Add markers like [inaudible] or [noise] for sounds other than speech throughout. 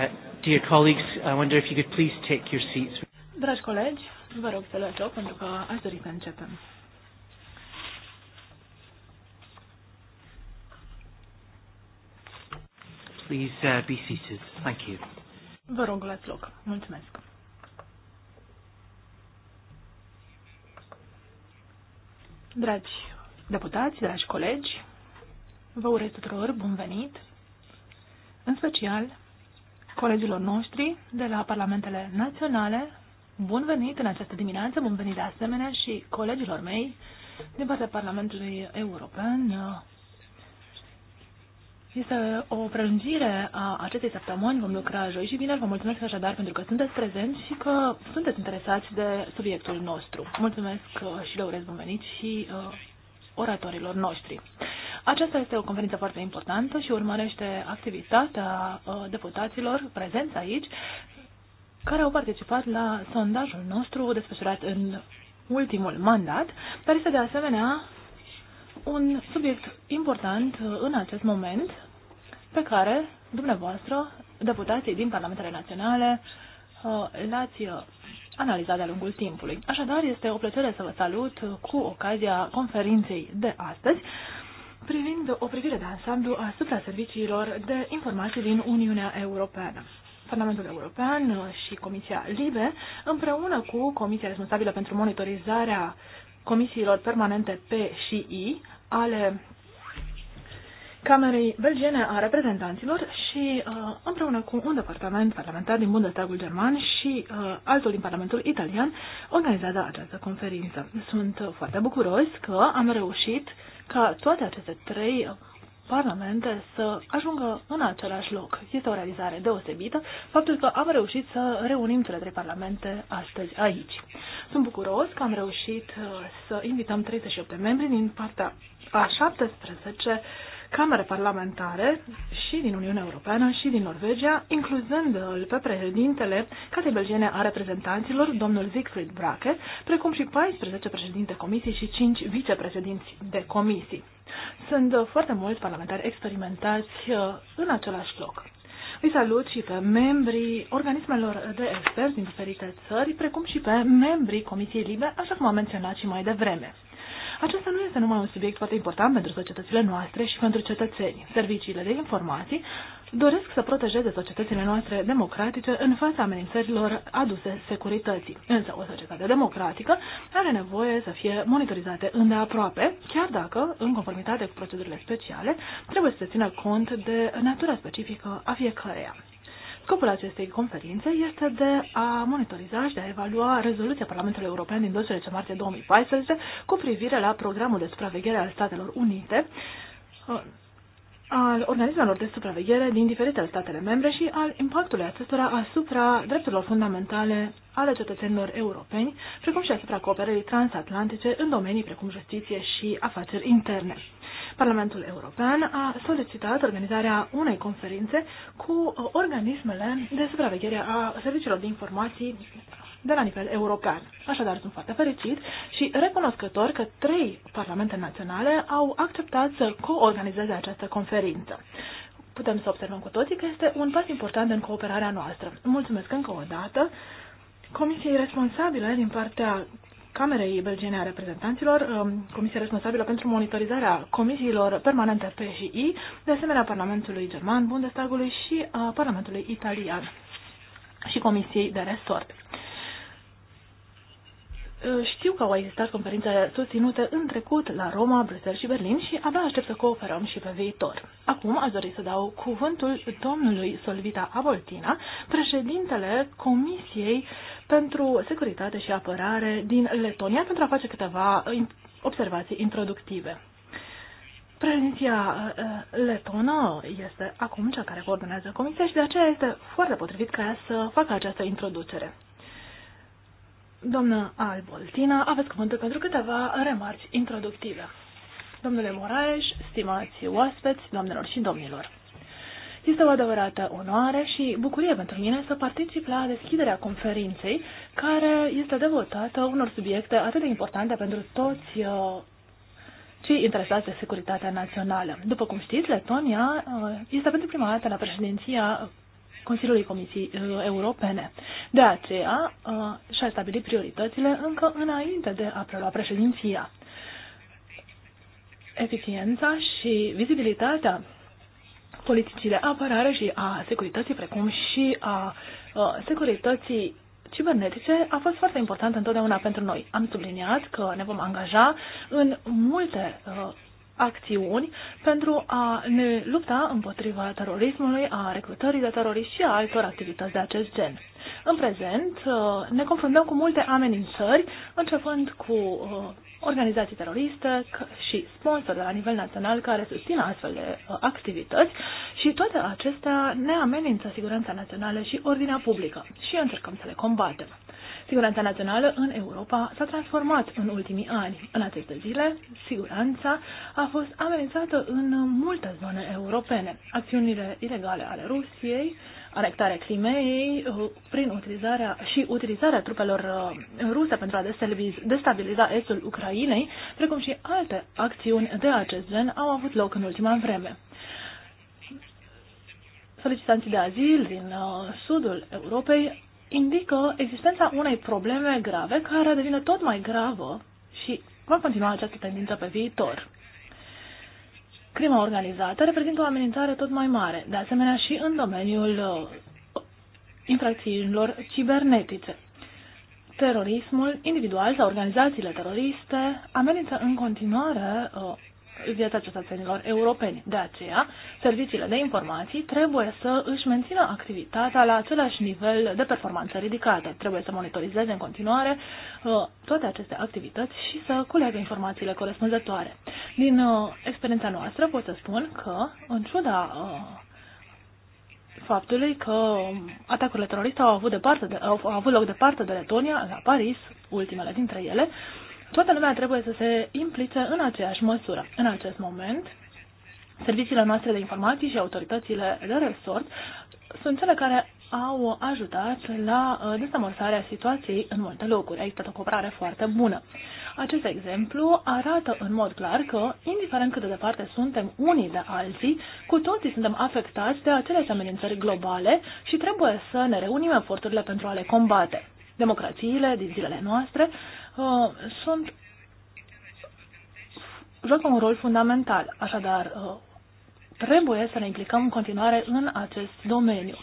Uh, dear colleagues, I wonder if you could please take your seats. Dragi colegi, vă rog să luați loc pentru că aș dori să începem. Please uh, be seated. Thank you. Vă rog, luați loc. Mulțumesc. Dragi deputați, dragi colegi, vă urez tuturor bun venit, în special colegilor noștri de la Parlamentele Naționale. Bun venit în această dimineață, bun venit de asemenea și colegilor mei din partea Parlamentului European. Este o prelungire a acestei săptămâni. Vom lucra joi și vineri. Vă mulțumesc așadar pentru că sunteți prezenți și că sunteți interesați de subiectul nostru. Mulțumesc și le urez bun venit și uh, oratorilor noștri. Aceasta este o conferință foarte importantă și urmărește activitatea uh, deputaților prezenți aici, care au participat la sondajul nostru desfășurat în ultimul mandat, dar este de asemenea un subiect important uh, în acest moment pe care dumneavoastră, deputații din Parlamentele Naționale, uh, l-ați analizat de-a lungul timpului. Așadar, este o plăcere să vă salut cu ocazia conferinței de astăzi privind o privire de ansamblu asupra serviciilor de informații din Uniunea Europeană. Parlamentul European și Comisia LIBE, împreună cu Comisia responsabilă pentru monitorizarea comisiilor permanente P și I ale Camerei Belgiene a Reprezentanților și uh, împreună cu un departament parlamentar din Bundestagul German și uh, altul din Parlamentul Italian organizează această conferință. Sunt foarte bucuros că am reușit uh, ca toate aceste trei parlamente să ajungă în același loc. Este o realizare deosebită faptul că am reușit să reunim cele trei parlamente astăzi aici. Sunt bucuros că am reușit uh, să invităm 37 membri din partea a 17 camere parlamentare și din Uniunea Europeană și din Norvegia, incluzând l pe președintele Catei Belgiene a reprezentanților, domnul Siegfried Brake, precum și 14 președinte comisii și 5 vicepreședinți de comisii. Sunt foarte mulți parlamentari experimentați uh, în același loc. Îi salut și pe membrii organismelor de experți din diferite țări, precum și pe membrii Comisiei Libe, așa cum am menționat și mai devreme. Acesta nu este numai un subiect foarte important pentru societățile noastre și pentru cetățeni. Serviciile de informații doresc să protejeze societățile noastre democratice în fața amenințărilor aduse securității. Însă o societate democratică are nevoie să fie monitorizate îndeaproape, chiar dacă, în conformitate cu procedurile speciale, trebuie să se țină cont de natura specifică a fiecăreia. Scopul acestei conferințe este de a monitoriza și de a evalua rezoluția Parlamentului European din 12 martie 2014 cu privire la programul de supraveghere al Statelor Unite, al organismelor de supraveghere din diferitele statele membre și al impactului acestora asupra drepturilor fundamentale ale cetățenilor europeni, precum și asupra cooperării transatlantice în domenii precum justiție și afaceri interne. Parlamentul European a solicitat organizarea unei conferințe cu uh, organismele de supraveghere a serviciilor de informații de la nivel european. Așadar, sunt foarte fericit și recunoscător că trei parlamente naționale au acceptat să coorganizeze această conferință. Putem să observăm cu toții că este un pas important în cooperarea noastră. Mulțumesc încă o dată Comisiei responsabile din partea Camerei Belgiene a Reprezentanților, um, Comisia responsabilă pentru monitorizarea comisiilor permanente PJI, de asemenea Parlamentului German, Bundestagului și uh, Parlamentului Italian și Comisiei de Resort. Uh, știu că au existat conferințe susținute în trecut la Roma, Bruxelles și Berlin și abia aștept să cooperăm și pe viitor. Acum aș dori să dau cuvântul domnului Solvita Aboltina, președintele Comisiei pentru securitate și apărare din Letonia pentru a face câteva observații introductive. Prezidenția uh, letonă este acum cea care coordonează comisia și de aceea este foarte potrivit ca ea să facă această introducere. Doamnă Alboltina, aveți cuvântul pentru câteva remarci introductive. Domnule Moraes, stimați oaspeți, doamnelor și domnilor. Este o adevărată onoare și bucurie pentru mine să particip la deschiderea conferinței care este devotată unor subiecte atât de importante pentru toți uh, cei interesați de securitatea națională. După cum știți, Letonia uh, este pentru prima dată la președinția Consiliului Comisiei uh, Europene. De aceea și-a stabilit prioritățile încă înainte de a prelua președinția. Eficiența și vizibilitatea politicile de apărare și a securității, precum și a securității cibernetice a fost foarte importantă întotdeauna pentru noi. Am subliniat că ne vom angaja în multe a, acțiuni pentru a ne lupta împotriva terorismului, a recrutării de teroriști și a altor activități de acest gen. În prezent, ne confruntăm cu multe amenințări, începând cu organizații teroriste și sponsori de la nivel național care susțin astfel de uh, activități și toate acestea ne amenință siguranța națională și ordinea publică și încercăm să le combatem. Siguranța națională în Europa s-a transformat în ultimii ani. În aceste zile, siguranța a fost amenințată în multe zone europene. Acțiunile ilegale ale Rusiei, anectarea Crimeei uh, prin utilizarea și utilizarea trupelor uh, ruse pentru a destabiliza estul Ucrainei, precum și alte acțiuni de acest gen au avut loc în ultima vreme. Solicitanții de azil din uh, sudul Europei indică existența unei probleme grave care devine tot mai gravă și va continua această tendință pe viitor crima organizată reprezintă o amenințare tot mai mare, de asemenea și în domeniul uh, infracțiunilor cibernetice. Terorismul individual sau organizațiile teroriste amenință în continuare uh, viața cetățenilor europeni. De aceea, serviciile de informații trebuie să își mențină activitatea la același nivel de performanță ridicată. Trebuie să monitorizeze în continuare uh, toate aceste activități și să culeagă informațiile corespunzătoare. Din uh, experiența noastră pot să spun că, în ciuda uh, faptului că atacurile teroriste au avut, departe de, au avut loc departe de Letonia, la Paris, ultimele dintre ele, uh, toată lumea trebuie să se implice în aceeași măsură. În acest moment, serviciile noastre de informații și autoritățile de resort sunt cele care au ajutat la uh, desamorsarea situației în multe locuri. A existat o cooperare foarte bună. Acest exemplu arată în mod clar că, indiferent cât de departe suntem unii de alții, cu toții suntem afectați de aceleași amenințări globale și trebuie să ne reunim eforturile pentru a le combate. Democrațiile din zilele noastre Uh, sunt joacă un rol fundamental. Așadar, uh, trebuie să ne implicăm în continuare în acest domeniu.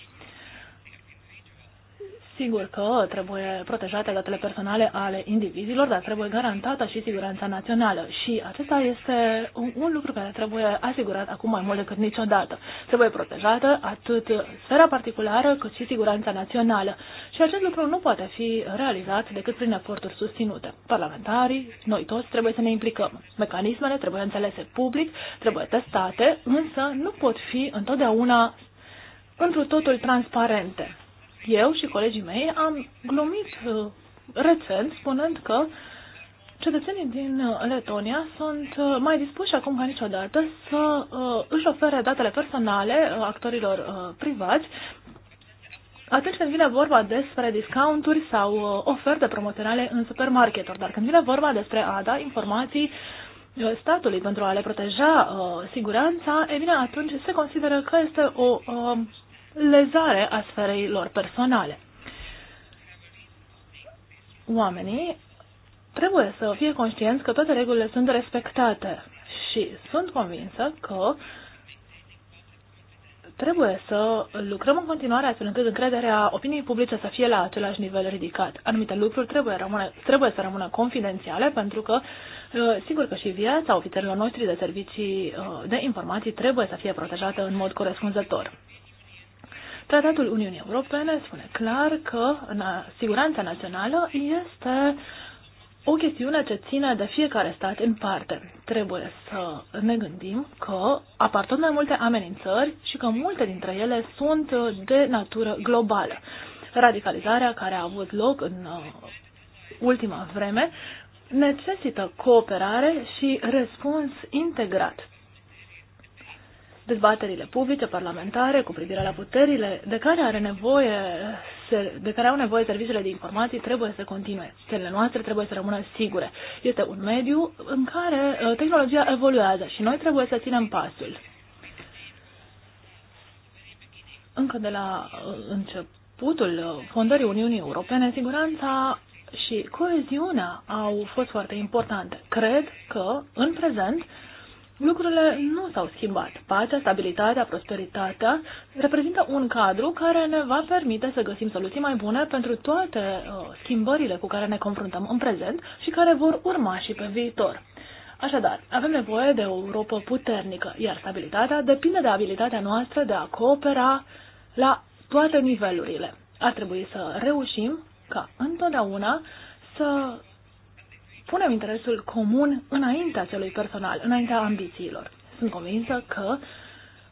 Sigur că trebuie protejate datele personale ale indivizilor, dar trebuie garantată și siguranța națională. Și acesta este un, un lucru care trebuie asigurat acum mai mult decât niciodată. Trebuie protejată atât sfera particulară cât și siguranța națională. Și acest lucru nu poate fi realizat decât prin eforturi susținute. Parlamentarii, noi toți trebuie să ne implicăm. Mecanismele trebuie înțelese public, trebuie testate, însă nu pot fi întotdeauna întru totul transparente eu și colegii mei am glumit uh, recent spunând că cetățenii din uh, Letonia sunt uh, mai dispuși acum ca niciodată să își ofere datele personale actorilor privați atunci când vine vorba despre discounturi sau oferte promoționale în supermarketuri, dar când vine vorba despre a da informații statului pentru a le proteja uh, siguranța, e bine, atunci se consideră că este o uh, lezare a sferei lor personale. Oamenii trebuie să fie conștienți că toate regulile sunt respectate și sunt convinsă că trebuie să lucrăm în continuare astfel încât încrederea opiniei publice să fie la același nivel ridicat. Anumite lucruri trebuie, rămâne, trebuie să rămână confidențiale pentru că uh, sigur că și viața ofițerilor noștri de servicii uh, de informații trebuie să fie protejată în mod corespunzător. Tratatul Uniunii Europene spune clar că siguranța națională este o chestiune ce ține de fiecare stat în parte. Trebuie să ne gândim că apar tot mai multe amenințări și că multe dintre ele sunt de natură globală. Radicalizarea care a avut loc în uh, ultima vreme necesită cooperare și răspuns integrat dezbaterile publice, parlamentare, cu privire la puterile de care, are nevoie, de care au nevoie serviciile de informații trebuie să continue. Țările noastre trebuie să rămână sigure. Este un mediu în care uh, tehnologia evoluează și noi trebuie să ținem pasul. Încă de la uh, începutul uh, fondării Uniunii Europene, siguranța și coeziunea au fost foarte importante. Cred că, în prezent, Lucrurile nu s-au schimbat. Pacea, stabilitatea, prosperitatea reprezintă un cadru care ne va permite să găsim soluții mai bune pentru toate uh, schimbările cu care ne confruntăm în prezent și care vor urma și pe viitor. Așadar, avem nevoie de o Europa puternică, iar stabilitatea depinde de abilitatea noastră de a coopera la toate nivelurile. Ar trebui să reușim ca întotdeauna să punem interesul comun înaintea celui personal, înaintea ambițiilor. Sunt convinsă că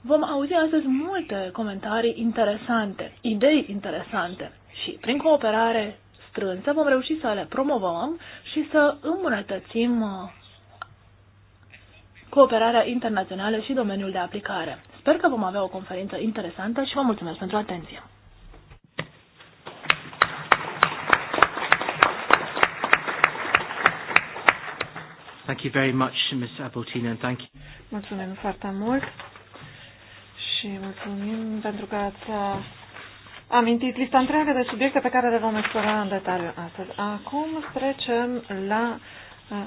vom auzi astăzi multe comentarii interesante, idei interesante și prin cooperare strânsă vom reuși să le promovăm și să îmbunătățim uh, cooperarea internațională și domeniul de aplicare. Sper că vom avea o conferință interesantă și vă mulțumesc pentru atenție. Thank you very much, Ms. Abultina, and thank you. Mulțumim foarte mult și mulțumim pentru că ați uh, amintit lista întreagă de subiecte pe care le vom explora în detaliu astăzi. Acum trecem la uh,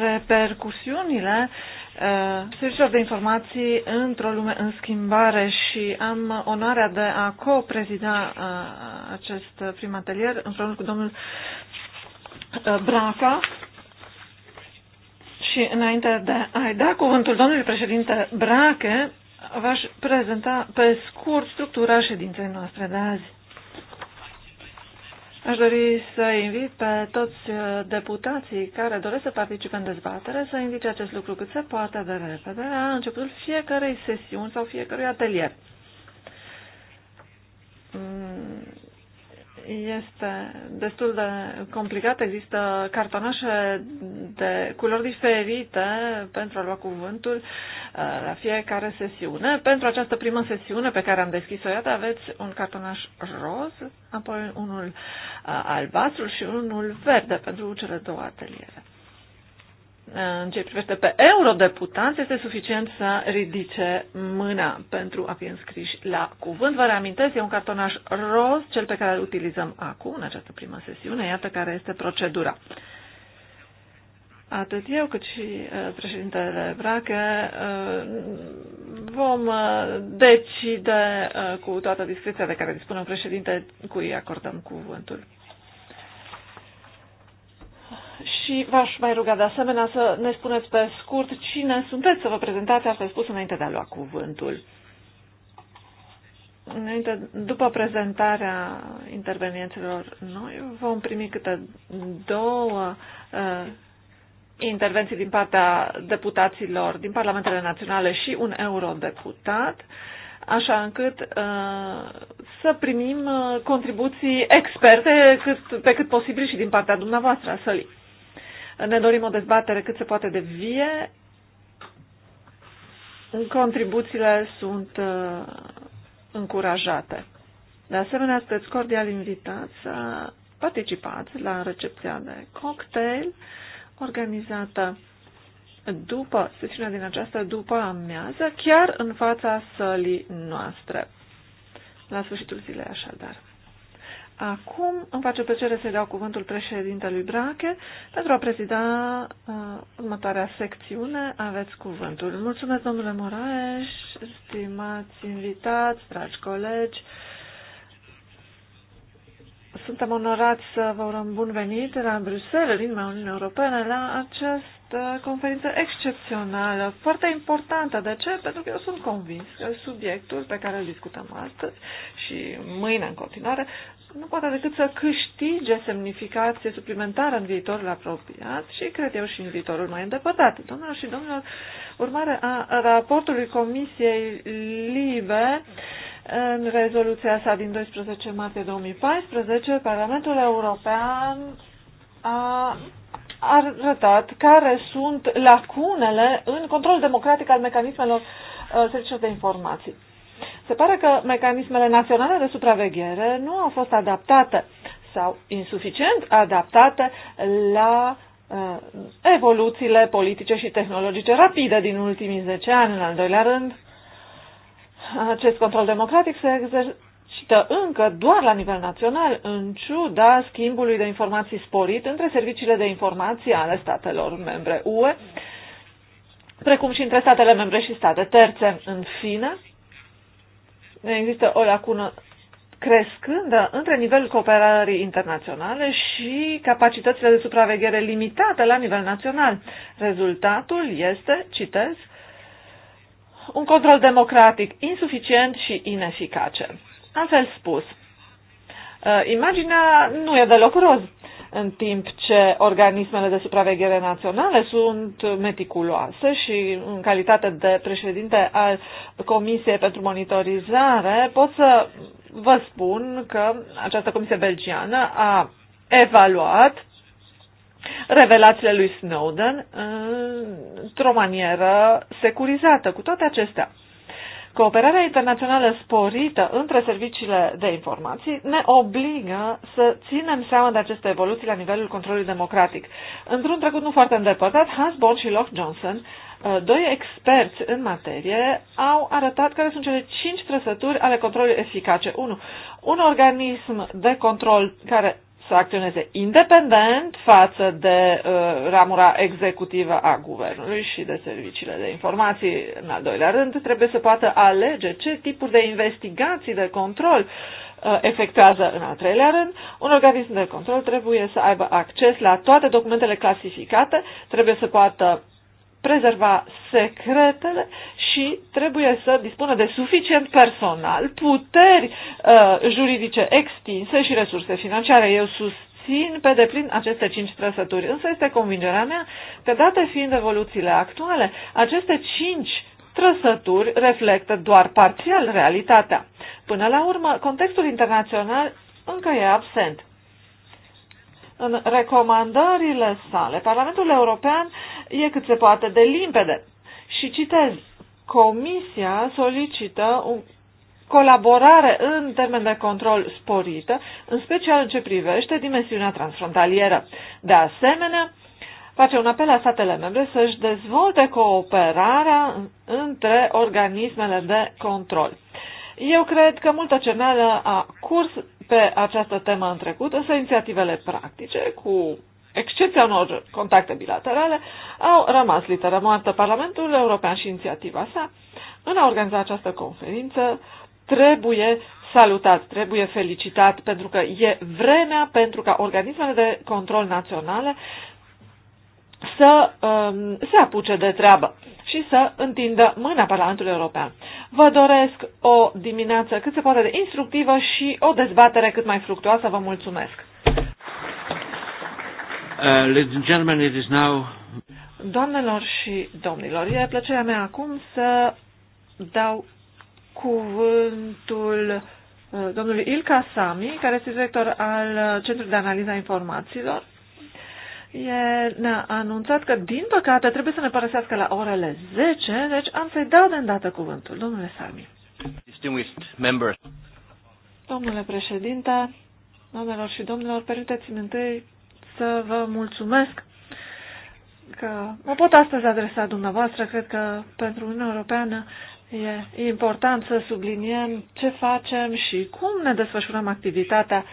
repercusiunile uh, serviciilor de informații într-o lume în schimbare și am onoarea de a co-prezida uh, acest prim atelier împreună cu domnul uh, Braca, și înainte de a-i da cuvântul domnului președinte Brache, v-aș prezenta pe scurt structura ședinței noastre de azi. Aș dori să invit pe toți uh, deputații care doresc să participe în dezbatere să indice acest lucru cât se poate de repede la începutul fiecarei sesiuni sau fiecărui atelier. Mm, este destul de complicat. Există cartonașe de culori diferite pentru a lua cuvântul uh, la fiecare sesiune. Pentru această primă sesiune pe care am deschis-o, iată, aveți un cartonaș roz, apoi unul uh, albastru și unul verde pentru cele două ateliere în ce privește pe eurodeputanți este suficient să ridice mâna pentru a fi înscriși la cuvânt. Vă reamintesc, e un cartonaș roz, cel pe care îl utilizăm acum, în această primă sesiune, iată care este procedura. Atât eu cât și uh, președintele Brache uh, vom uh, decide cu toată discreția de care dispunem președinte cui acordăm cuvântul. și v-aș mai ruga de asemenea să ne spuneți pe scurt cine sunteți să vă prezentați, asta spus înainte de a lua cuvântul. Înainte, după prezentarea intervenienților noi, vom primi câte două uh, intervenții din partea deputaților din Parlamentele Naționale și un eurodeputat, așa încât uh, să primim uh, contribuții experte cât, pe cât posibil și din partea dumneavoastră sălii. Ne dorim o dezbatere cât se poate de vie. Contribuțiile sunt uh, încurajate. De asemenea, sunteți cordial invitați să participați la recepția de cocktail organizată după sesiunea din această după amiază, chiar în fața sălii noastre. La sfârșitul zilei, așadar. Acum îmi face plăcere să-i dau cuvântul președintelui Brache pentru a prezida uh, următoarea secțiune. Aveți cuvântul. Mulțumesc, domnule Moraes, stimați invitați, dragi colegi. Uh, suntem onorați să vă urăm bun venit la Bruxelles, din Uniunii Europene, la această conferință excepțională, foarte importantă. De ce? Pentru că eu sunt convins că subiectul pe care îl discutăm astăzi și mâine în continuare nu poate decât să câștige semnificație suplimentară în viitorul apropiat și, cred eu, și în viitorul mai îndepărtat. Domnilor și domnilor, urmare a raportului Comisiei Libe, în rezoluția sa din 12 martie 2014, Parlamentul European a arătat care sunt lacunele în controlul democratic al mecanismelor uh, serviciilor de informații. Se pare că mecanismele naționale de supraveghere nu au fost adaptate sau insuficient adaptate la uh, evoluțiile politice și tehnologice rapide din ultimii 10 ani, în al doilea rând, acest control democratic se exercită încă doar la nivel național, în ciuda schimbului de informații sporit între serviciile de informații ale statelor membre UE, precum și între statele membre și state terțe. În fine, există o lacună crescândă între nivelul cooperării internaționale și capacitățile de supraveghere limitate la nivel național. Rezultatul este, citez, un control democratic insuficient și ineficace. Altfel spus, uh, imaginea nu e deloc roz, în timp ce organismele de supraveghere naționale sunt meticuloase și în calitate de președinte al Comisiei pentru Monitorizare pot să vă spun că această comisie belgiană a evaluat revelațiile lui Snowden într-o manieră securizată. Cu toate acestea, cooperarea internațională sporită între serviciile de informații ne obligă să ținem seama de aceste evoluții la nivelul controlului democratic. Într-un trecut nu foarte îndepărtat, Hans Born și Locke Johnson, uh, doi experți în materie, au arătat care sunt cele cinci trăsături ale controlului eficace. 1. Un organism de control care să acționeze independent față de uh, ramura executivă a guvernului și de serviciile de informații. În al doilea rând, trebuie să poată alege ce tipuri de investigații de control uh, efectuează în al treilea rând. Un organism de control trebuie să aibă acces la toate documentele clasificate, trebuie să poată prezerva secretele și trebuie să dispună de suficient personal, puteri uh, juridice extinse și resurse financiare. Eu susțin pe deplin aceste cinci trăsături, însă este convingerea mea că, date fiind evoluțiile actuale, aceste cinci trăsături reflectă doar parțial realitatea. Până la urmă, contextul internațional încă e absent. În recomandările sale, Parlamentul European e cât se poate de limpede. Și citez, Comisia solicită o colaborare în termen de control sporită, în special în ce privește dimensiunea transfrontalieră. De asemenea, face un apel la statele membre să-și dezvolte cooperarea între organismele de control. Eu cred că multă cerneală a curs pe această temă în trecut, însă inițiativele practice, cu excepția unor contacte bilaterale, au rămas literă moartă. Parlamentul European și inițiativa sa în a organiza această conferință trebuie salutat, trebuie felicitat, pentru că e vremea pentru ca organismele de control naționale să um, se apuce de treabă și să întindă mâna Parlamentului European. Vă doresc o dimineață cât se poate de instructivă și o dezbatere cât mai fructuoasă. Vă mulțumesc! Uh, ladies and gentlemen, it is now... Doamnelor și domnilor, e plăcerea mea acum să dau cuvântul uh, domnului Ilka Sami, care este director al uh, Centrului de Analiza Informațiilor. El ne-a anunțat că, din păcate, trebuie să ne părăsească la orele 10, deci am să-i dau de îndată cuvântul. Domnule Sami. Domnule președinte, doamnelor și domnilor, permiteți-mi întâi să vă mulțumesc că mă pot astăzi adresa dumneavoastră. Cred că pentru Uniunea Europeană e important să subliniem ce facem și cum ne desfășurăm activitatea.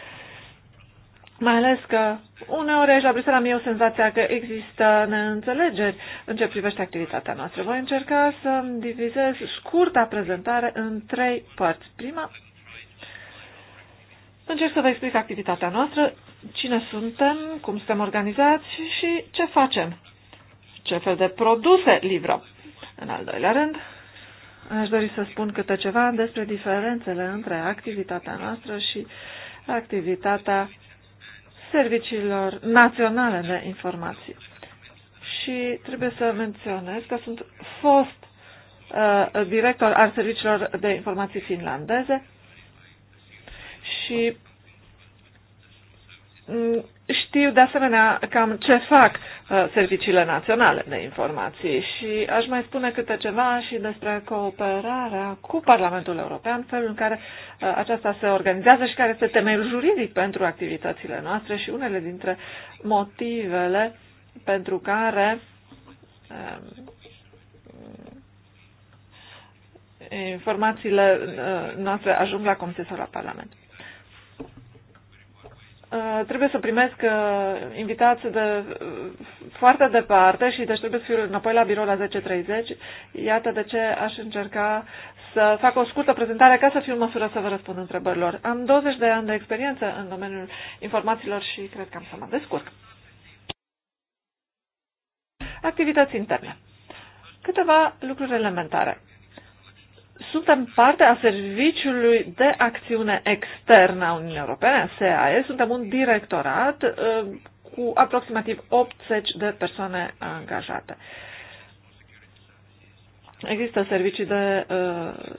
Mai ales că uneori aici la Bruxelles am eu senzația că există neînțelegeri în ce privește activitatea noastră. Voi încerca să divizez scurta prezentare în trei părți. Prima, încerc să vă explic activitatea noastră cine suntem, cum suntem organizați și ce facem, ce fel de produse livrăm. În al doilea rând, aș dori să spun câte ceva despre diferențele între activitatea noastră și activitatea serviciilor naționale de informații. Și trebuie să menționez că sunt fost uh, director al serviciilor de informații finlandeze și Mm, știu de asemenea cam ce fac uh, serviciile naționale de informații și aș mai spune câte ceva și despre cooperarea cu Parlamentul European, felul în care uh, aceasta se organizează și care este temeiul juridic pentru activitățile noastre și unele dintre motivele pentru care um, informațiile uh, noastre ajung la Comisie sau la Parlament. Uh, trebuie să primesc uh, invitații de foarte departe și deci trebuie să fiu înapoi la birou la 10.30. Iată de ce aș încerca să fac o scurtă prezentare ca să fiu în măsură să vă răspund întrebărilor. Am 20 de ani de experiență în domeniul informațiilor și cred că am să mă descurc. Activități interne. Câteva lucruri elementare suntem parte a Serviciului de Acțiune Externă a Uniunii Europene, SAE, suntem un directorat uh, cu aproximativ 80 de persoane angajate. Există servicii de uh,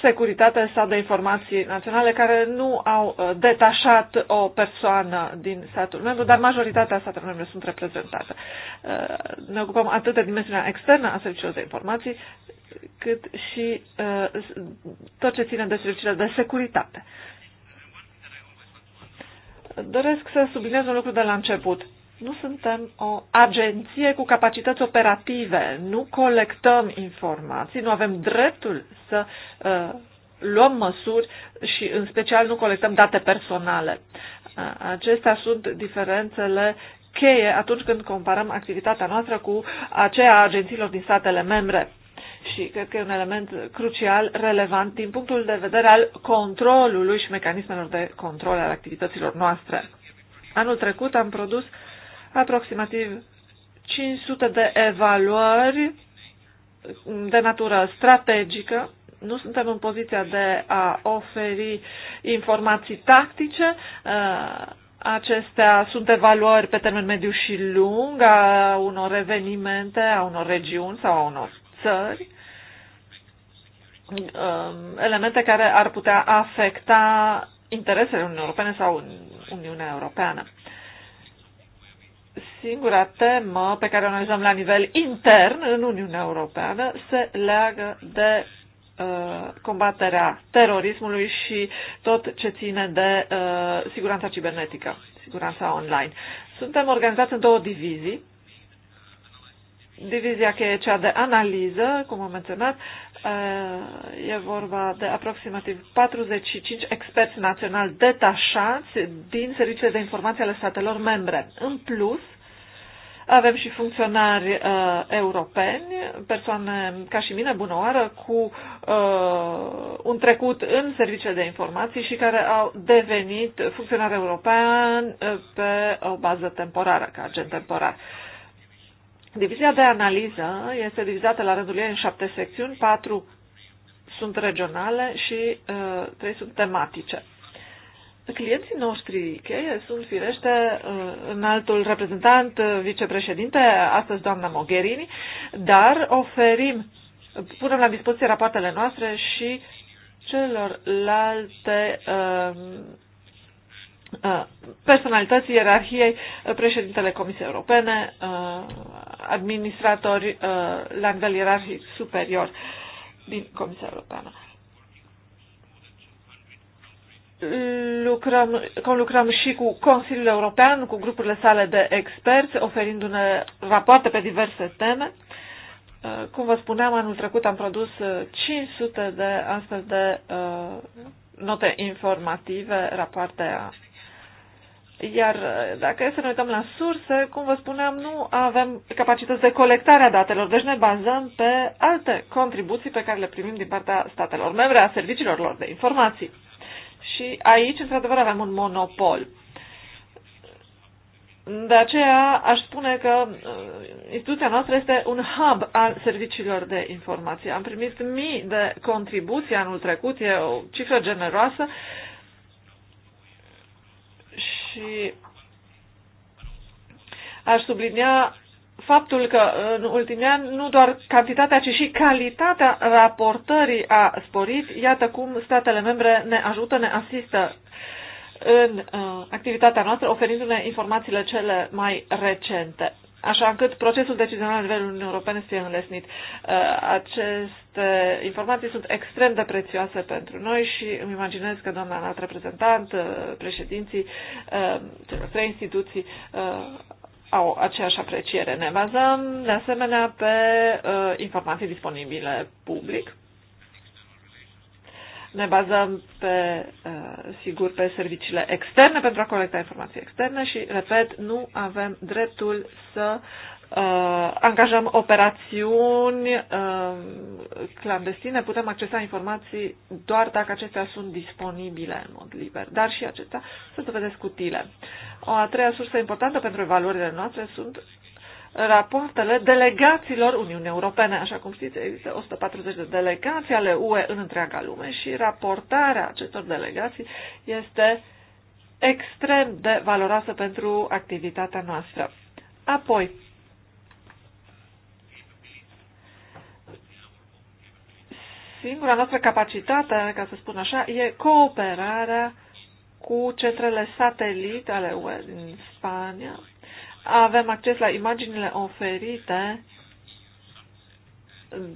securitatea sau de informații naționale care nu au uh, detașat o persoană din statul membru, dar majoritatea statelor membre sunt reprezentate. Uh, ne ocupăm atât de dimensiunea externă a serviciilor de informații, cât și uh, tot ce ține de serviciile de securitate. Doresc să subliniez un lucru de la început. Nu suntem o agenție cu capacități operative, nu colectăm informații, nu avem dreptul să uh, luăm măsuri și în special nu colectăm date personale. Uh, acestea sunt diferențele cheie atunci când comparăm activitatea noastră cu aceea a agențiilor din statele membre. Și cred că e un element crucial, relevant, din punctul de vedere al controlului și mecanismelor de control al activităților noastre. Anul trecut am produs aproximativ 500 de evaluări de natură strategică. Nu suntem în poziția de a oferi informații tactice. Uh, acestea sunt evaluări pe termen mediu și lung a unor evenimente, a unor regiuni sau a unor țări um, elemente care ar putea afecta interesele Uniunii Europene sau Uniunea Europeană singura temă pe care o analizăm la nivel intern în Uniunea Europeană se leagă de uh, combaterea terorismului și tot ce ține de uh, siguranța cibernetică, siguranța online. Suntem organizați în două divizii. Divizia care e cea de analiză, cum am menționat, uh, e vorba de aproximativ 45 experți naționali detașați din serviciile de informații ale statelor membre. În plus, avem și funcționari uh, europeni, persoane ca și mine, bună oară, cu uh, un trecut în serviciile de informații și care au devenit funcționari europeni uh, pe o bază temporară, ca agent temporar. Divizia de analiză este divizată la rândul ei în șapte secțiuni, patru sunt regionale și uh, trei sunt tematice. Clienții noștri cheie sunt, firește, uh, în altul reprezentant, uh, vicepreședinte, astăzi doamna Mogherini, dar oferim, punem la dispoziție rapoartele noastre și celorlalte uh, personalități, ierarhiei, președintele Comisiei Europene, administratori la nivel ierarhic superior din Comisia Europeană lucrăm, lucrăm și cu Consiliul European, cu grupurile sale de experți, oferindu-ne rapoarte pe diverse teme. Uh, cum vă spuneam, anul trecut am produs 500 uh, de astfel de uh, note informative, rapoarte. Iar uh, dacă e să ne uităm la surse, cum vă spuneam, nu avem capacități de colectare a datelor, deci ne bazăm pe alte contribuții pe care le primim din partea statelor membre, a serviciilor lor de informații. Și aici, într-adevăr, avem un monopol. De aceea aș spune că uh, instituția noastră este un hub al serviciilor de informație. Am primit mii de contribuții anul trecut, e o cifră generoasă și aș sublinia faptul că în ultimii ani nu doar cantitatea, ci și calitatea raportării a sporit. Iată cum statele membre ne ajută, ne asistă în uh, activitatea noastră, oferindu-ne informațiile cele mai recente, așa încât procesul decizional la nivelul Uniunii Europene să fie înlesnit. Uh, aceste informații sunt extrem de prețioase pentru noi și îmi imaginez că doamna înalt reprezentant, uh, președinții, uh, trei instituții uh, au aceeași apreciere. Ne bazăm, de asemenea, pe uh, informații disponibile public. Ne bazăm, pe, uh, sigur, pe serviciile externe pentru a colecta informații externe și, repet, nu avem dreptul să uh, angajăm operațiuni uh, clandestine, putem accesa informații doar dacă acestea sunt disponibile în mod liber, dar și acestea sunt dovedesc utile. O a treia sursă importantă pentru evaluările noastre sunt rapoartele delegațiilor Uniunii Europene. Așa cum știți, există 140 de delegații ale UE în întreaga lume și raportarea acestor delegații este extrem de valoroasă pentru activitatea noastră. Apoi, Singura noastră capacitate, ca să spun așa, e cooperarea cu centrele satelit ale UE din Spania. Avem acces la imaginile oferite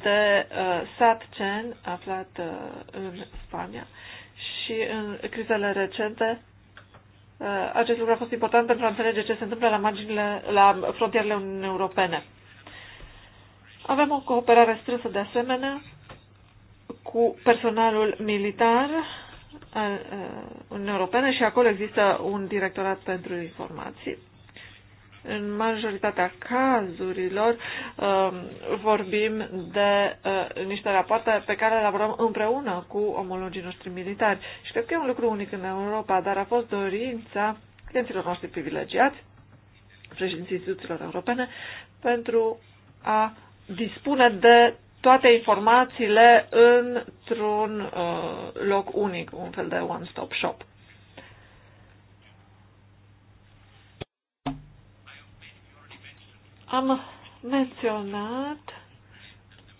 de uh, SatCen aflat uh, în Spania și în crizele recente uh, acest lucru a fost important pentru a înțelege ce se întâmplă la marginile, la frontierele Uniunii Europene. Avem o cooperare strânsă de asemenea cu personalul militar al uh, Uniunii Europene și acolo există un directorat pentru informații. În majoritatea cazurilor um, vorbim de uh, niște rapoarte pe care le elaborăm împreună cu omologii noștri militari. Și cred că e un lucru unic în Europa, dar a fost dorința clienților noștri privilegiați, președinții instituțiilor europene, pentru a dispune de toate informațiile într-un uh, loc unic, un fel de one-stop shop. Am menționat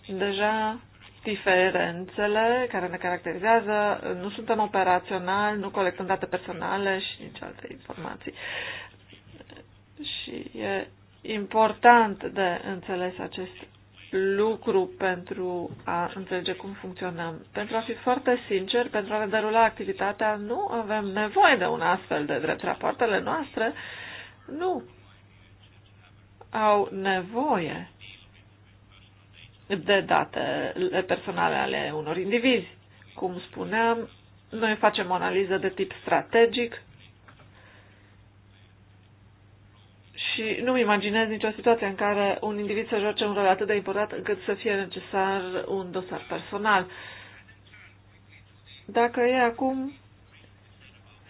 deja diferențele care ne caracterizează. Nu suntem operaționali, nu colectăm date personale și nici alte informații. Și e important de înțeles acest lucru pentru a înțelege cum funcționăm. Pentru a fi foarte sincer, pentru a ne derula activitatea, nu avem nevoie de un astfel de drept. Rapoartele noastre nu au nevoie de datele personale ale unor indivizi. Cum spuneam, noi facem o analiză de tip strategic și nu-mi imaginez nicio situație în care un individ să joace un rol atât de important încât să fie necesar un dosar personal. Dacă e acum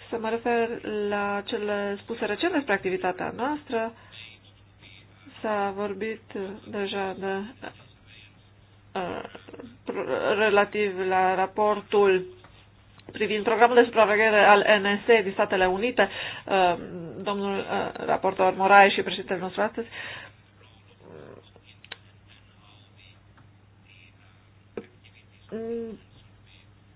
să mă refer la cele spuse recent despre activitatea noastră, s-a vorbit deja de uh, relativ la raportul privind programul de supraveghere al NSE din Statele Unite, uh, domnul uh, raportor Moraes și președintele nostru astăzi,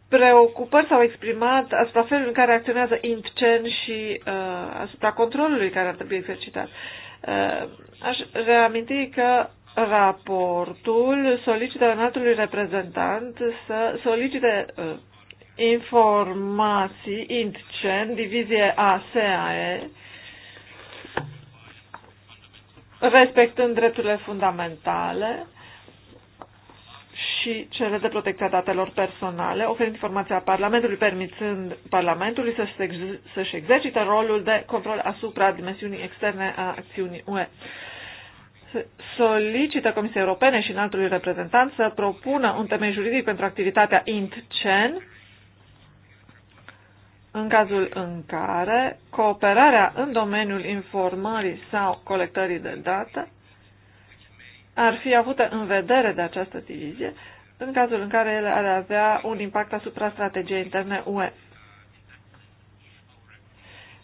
preocupări s-au exprimat asupra felului în care acționează INTCEN și uh, asupra controlului care ar trebui exercitat. Uh, aș reaminti că raportul solicită înaltului reprezentant să solicite uh, informații, INTCEN, divizie ASAE, respectând drepturile fundamentale și cele de protecția datelor personale, oferind informația Parlamentului, permițând Parlamentului să-și, să exercite rolul de control asupra dimensiunii externe a acțiunii UE. Solicită Comisiei Europene și înaltului reprezentant să propună un temei juridic pentru activitatea INTCEN, în cazul în care cooperarea în domeniul informării sau colectării de date ar fi avută în vedere de această divizie, în cazul în care ele ar avea un impact asupra strategiei interne UE.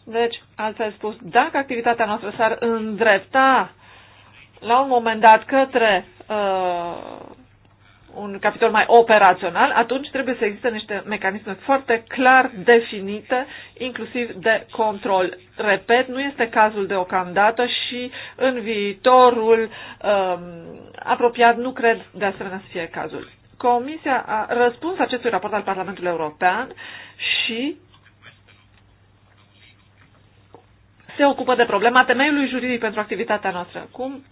Deci, altfel spus, dacă activitatea noastră s-ar îndrepta la un moment dat către uh, un capitol mai operațional, atunci trebuie să existe niște mecanisme foarte clar definite, inclusiv de control. Repet, nu este cazul deocamdată și în viitorul um, apropiat nu cred de asemenea să fie cazul. Comisia a răspuns acestui raport al Parlamentului European și se ocupă de problema temeiului juridic pentru activitatea noastră. Cum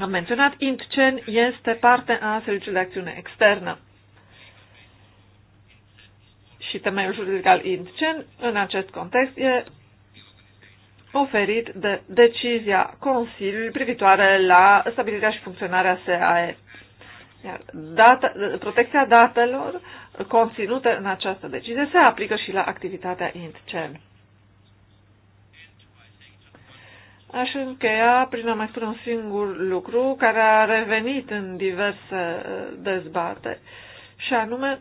am menționat, INTCEN este parte a Serviciului de Acțiune Externă. Și temeiul juridic al INTCEN, în acest context, e oferit de decizia Consiliului privitoare la stabilirea și funcționarea SAE. Iar data, protecția datelor conținute în această decizie se aplică și la activitatea INTCEN. Aș încheia prin a mai spune un singur lucru care a revenit în diverse uh, dezbate și anume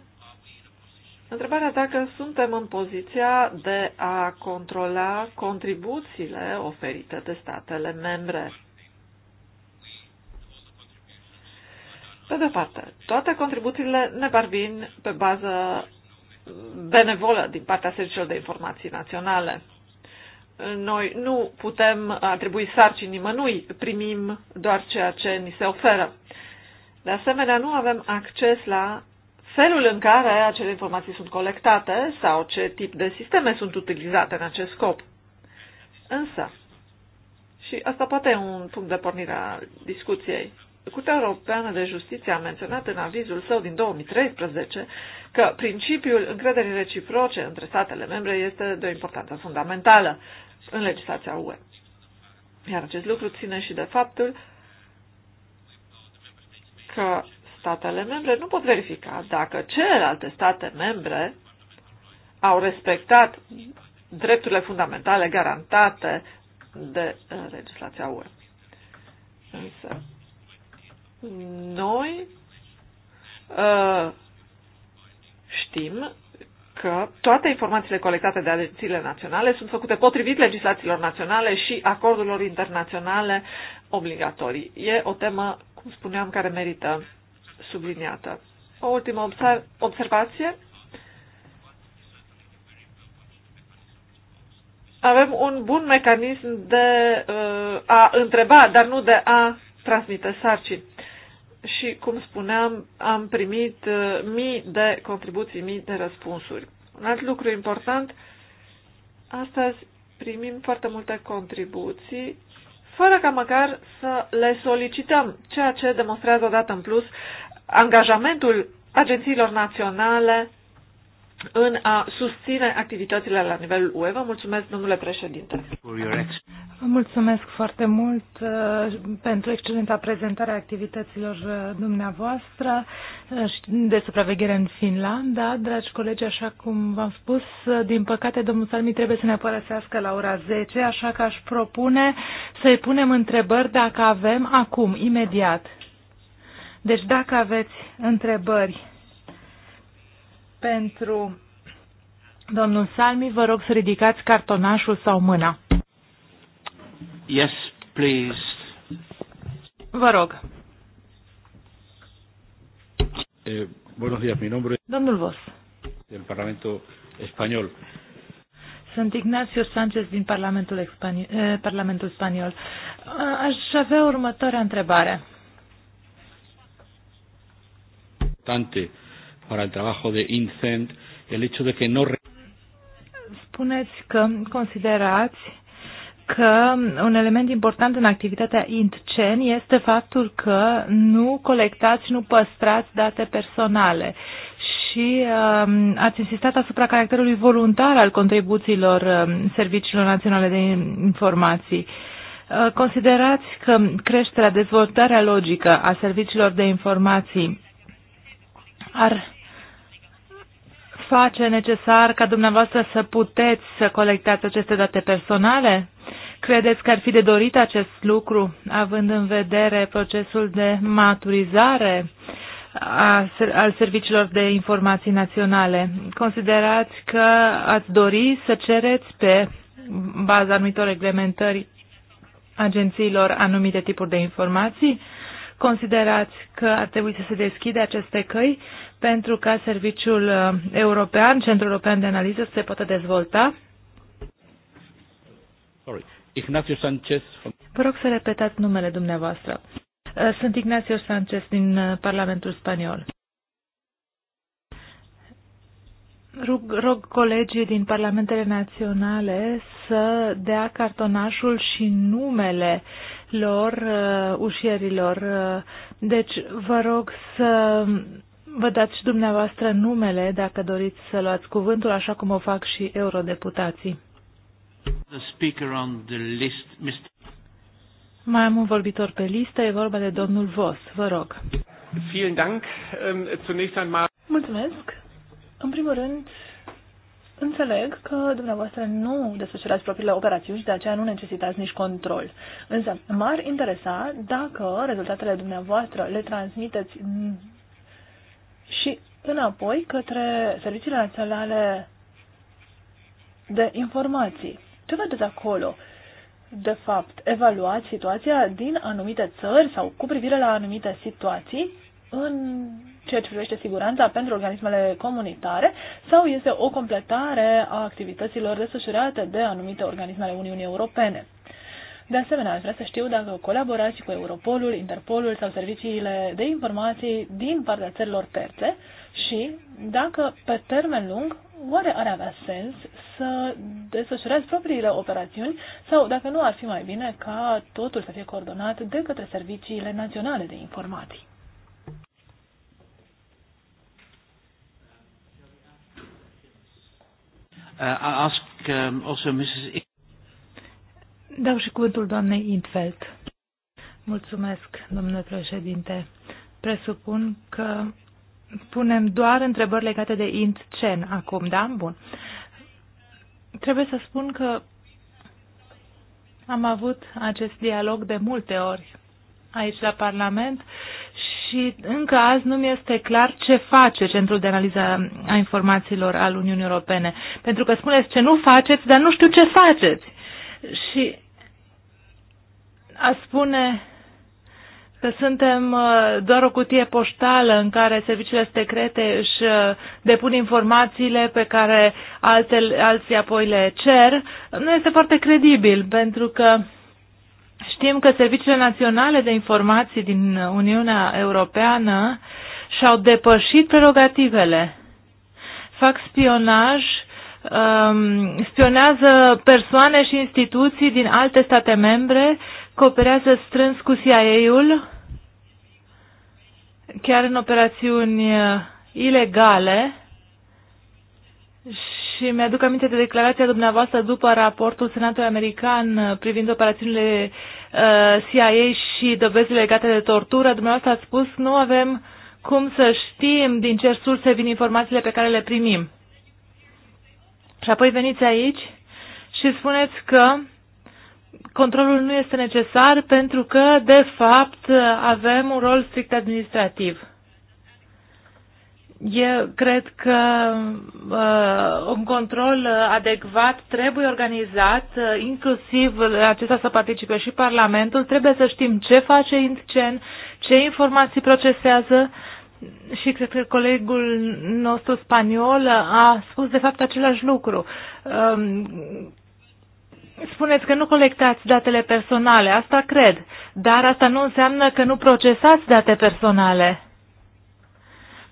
întrebarea dacă suntem în poziția de a controla contribuțiile oferite de statele membre. Pe de parte, toate contribuțiile ne parvin pe bază benevolă din partea serviciilor de informații naționale. Noi nu putem atribui sarcini nimănui, primim doar ceea ce ni se oferă. De asemenea, nu avem acces la felul în care acele informații sunt colectate sau ce tip de sisteme sunt utilizate în acest scop. Însă, și asta poate e un punct de pornire a discuției, Curtea Europeană de Justiție a menționat în avizul său din 2013 că principiul încrederii reciproce între statele membre este de o importanță fundamentală în legislația UE. Iar acest lucru ține și de faptul că statele membre nu pot verifica dacă celelalte state membre au respectat drepturile fundamentale garantate de uh, legislația UE. Însă, noi uh, știm că toate informațiile colectate de agențiile naționale sunt făcute potrivit legislațiilor naționale și acordurilor internaționale obligatorii. E o temă, cum spuneam, care merită subliniată. O ultimă observație. Avem un bun mecanism de uh, a întreba, dar nu de a transmite sarcini și, cum spuneam, am primit uh, mii de contribuții, mii de răspunsuri. Un alt lucru important, astăzi primim foarte multe contribuții fără ca măcar să le solicităm, ceea ce demonstrează odată în plus angajamentul agențiilor naționale în a susține activitățile la nivelul UE. Vă mulțumesc, domnule președinte. Vă mulțumesc foarte mult uh, pentru excelenta prezentare a activităților uh, dumneavoastră uh, de supraveghere în Finlanda. Dragi colegi, așa cum v-am spus, din păcate domnul Salmi trebuie să ne părăsească la ora 10, așa că aș propune să-i punem întrebări dacă avem acum, imediat. Deci dacă aveți întrebări pentru domnul Salmi, vă rog să ridicați cartonașul sau mâna. Yes, please. Vă rog. Eh, buenos días, mi nombre Domnul Vos. Del Parlamento Español. Sunt Ignacio Sánchez din Parlamentul, Expani eh, Parlamentul Spaniol. Aș avea următoarea întrebare. Tante, para el trabajo de INCENT, el hecho de que no. Spuneți că considerați că un element important în activitatea INTCEN este faptul că nu colectați, nu păstrați date personale și um, ați insistat asupra caracterului voluntar al contribuțiilor um, Serviciilor Naționale de Informații. Uh, considerați că creșterea, dezvoltarea logică a serviciilor de informații ar face necesar ca dumneavoastră să puteți să colectați aceste date personale? Credeți că ar fi de dorit acest lucru, având în vedere procesul de maturizare a, al serviciilor de informații naționale? Considerați că ați dori să cereți pe baza anumitor reglementări agențiilor anumite tipuri de informații? Considerați că ar trebui să se deschide aceste căi pentru ca serviciul uh, european, Centrul European de Analiză, să se poată dezvolta? Sorry. Ignacio Sanchez. Vă rog să repetați numele dumneavoastră. Uh, sunt Ignacio Sanchez din uh, Parlamentul Spaniol. Rug, rog colegii din Parlamentele Naționale să dea cartonașul și numele lor uh, ușierilor. Deci vă rog să Vă dați și dumneavoastră numele dacă doriți să luați cuvântul, așa cum o fac și eurodeputații. Mai am un vorbitor pe listă, e vorba de domnul Vos. Vă rog. Ähm, Mulțumesc. În primul rând, înțeleg că dumneavoastră nu desfășurați propriile operațiuni și de aceea nu necesitați nici control. Însă m-ar interesa dacă rezultatele dumneavoastră le transmiteți înapoi către serviciile naționale de informații. Ce vedeți acolo? De fapt, evaluați situația din anumite țări sau cu privire la anumite situații în ceea ce privește siguranța pentru organismele comunitare sau este o completare a activităților desfășurate de anumite organisme ale Uniunii Europene. De asemenea, aș vrea să știu dacă colaborați cu Europolul, Interpolul sau serviciile de informații din partea țărilor terțe și dacă pe termen lung, oare ar avea sens să desfășurați propriile operațiuni sau dacă nu ar fi mai bine ca totul să fie coordonat de către serviciile naționale de informații? Uh, ask um, also Mrs. Dau și cuvântul doamnei Intfeld. Mulțumesc, domnule președinte. Presupun că punem doar întrebări legate de int-cen acum, da? Bun. Trebuie să spun că am avut acest dialog de multe ori aici la Parlament și încă azi nu mi este clar ce face Centrul de Analiză a Informațiilor al Uniunii Europene. Pentru că spuneți ce nu faceți, dar nu știu ce faceți. Și a spune că suntem uh, doar o cutie poștală în care serviciile secrete își uh, depun informațiile pe care alte alții apoi le cer, nu este foarte credibil, pentru că știm că serviciile naționale de informații din Uniunea Europeană și-au depășit prerogativele. Fac spionaj, um, spionează persoane și instituții din alte state membre cooperează strâns cu CIA-ul, chiar în operațiuni uh, ilegale și mi-aduc aminte de declarația dumneavoastră după raportul Senatului American uh, privind operațiunile uh, CIA și dovezile legate de tortură. Dumneavoastră ați spus, nu avem cum să știm din ce surse vin informațiile pe care le primim. Și apoi veniți aici și spuneți că controlul nu este necesar pentru că, de fapt, avem un rol strict administrativ. Eu cred că uh, un control adecvat trebuie organizat, uh, inclusiv acesta să participe și Parlamentul. Trebuie să știm ce face INTCEN, ce informații procesează și cred că colegul nostru spaniol a spus de fapt același lucru. Uh, Spuneți că nu colectați datele personale, asta cred, dar asta nu înseamnă că nu procesați date personale.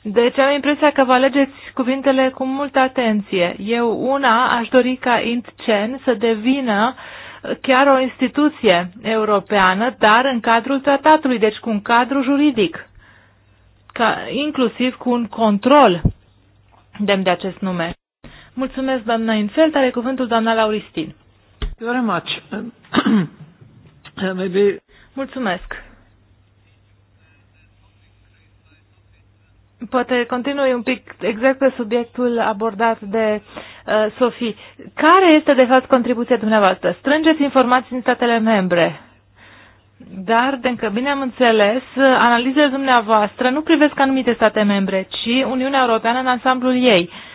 Deci am impresia că vă alegeți cuvintele cu multă atenție. Eu una aș dori ca INTCEN să devină chiar o instituție europeană, dar în cadrul tratatului, deci cu un cadru juridic, ca, inclusiv cu un control demn de acest nume. Mulțumesc, doamna Infelt, are cuvântul doamna Lauristin. Very much. Um, [clears throat] uh, maybe... Mulțumesc. Poate continui un pic exact pe subiectul abordat de uh, Sofie. Care este, de fapt, contribuția dumneavoastră? Strângeți informații din statele membre. Dar, încă bine am înțeles, analizele dumneavoastră nu privesc anumite state membre, ci Uniunea Europeană în ansamblul ei. Uh,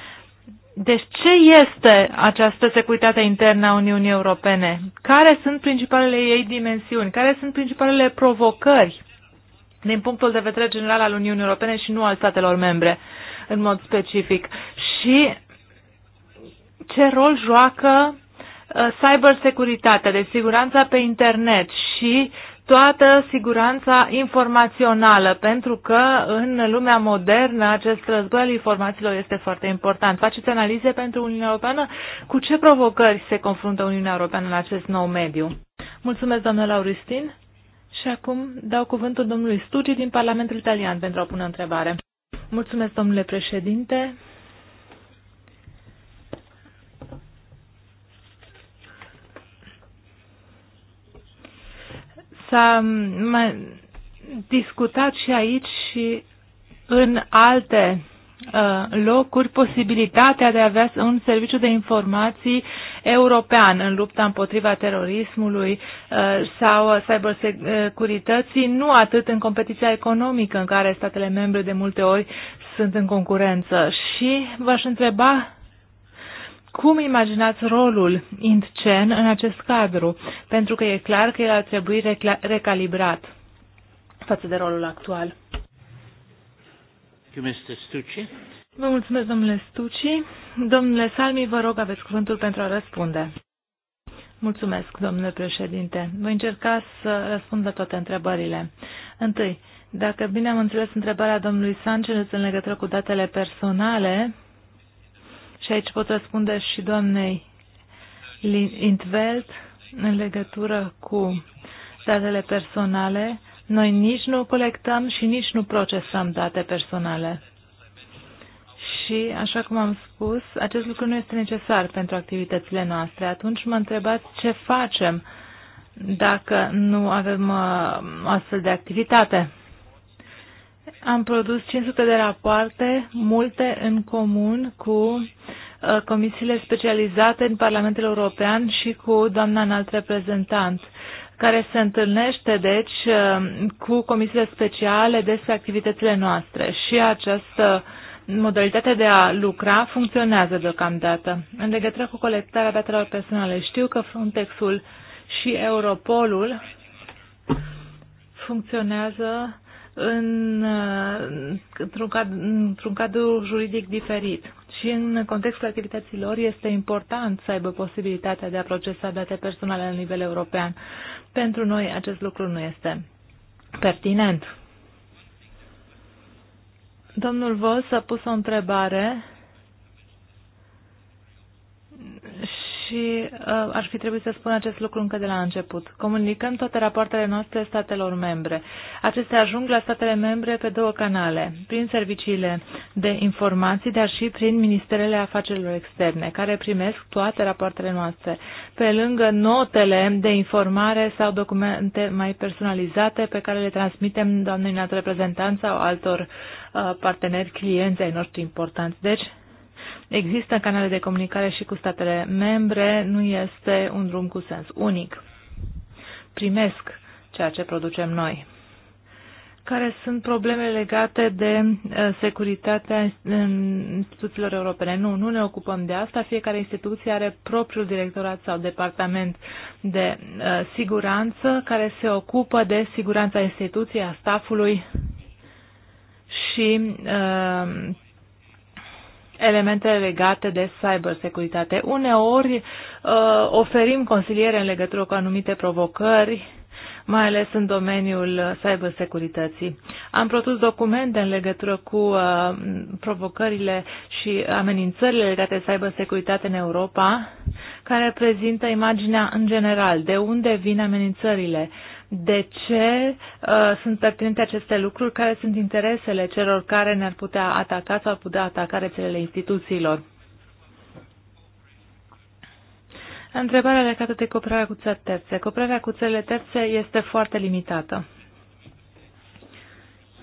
deci ce este această securitate internă a Uniunii Europene? Care sunt principalele ei dimensiuni? Care sunt principalele provocări din punctul de vedere general al Uniunii Europene și nu al statelor membre în mod specific? Și ce rol joacă uh, cybersecuritatea, de deci siguranța pe internet și toată siguranța informațională, pentru că în lumea modernă acest război al informațiilor este foarte important. Faceți analize pentru Uniunea Europeană. Cu ce provocări se confruntă Uniunea Europeană în acest nou mediu? Mulțumesc, doamnă Lauristin. Și acum dau cuvântul domnului Stugi din Parlamentul Italian pentru a pune o întrebare. Mulțumesc, domnule președinte. S-a mai discutat și aici și în alte uh, locuri posibilitatea de a avea un serviciu de informații european în lupta împotriva terorismului uh, sau cybersecurității, nu atât în competiția economică în care statele membre de multe ori sunt în concurență. Și v-aș întreba cum imaginați rolul INTCEN în acest cadru? Pentru că e clar că el ar trebui recalibrat față de rolul actual. Vă mulțumesc, domnule Stucci. Domnule Salmi, vă rog, aveți cuvântul pentru a răspunde. Mulțumesc, domnule președinte. Voi încerca să răspund la toate întrebările. Întâi, dacă bine am înțeles întrebarea domnului Sanchez în legătură cu datele personale, și aici pot răspunde și doamnei Intveld în legătură cu datele personale. Noi nici nu colectăm și nici nu procesăm date personale. Și, așa cum am spus, acest lucru nu este necesar pentru activitățile noastre. Atunci mă întrebați ce facem dacă nu avem uh, astfel de activitate. Am produs 500 de rapoarte, multe în comun cu Uh, comisiile specializate în Parlamentul European și cu doamna înalt reprezentant care se întâlnește, deci, uh, cu comisiile speciale despre activitățile noastre. Și această modalitate de a lucra funcționează deocamdată. În legătură cu colectarea datelor personale, știu că Frontexul și Europolul funcționează în, uh, într-un, cadru, într cadru juridic diferit și în contextul activităților este important să aibă posibilitatea de a procesa date personale la nivel european. Pentru noi acest lucru nu este pertinent. Domnul Vos a pus o întrebare și uh, ar fi trebuit să spun acest lucru încă de la început. Comunicăm toate rapoartele noastre statelor membre. Acestea ajung la statele membre pe două canale, prin serviciile de informații, dar și prin Ministerele Afacerilor Externe, care primesc toate rapoartele noastre, pe lângă notele de informare sau documente mai personalizate pe care le transmitem doamnei înaltă reprezentanță sau altor uh, parteneri clienți ai noștri importanți. Deci, Există canale de comunicare și cu statele membre, nu este un drum cu sens unic. Primesc ceea ce producem noi. Care sunt probleme legate de uh, securitatea instituțiilor europene? Nu, nu ne ocupăm de asta. Fiecare instituție are propriul directorat sau departament de uh, siguranță care se ocupă de siguranța instituției, a staffului și uh, elementele legate de cybersecuritate. Uneori uh, oferim consiliere în legătură cu anumite provocări, mai ales în domeniul cybersecurității. Am produs documente în legătură cu uh, provocările și amenințările legate de cybersecuritate în Europa, care prezintă imaginea în general, de unde vin amenințările, de ce uh, sunt pertinente aceste lucruri, care sunt interesele celor care ne-ar putea ataca sau ar putea ataca rețelele instituțiilor. Întrebarea legată de cooperarea cu țări terțe. Cooperarea cu țările terțe este foarte limitată.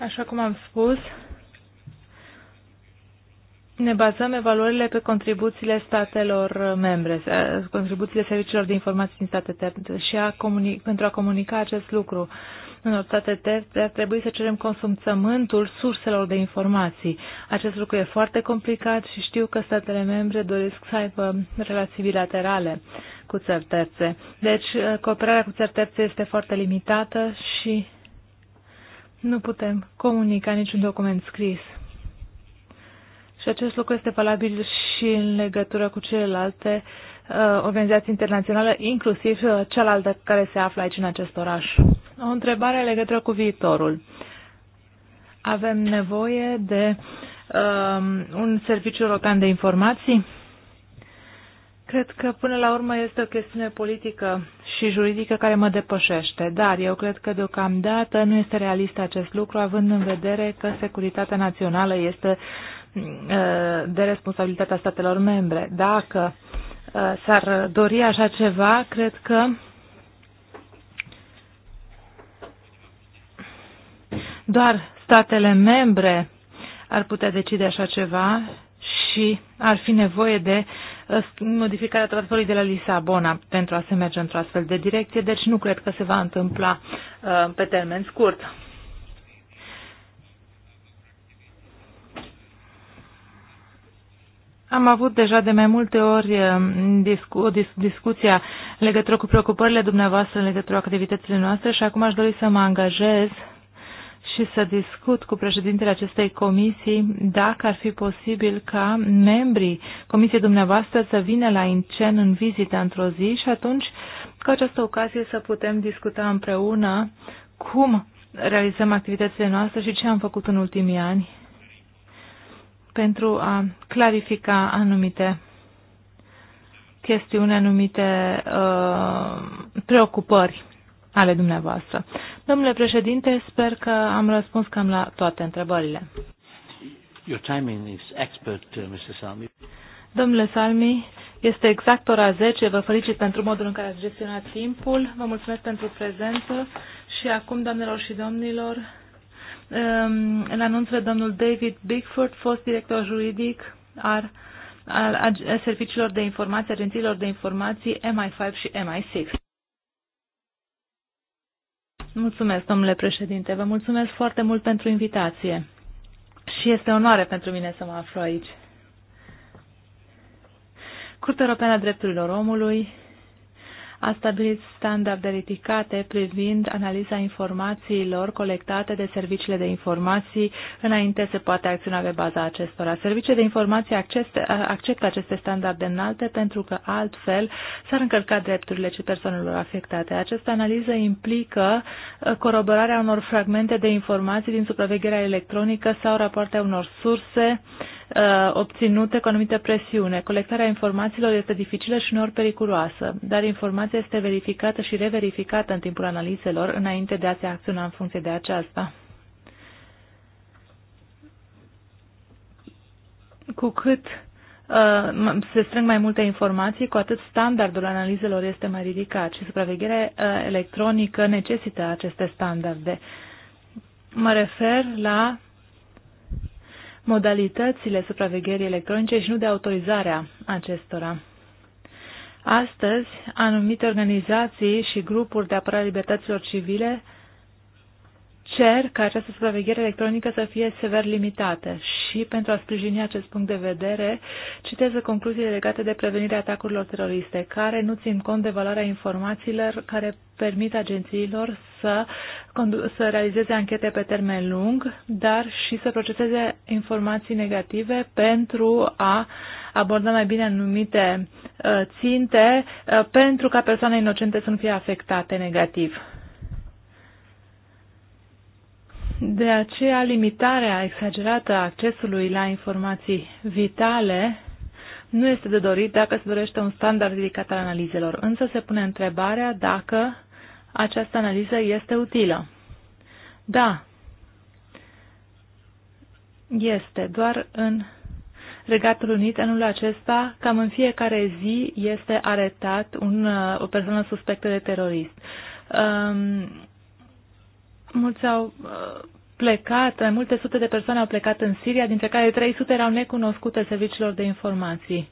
Așa cum am spus, uh, ne bazăm evaluările pe contribuțiile statelor membre, eh, contribuțiile serviciilor de informații din state terțe și a pentru a comunica acest lucru în state terțe ar trebui să cerem consumțământul surselor de informații. Acest lucru e foarte complicat și știu că statele membre doresc să aibă relații bilaterale cu țări terțe. Deci eh, cooperarea cu țări terțe este foarte limitată și nu putem comunica niciun document scris și acest lucru este valabil și în legătură cu celelalte uh, organizații internaționale, inclusiv uh, cealaltă care se află aici în acest oraș. O întrebare în legătură cu viitorul. Avem nevoie de uh, un serviciu european de informații? Cred că până la urmă este o chestiune politică și juridică care mă depășește, dar eu cred că deocamdată nu este realist acest lucru, având în vedere că securitatea națională este uh, de responsabilitatea statelor membre. Dacă uh, s-ar dori așa ceva, cred că doar statele membre ar putea decide așa ceva și ar fi nevoie de uh, modificarea tratatului de la Lisabona pentru a se merge într-o astfel de direcție, deci nu cred că se va întâmpla uh, pe termen scurt. Am avut deja de mai multe ori um, discu- dis- discuția legătură cu preocupările dumneavoastră în legătură cu activitățile noastre și acum aș dori să mă angajez și să discut cu președintele acestei comisii dacă ar fi posibil ca membrii comisiei dumneavoastră să vină la Incen în vizită într-o zi și atunci cu această ocazie să putem discuta împreună cum realizăm activitățile noastre și ce am făcut în ultimii ani pentru a clarifica anumite chestiuni, anumite uh, preocupări ale dumneavoastră. Domnule președinte, sper că am răspuns cam la toate întrebările. Your timing is expert, uh, Mr. Salmi. Domnule Salmi, este exact ora 10. Vă felicit pentru modul în care ați gestionat timpul. Vă mulțumesc pentru prezență și acum, doamnelor și domnilor, Um, îl anunț pe domnul David Bigford, fost director juridic al, al, al serviciilor de informații, agențiilor de informații MI5 și MI6. Mulțumesc, domnule președinte. Vă mulțumesc foarte mult pentru invitație. Și este onoare pentru mine să mă aflu aici. Curtea Europeană a Drepturilor Omului a stabilit standarde ridicate privind analiza informațiilor colectate de serviciile de informații înainte se poate acționa pe baza acestora. Serviciile de informații acceptă, aceste standarde înalte pentru că altfel s-ar încărca drepturile și persoanelor afectate. Această analiză implică uh, coroborarea unor fragmente de informații din supravegherea electronică sau rapoartea unor surse uh, uh, obținute cu anumită presiune. Colectarea informațiilor este dificilă și uneori periculoasă, dar informația este verificată și reverificată în timpul analizelor înainte de a se acționa în funcție de aceasta. Cu cât uh, se strâng mai multe informații, cu atât standardul analizelor este mai ridicat și supravegherea uh, electronică necesită aceste standarde. Mă refer la modalitățile supravegherii electronice și nu de autorizarea acestora. Astăzi, anumite organizații și grupuri de apărare a libertăților civile cer ca această supraveghere electronică să fie sever limitată și pentru a sprijini acest punct de vedere, citează concluziile legate de prevenirea atacurilor teroriste, care nu țin cont de valoarea informațiilor care permit agențiilor să, să realizeze anchete pe termen lung, dar și să proceseze informații negative pentru a aborda mai bine anumite uh, ținte uh, pentru ca persoane inocente să nu fie afectate negativ. De aceea, limitarea exagerată a accesului la informații vitale nu este de dorit dacă se dorește un standard ridicat al analizelor, însă se pune întrebarea dacă această analiză este utilă. Da, este, doar în Regatul Unit, anul acesta, cam în fiecare zi este aretat un, uh, o persoană suspectă de terorist. Um, mulți au uh, plecat, mai multe sute de persoane au plecat în Siria, dintre care 300 erau necunoscute serviciilor de informații.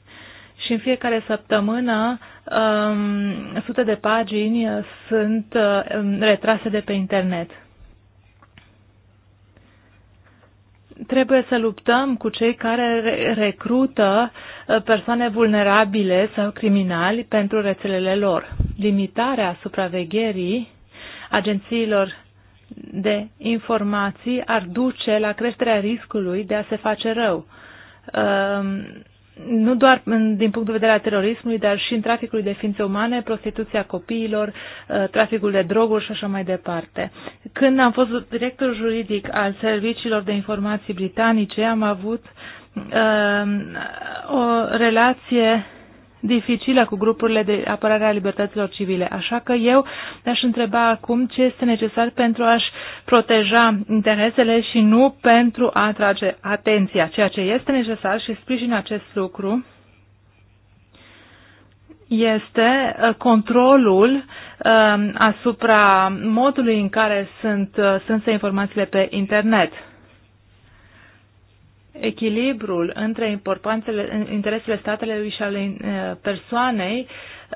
Și în fiecare săptămână um, sute de pagini sunt uh, um, retrase de pe internet. Trebuie să luptăm cu cei care recrută uh, persoane vulnerabile sau criminali pentru rețelele lor. Limitarea supravegherii agențiilor de informații ar duce la creșterea riscului de a se face rău. Ehm, nu doar din punct de vedere al terorismului, dar și în traficul de ființe umane, prostituția copiilor, eh, traficul de droguri și așa mai departe. Când am fost director juridic al serviciilor de informații britanice, am avut ehm, o relație dificilă cu grupurile de apărare a libertăților civile. Așa că eu aș întreba acum ce este necesar pentru a-și proteja interesele și nu pentru a atrage atenția. Ceea ce este necesar și sprijin acest lucru este uh, controlul uh, asupra modului în care sunt uh, sunt informațiile pe internet echilibrul între interesele statelui și ale uh, persoanei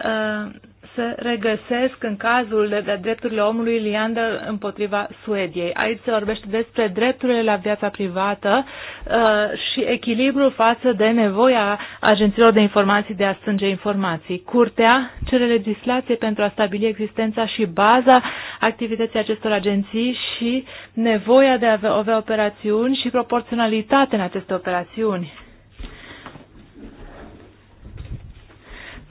uh, se regăsesc în cazul de drepturile omului Liander împotriva Suediei. Aici se vorbește despre drepturile la viața privată uh, și echilibru față de nevoia agențiilor de informații de a strânge informații. Curtea cere legislație pentru a stabili existența și baza activității acestor agenții și nevoia de a avea operațiuni și proporționalitate în aceste operațiuni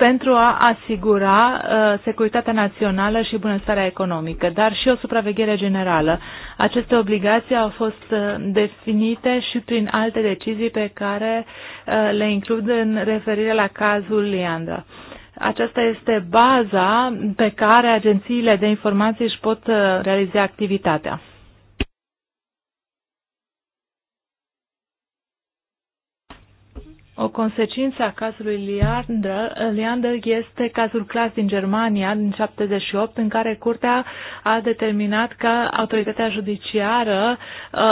pentru a asigura uh, securitatea națională și bunăstarea economică, dar și o supraveghere generală. Aceste obligații au fost uh, definite și prin alte decizii pe care uh, le includ în referire la cazul Liandra. Aceasta este baza pe care agențiile de informații își pot uh, realiza activitatea. O consecință a cazului Leander, Leander este cazul clas din Germania din 78, în care curtea a determinat că autoritatea judiciară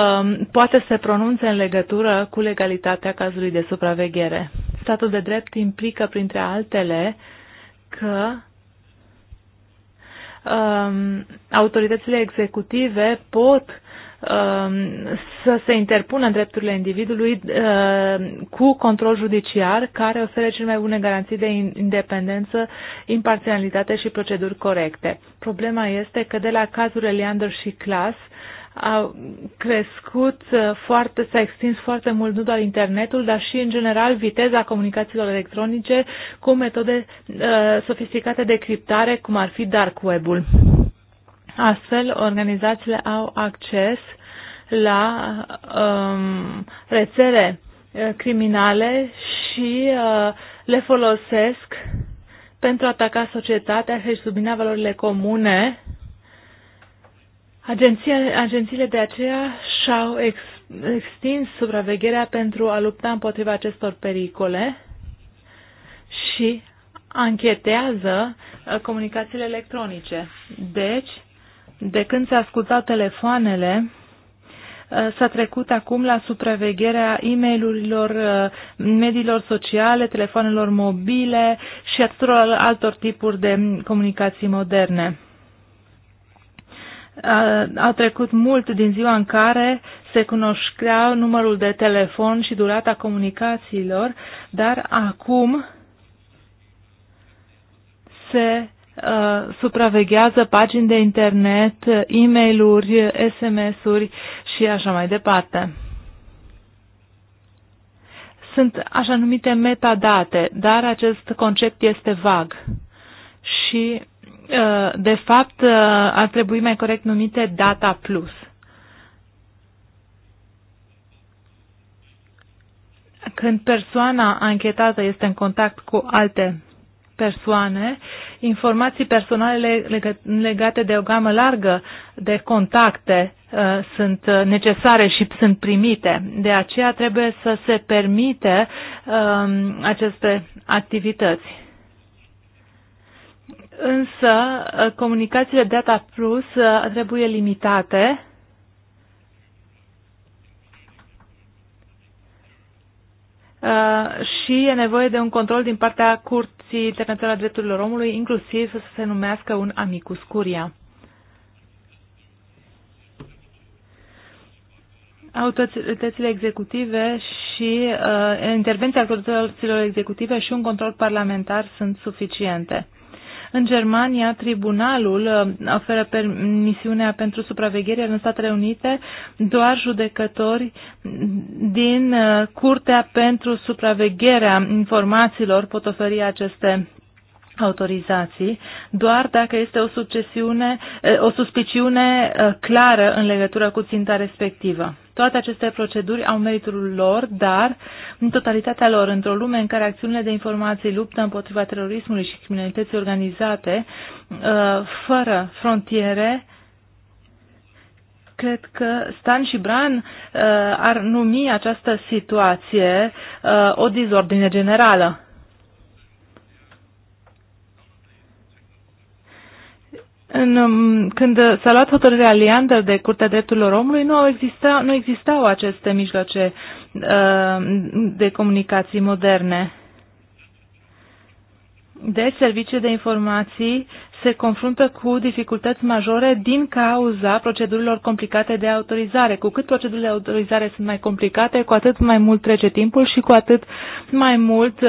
um, poate să se pronunțe în legătură cu legalitatea cazului de supraveghere. Statul de drept implică, printre altele, că um, autoritățile executive pot Um, să se interpună drepturile individului um, cu control judiciar care oferă cele mai bune garanții de independență, imparțialitate și proceduri corecte. Problema este că de la cazurile Leander și Clas a crescut uh, foarte, s-a extins foarte mult nu doar internetul, dar și în general viteza comunicațiilor electronice cu metode uh, sofisticate de criptare, cum ar fi dark web-ul. Astfel, organizațiile au acces la um, rețele uh, criminale și uh, le folosesc pentru a ataca societatea și subina valorile comune. Agenția, agențiile de aceea și-au ex, extins supravegherea pentru a lupta împotriva acestor pericole și anchetează uh, comunicațiile electronice. Deci, de când s-a telefoanele, uh, s-a trecut acum la supravegherea e mail uh, mediilor sociale, telefoanelor mobile și a tuturor altor tipuri de comunicații moderne. a trecut mult din ziua în care se cunoștea numărul de telefon și durata comunicațiilor, dar acum se Uh, supraveghează pagini de internet, e-mail-uri, SMS-uri și așa mai departe. Sunt așa numite metadate, dar acest concept este vag și, uh, de fapt, uh, ar trebui mai corect numite data plus. Când persoana anchetată este în contact cu alte persoane informații personale legate de o gamă largă de contacte uh, sunt uh, necesare și sunt primite. De aceea trebuie să se permite um, aceste activități. Însă, uh, comunicațiile Data Plus trebuie limitate Uh, și e nevoie de un control din partea Curții Internaționale a Drepturilor Omului, inclusiv să se numească un amicus curia. autoritățile executive și uh, intervenția autorităților executive și un control parlamentar sunt suficiente. În Germania, tribunalul uh, oferă permisiunea pentru supraveghere, în Statele Unite doar judecători din uh, Curtea pentru Supravegherea Informațiilor pot oferi aceste autorizații doar dacă este o, succesiune, o suspiciune clară în legătură cu ținta respectivă. Toate aceste proceduri au meritul lor, dar, în totalitatea lor, într-o lume în care acțiunile de informații luptă împotriva terorismului și criminalității organizate, fără frontiere, cred că Stan și Bran ar numi această situație o dizordine generală în, um, când s-a luat hotărârea Leander de Curtea Drepturilor Omului, nu, au exista, nu existau aceste mijloace uh, de comunicații moderne. Deci, serviciul de informații se confruntă cu dificultăți majore din cauza procedurilor complicate de autorizare. Cu cât procedurile de autorizare sunt mai complicate, cu atât mai mult trece timpul și cu atât mai mult uh,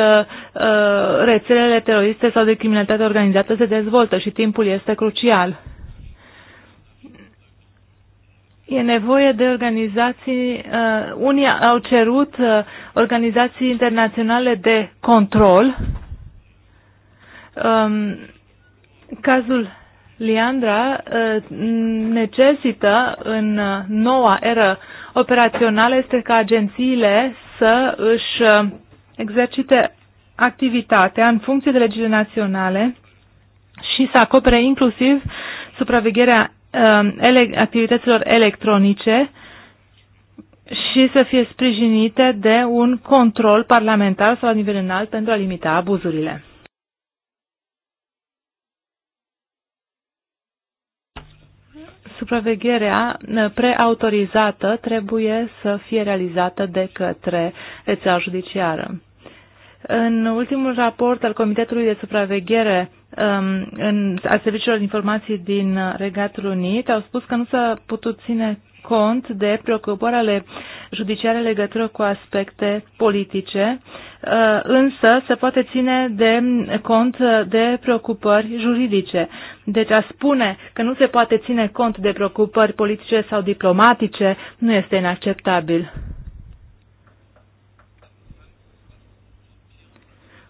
uh, rețelele teroriste sau de criminalitate organizată se dezvoltă și timpul este crucial. E nevoie de organizații, uh, unii au cerut uh, organizații internaționale de control, um, Cazul uh, necesită în noua eră operațională este ca agențiile să își exercite activitatea în funcție de legile naționale și să acopere inclusiv supravegherea ă, activităților electronice și să fie sprijinite de un control parlamentar sau la nivel înalt pentru a limita abuzurile. supravegherea uh, preautorizată trebuie să fie realizată de către rețea judiciară. În ultimul raport al Comitetului de Supraveghere um, al Serviciilor de Informații din Regatul Unit au spus că nu s-a putut ține cont de preocupări ale judiciare legătură cu aspecte politice, uh, însă se poate ține de cont de preocupări juridice. Deci a spune că nu se poate ține cont de preocupări politice sau diplomatice nu este inacceptabil.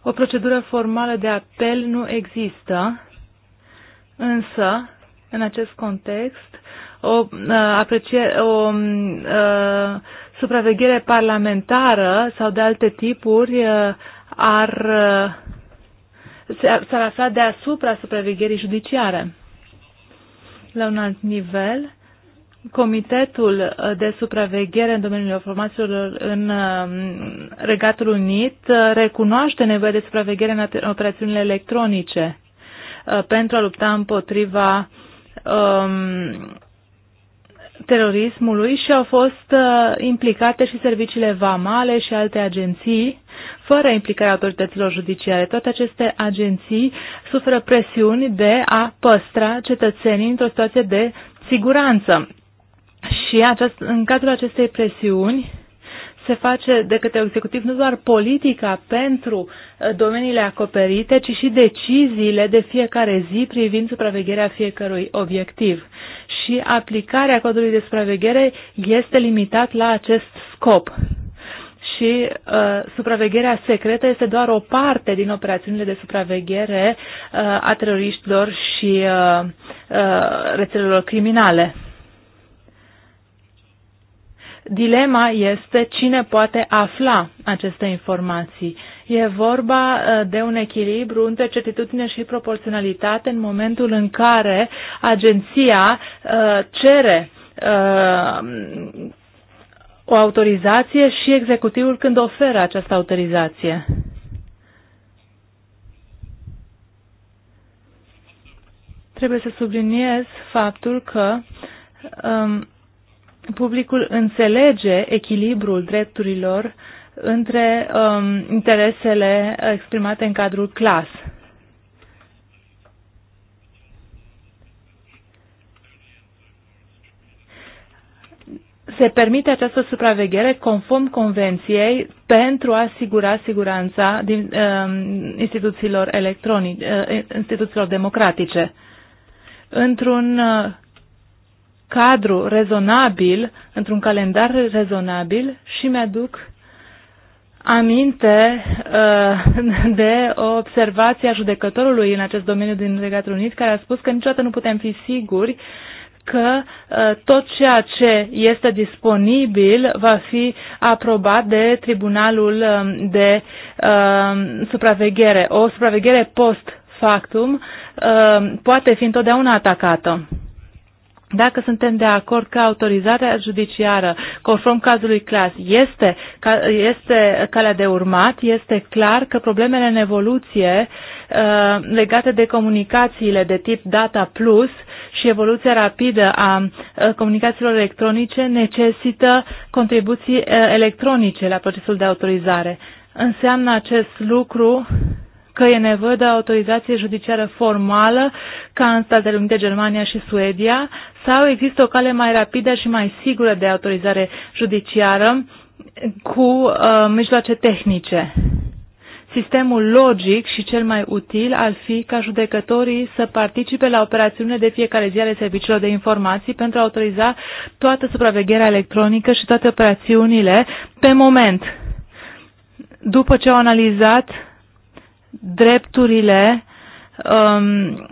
O procedură formală de apel nu există, însă, în acest context, o, uh, aprecie, o um, uh, supraveghere parlamentară sau de alte tipuri uh, ar uh, s-ar afla deasupra supravegherii judiciare. La un alt nivel, Comitetul de supraveghere în domeniul informațiilor în um, Regatul Unit uh, recunoaște nevoia de supraveghere în operațiunile electronice pentru a lupta împotriva um, terorismului și au fost uh, implicate și serviciile vamale și alte agenții, fără implicarea autorităților judiciare. Toate aceste agenții suferă presiuni de a păstra cetățenii într-o situație de siguranță. Și aceast, în cadrul acestei presiuni se face de către executiv nu doar politica pentru uh, domeniile acoperite, ci și deciziile de fiecare zi privind supravegherea fiecărui obiectiv și aplicarea codului de supraveghere este limitat la acest scop. Și uh, supravegherea secretă este doar o parte din operațiunile de supraveghere uh, a teroriștilor și uh, uh, rețelelor criminale. Dilema este cine poate afla aceste informații. E vorba uh, de un echilibru între certitudine și proporționalitate în momentul în care agenția uh, cere uh, o autorizație și executivul când oferă această autorizație. Trebuie să subliniez faptul că um, publicul înțelege echilibrul drepturilor uh, între um, interesele exprimate în cadrul clas. Se permite această supraveghere conform convenției pentru a asigura siguranța din, um, instituțiilor electronice, uh, instituțiilor democratice. Într-un uh, cadru rezonabil, într-un calendar rezonabil și mi-aduc aminte uh, [laughs] de o observație a judecătorului în acest domeniu din Regatul Unit, care a spus că niciodată nu putem fi siguri că uh, tot ceea ce este disponibil va fi aprobat de Tribunalul um, de um, Supraveghere. O supraveghere post factum um, poate fi întotdeauna atacată. Dacă suntem de acord că autorizarea judiciară, conform cazului clas, este, este calea de urmat, este clar că problemele în evoluție uh, legate de comunicațiile de tip data plus și evoluția rapidă a uh, comunicațiilor electronice necesită contribuții uh, electronice la procesul de autorizare. Înseamnă acest lucru că e nevoie de autorizație judiciară formală, ca în Statele Unite, Germania și Suedia, sau există o cale mai rapidă și mai sigură de autorizare judiciară cu uh, mijloace tehnice? Sistemul logic și cel mai util ar fi ca judecătorii să participe la operațiunile de fiecare zi ale serviciilor de informații pentru a autoriza toată supravegherea electronică și toate operațiunile pe moment, după ce au analizat drepturile um,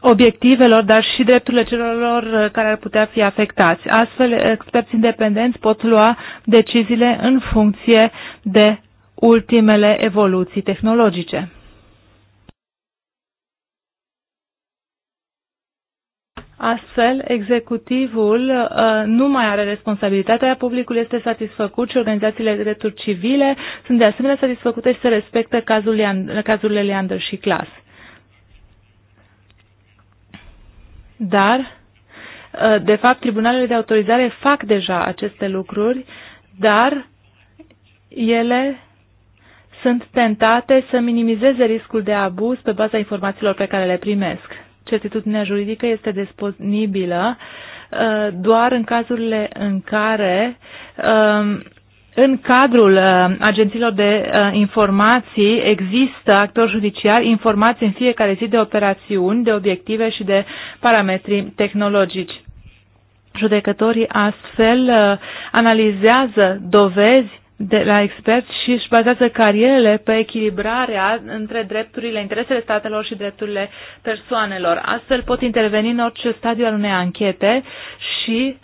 obiectivelor, dar și drepturile celor care ar putea fi afectați. Astfel, experți independenți pot lua deciziile în funcție de ultimele evoluții tehnologice. Astfel, executivul uh, nu mai are responsabilitatea, publicul este satisfăcut și organizațiile de drepturi civile sunt de asemenea satisfăcute și se respectă cazul Leand- cazurile Leander și Clas. Dar, uh, de fapt, tribunalele de autorizare fac deja aceste lucruri, dar ele sunt tentate să minimizeze riscul de abuz pe baza informațiilor pe care le primesc certitudinea juridică este disponibilă uh, doar în cazurile în care um, în cadrul uh, agențiilor de uh, informații există actori judiciari informații în fiecare zi de operațiuni, de obiective și de parametri tehnologici. Judecătorii astfel analizează dovezi de la experți și își bazează carierele pe echilibrarea între drepturile, interesele statelor și drepturile persoanelor. Astfel pot interveni în orice stadiu al unei anchete și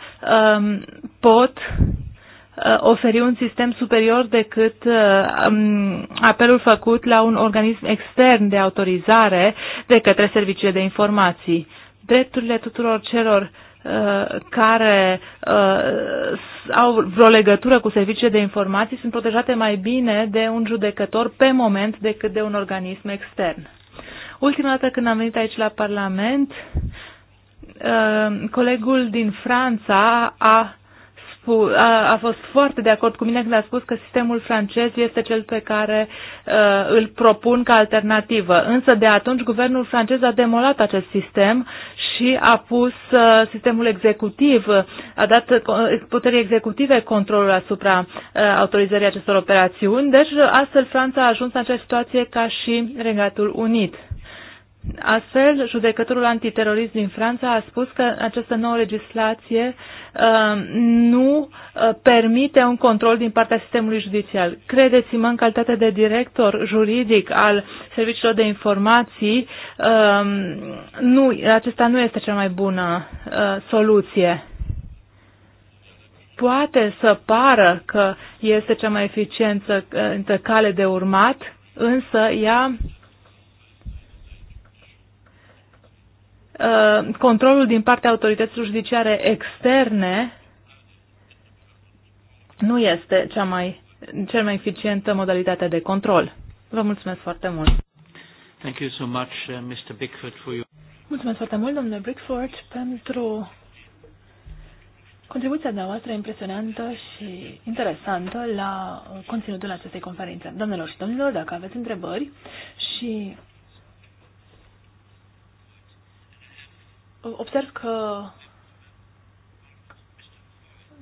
um, pot uh, oferi un sistem superior decât uh, um, apelul făcut la un organism extern de autorizare de către serviciile de informații. Drepturile tuturor celor uh, Uh, care uh, au vreo legătură cu serviciile de informații sunt protejate mai bine de un judecător pe moment decât de un organism extern. Ultima dată când am venit aici la Parlament, uh, colegul din Franța a, a, a fost foarte de acord cu mine când a spus că sistemul francez este cel pe care uh, îl propun ca alternativă. Însă de atunci guvernul francez a demolat acest sistem și a pus uh, sistemul executiv, a dat puterii executive controlul asupra uh, autorizării acestor operațiuni. Deci, astfel, Franța a ajuns în această situație ca și Regatul Unit. Astfel, judecătorul antiterorist din Franța a spus că această nouă legislație uh, nu uh, permite un control din partea sistemului judicial. Credeți-mă, în calitate de director juridic al serviciilor de informații, uh, nu, acesta nu este cea mai bună uh, soluție. Poate să pară că este cea mai eficientă uh, cale de urmat, însă ea Uh, controlul din partea autorităților judiciare externe nu este cea mai, cel mai eficientă modalitate de control. Vă mulțumesc foarte mult. Thank you so much, uh, Mr. Bickford, for your... Mulțumesc foarte mult, domnule Bickford, pentru contribuția noastră impresionantă și interesantă la conținutul acestei conferințe. Domnilor și domnilor, dacă aveți întrebări și observ că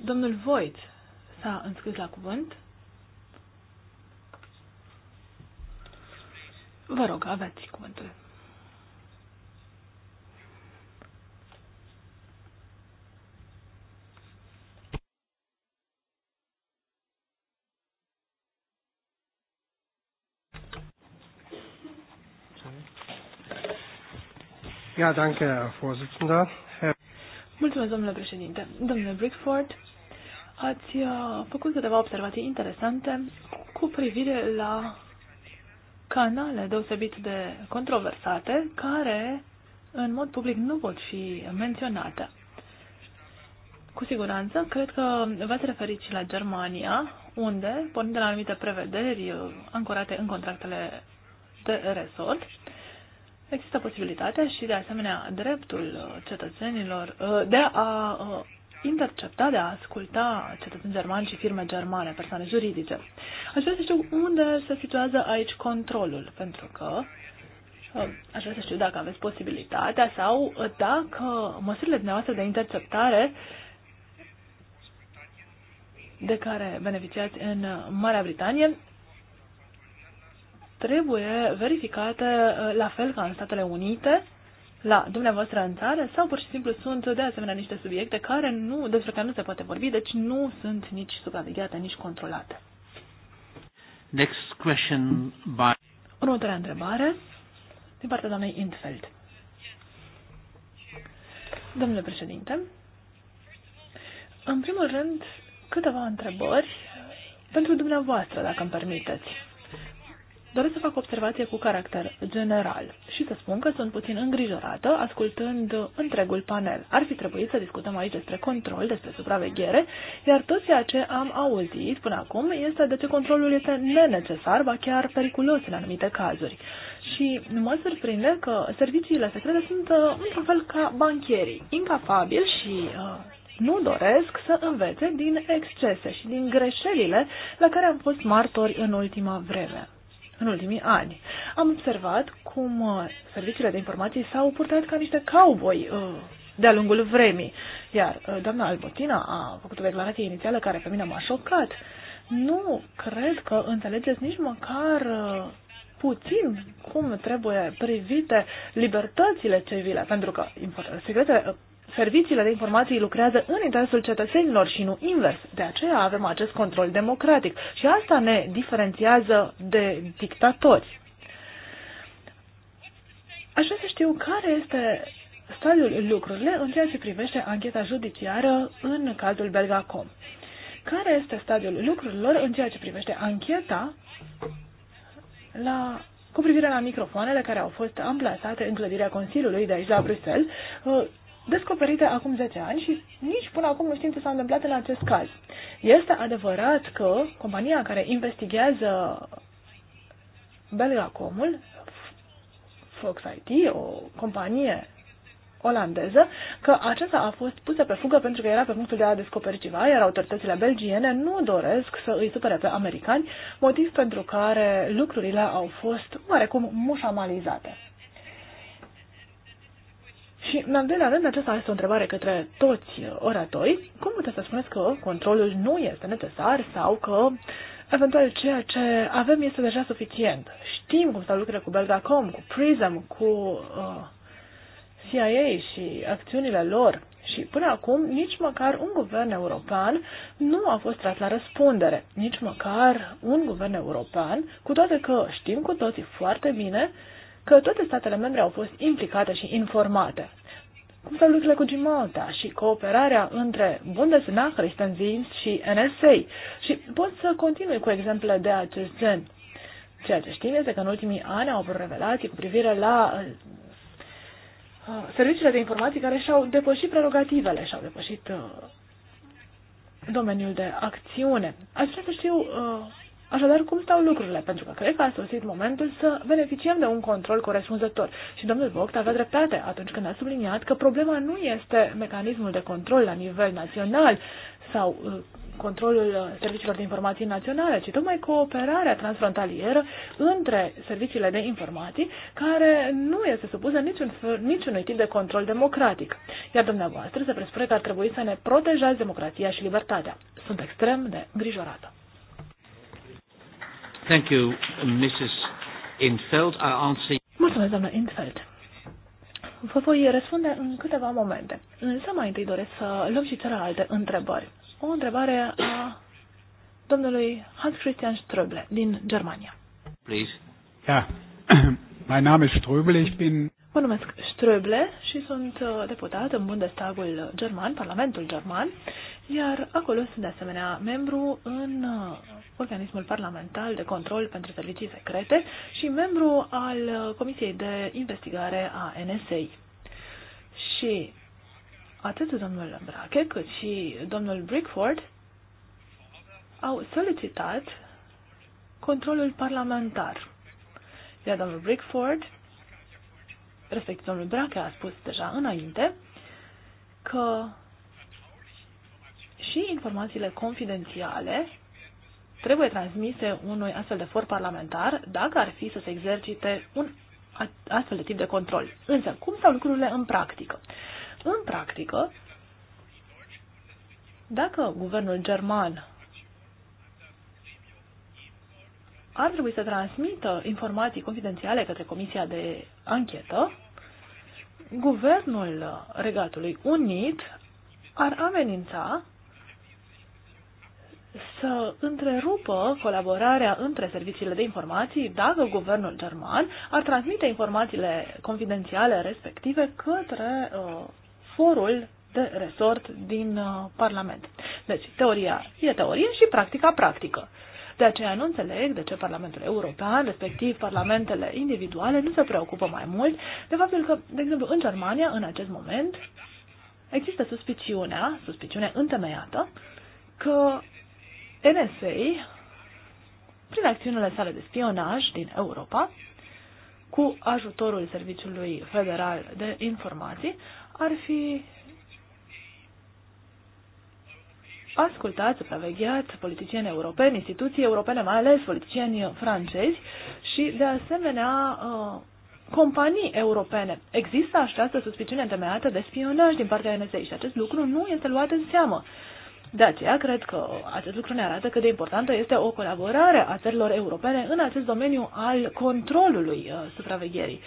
domnul Voit s-a înscris la cuvânt. Vă rog, aveți cuvântul. Ja, danke, Herr Vorsitzender. Herr... Mulțumesc, domnule președinte. Domnule Brickford, ați uh, făcut câteva observații interesante cu privire la canale deosebit de controversate care în mod public nu pot fi menționate. Cu siguranță, cred că v-ați referit și la Germania, unde, pornind de la anumite prevederi uh, ancorate în contractele de resort, există posibilitatea și, de asemenea, dreptul uh, cetățenilor uh, de a uh, intercepta, de a asculta cetățeni germani și firme germane, persoane juridice. Aș vrea să știu unde se situează aici controlul, pentru că aș vrea să știu dacă aveți posibilitatea sau dacă măsurile dumneavoastră de interceptare de care beneficiați în Marea Britanie trebuie verificate uh, la fel ca în Statele Unite, la dumneavoastră în țară, sau pur și simplu sunt de asemenea niște subiecte care nu, despre care nu se poate vorbi, deci nu sunt nici supravegheate, nici controlate. Next question by... Următoarea întrebare din partea doamnei Intfeld. Domnule președinte, în primul rând, câteva întrebări pentru dumneavoastră, dacă îmi permiteți. Doresc să fac observație cu caracter general și să spun că sunt puțin îngrijorată ascultând întregul panel. Ar fi trebuit să discutăm aici despre control, despre supraveghere, iar tot ceea ce am auzit până acum este de ce controlul este nenecesar, ba chiar periculos în anumite cazuri. Și mă surprinde că serviciile secrete sunt uh, într-un fel ca bancherii, incapabili și uh, nu doresc să învețe din excese și din greșelile la care am fost martori în ultima vreme în ultimii ani. Am observat cum uh, serviciile de informații s-au purtat ca niște cowboy uh, de-a lungul vremii. Iar uh, doamna Albotina a făcut o declarație inițială care pe mine m-a șocat. Nu cred că înțelegeți nici măcar puțin cum trebuie privite libertățile civile, pentru că secretele serviciile de informații lucrează în interesul cetățenilor și nu invers. De aceea avem acest control democratic și asta ne diferențiază de dictatori. Aș vrea să știu care este stadiul lucrurile în ceea ce privește ancheta judiciară în cazul Belgacom. Care este stadiul lucrurilor în ceea ce privește ancheta la, cu privire la microfoanele care au fost amplasate în clădirea Consiliului de aici la Bruxelles descoperite acum 10 ani și nici până acum nu știm ce s-a întâmplat în acest caz. Este adevărat că compania care investigează Belgacomul, Fox IT, o companie olandeză, că aceasta a fost pusă pe fugă pentru că era pe punctul de a descoperi ceva, iar autoritățile belgiene nu doresc să îi supere pe americani, motiv pentru care lucrurile au fost oarecum mușamalizate. Și, în al doilea rând, aceasta este o întrebare către toți oratorii. Cum puteți să spuneți că controlul nu este necesar sau că eventual ceea ce avem este deja suficient? Știm cum stau lucrurile cu Belgacom, cu Prism, cu uh, CIA și acțiunile lor. Și până acum, nici măcar un guvern european nu a fost tras la răspundere. Nici măcar un guvern european, cu toate că știm cu toții foarte bine că toate statele membre au fost implicate și informate cum stau lucrurile cu Gimalta și cooperarea între Bundesna, Christendienst și NSA. Și pot să continui cu exemple de acest gen. Ceea ce știm este că în ultimii ani au avut revelații cu privire la uh, serviciile de informații care și-au depășit prerogativele, și-au depășit uh, domeniul de acțiune. Aș vrea să știu uh, Așadar, cum stau lucrurile? Pentru că cred că a sosit momentul să beneficiem de un control corespunzător. Și domnul Vogt avea dreptate atunci când a subliniat că problema nu este mecanismul de control la nivel național sau uh, controlul uh, serviciilor de informații naționale, ci tocmai cooperarea transfrontalieră între serviciile de informații, care nu este supusă niciun, niciunui tip de control democratic. Iar dumneavoastră se presupune că ar trebui să ne protejați democrația și libertatea. Sunt extrem de îngrijorată. Thank you, Mrs. Infeld. I answer... Mulțumesc, doamnă Infeld. Vă voi răspunde în câteva momente. Însă mai întâi doresc să luăm și celelalte întrebări. O întrebare a domnului Hans Christian Ströble din Germania. Please. Ja, [clears throat] mein Name ist Ströble, ich bin Mă numesc Ströble și sunt uh, deputat în Bundestagul German, Parlamentul German, iar acolo sunt de asemenea membru în uh, organismul parlamentar de control pentru servicii secrete și membru al uh, Comisiei de Investigare a NSA. Și atât domnul Brache cât și domnul Brickford au solicitat controlul parlamentar. Iar domnul Brickford respectiv domnul a spus deja înainte, că și informațiile confidențiale trebuie transmise unui astfel de for parlamentar dacă ar fi să se exercite un astfel de tip de control. Însă, cum stau lucrurile în practică? În practică, dacă guvernul german ar trebui să transmită informații confidențiale către Comisia de Anchetă, Guvernul Regatului Unit ar amenința să întrerupă colaborarea între serviciile de informații dacă guvernul german ar transmite informațiile confidențiale respective către uh, forul de resort din uh, Parlament. Deci, teoria e teorie și practica practică. De aceea nu înțeleg de ce Parlamentul European, respectiv parlamentele individuale, nu se preocupă mai mult de faptul că, de exemplu, în Germania, în acest moment, există suspiciunea, suspiciunea întemeiată, că NSA, prin acțiunile sale de spionaj din Europa, cu ajutorul Serviciului Federal de Informații, ar fi ascultați, supravegheați politicieni europeni, instituții europene, mai ales politicieni francezi și, de asemenea, uh, companii europene. Există această suspiciune întemeiată de spionaj din partea NSA și acest lucru nu este luat în seamă. De aceea, cred că acest lucru ne arată cât de importantă este o colaborare a țărilor europene în acest domeniu al controlului uh, supravegherii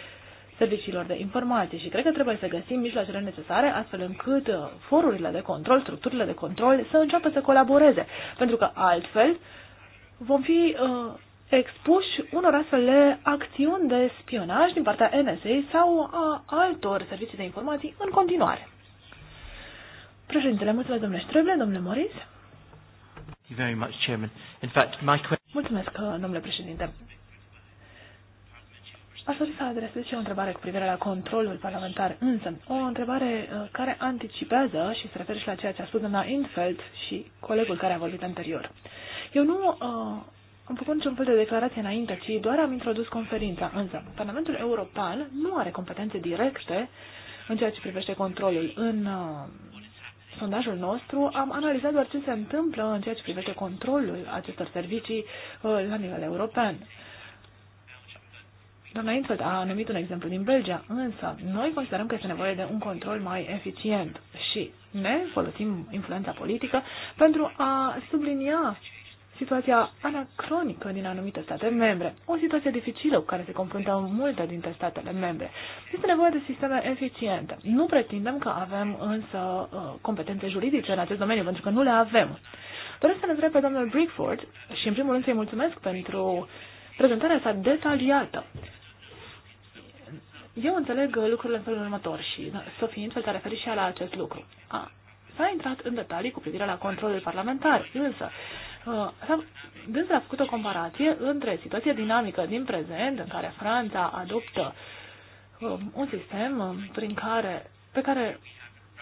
serviciilor de informații și cred că trebuie să găsim mijloacele necesare astfel încât uh, forurile de control, structurile de control să înceapă să colaboreze, pentru că altfel vom fi uh, expuși unor astfel de acțiuni de spionaj din partea NSA sau a altor servicii de informații în continuare. Președintele, mulțumesc domnule Ștreble, domnule Moris. Mulțumesc, uh, domnule președinte. Aș dori să adresez și o întrebare cu privire la controlul parlamentar, însă o întrebare uh, care anticipează și se referă și la ceea ce a spus doamna Infeld și colegul care a vorbit anterior. Eu nu uh, am făcut niciun fel de declarație înainte, ci doar am introdus conferința, însă Parlamentul European nu are competențe directe în ceea ce privește controlul. În uh, sondajul nostru am analizat doar ce se întâmplă în ceea ce privește controlul acestor servicii uh, la nivel european Doamna Infeld a numit un exemplu din Belgia, însă noi considerăm că este nevoie de un control mai eficient și ne folosim influența politică pentru a sublinia situația anacronică din anumite state membre, o situație dificilă cu care se confruntă multe dintre statele membre. Este nevoie de sisteme eficiente. Nu pretindem că avem însă uh, competențe juridice în acest domeniu, pentru că nu le avem. Doresc să ne întreb pe domnul Brickford și în primul rând să-i mulțumesc pentru prezentarea sa detaliată. Eu înțeleg lucrurile în felul următor și da, Sofie Intfeld fel referit și la acest lucru. A, s-a intrat în detalii cu privire la controlul parlamentar, însă dânsa a făcut o comparație între situația dinamică din prezent, în care Franța adoptă un sistem prin care, pe care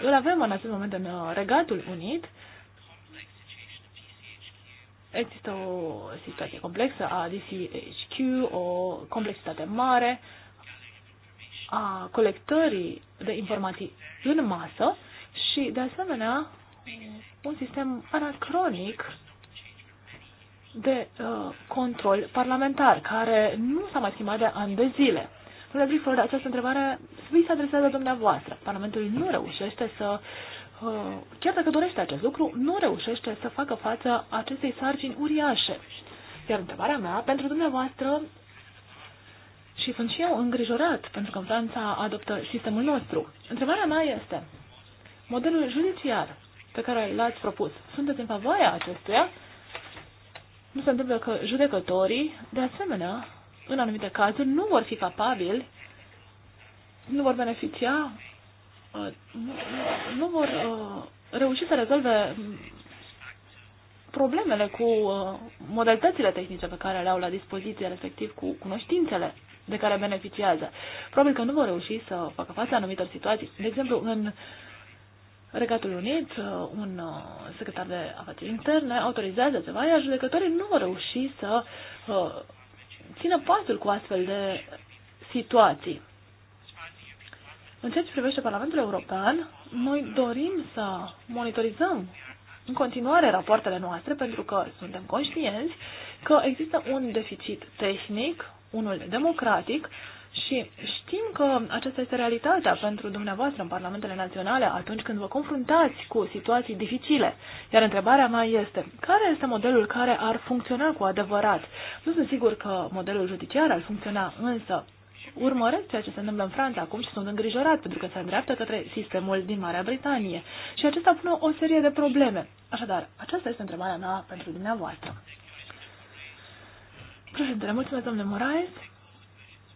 îl avem în acest moment în Regatul Unit, există o situație complexă a DCHQ, o complexitate mare, uh, a colectării de informații în masă și, de asemenea, un sistem anacronic de uh, control parlamentar, care nu s-a mai schimbat de ani de zile. Domnule Brickford, această întrebare vi se adresează dumneavoastră. Parlamentul nu reușește să, uh, chiar dacă dorește acest lucru, nu reușește să facă față acestei sarcini uriașe. Iar întrebarea mea pentru dumneavoastră și sunt și eu îngrijorat pentru că Franța adoptă sistemul nostru. Întrebarea mea este, modelul judiciar pe care l-ați propus, sunteți în favoarea acestuia? Nu se întâmplă că judecătorii, de asemenea, în anumite cazuri, nu vor fi capabili, nu vor beneficia, uh, nu, vor uh, reuși să rezolve problemele cu uh, modalitățile tehnice pe care le au la dispoziție, respectiv cu cunoștințele de care beneficiază. Probabil că nu vor reuși să facă față anumitor situații. De exemplu, în Regatul Unit, uh, un uh, secretar de afaceri interne autorizează ceva, iar judecătorii nu vor reuși să uh, țină pasul cu astfel de situații. În ceea ce privește Parlamentul European, noi dorim să monitorizăm în continuare rapoartele noastre pentru că suntem conștienți că există un deficit tehnic, unul democratic și știm că aceasta este realitatea pentru dumneavoastră în parlamentele naționale atunci când vă confruntați cu situații dificile. Iar întrebarea mea este, care este modelul care ar funcționa cu adevărat? Nu sunt sigur că modelul judiciar ar funcționa, însă urmăresc ceea ce se întâmplă în Franța acum și sunt îngrijorat pentru că se îndreaptă către sistemul din Marea Britanie. Și acesta pune o serie de probleme. Așadar, aceasta este întrebarea mea pentru dumneavoastră. Președinte, mulțumesc, domnule Moraes.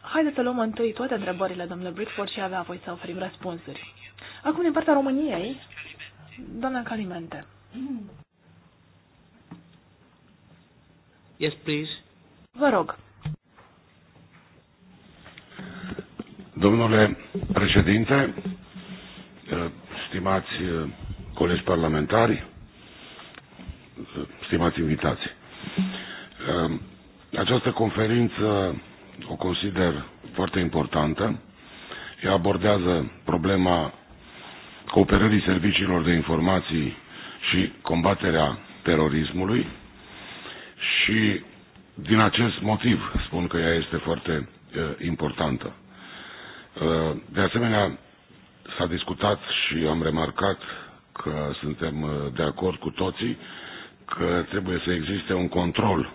Haideți să luăm întâi toate întrebările, domnule Brickford, și avea voi să oferim răspunsuri. Acum, din partea României, doamna Calimente. Yes, please. Vă rog. Domnule președinte, stimați colegi parlamentari, stimați invitați, această conferință o consider foarte importantă. Ea abordează problema cooperării serviciilor de informații și combaterea terorismului și din acest motiv spun că ea este foarte uh, importantă. Uh, de asemenea, s-a discutat și am remarcat că suntem de acord cu toții că trebuie să existe un control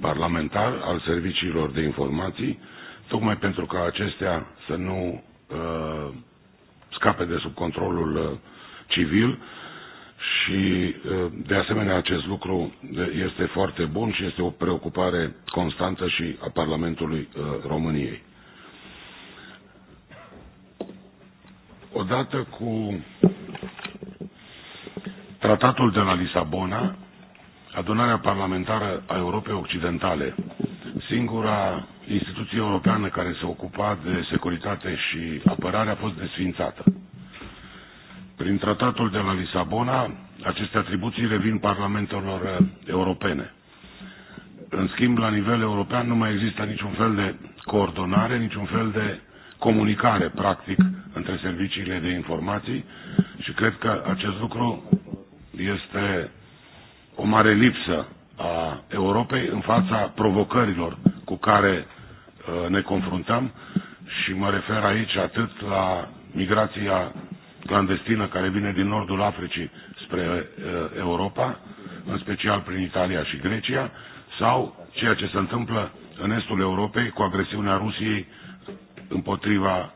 parlamentar al serviciilor de informații, tocmai pentru ca acestea să nu uh, scape de sub controlul uh, civil și uh, de asemenea acest lucru uh, este foarte bun și este o preocupare constantă și a Parlamentului uh, României. Odată cu tratatul de la Lisabona, Adunarea Parlamentară a Europei Occidentale, singura instituție europeană care se ocupa de securitate și apărare, a fost desfințată. Prin tratatul de la Lisabona, aceste atribuții revin parlamentelor europene. În schimb, la nivel european nu mai există niciun fel de coordonare, niciun fel de comunicare, practic, între serviciile de informații și cred că acest lucru este o mare lipsă a Europei în fața provocărilor cu care uh, ne confruntăm și mă refer aici atât la migrația clandestină care vine din nordul Africii spre uh, Europa, în special prin Italia și Grecia, sau ceea ce se întâmplă în estul Europei cu agresiunea Rusiei împotriva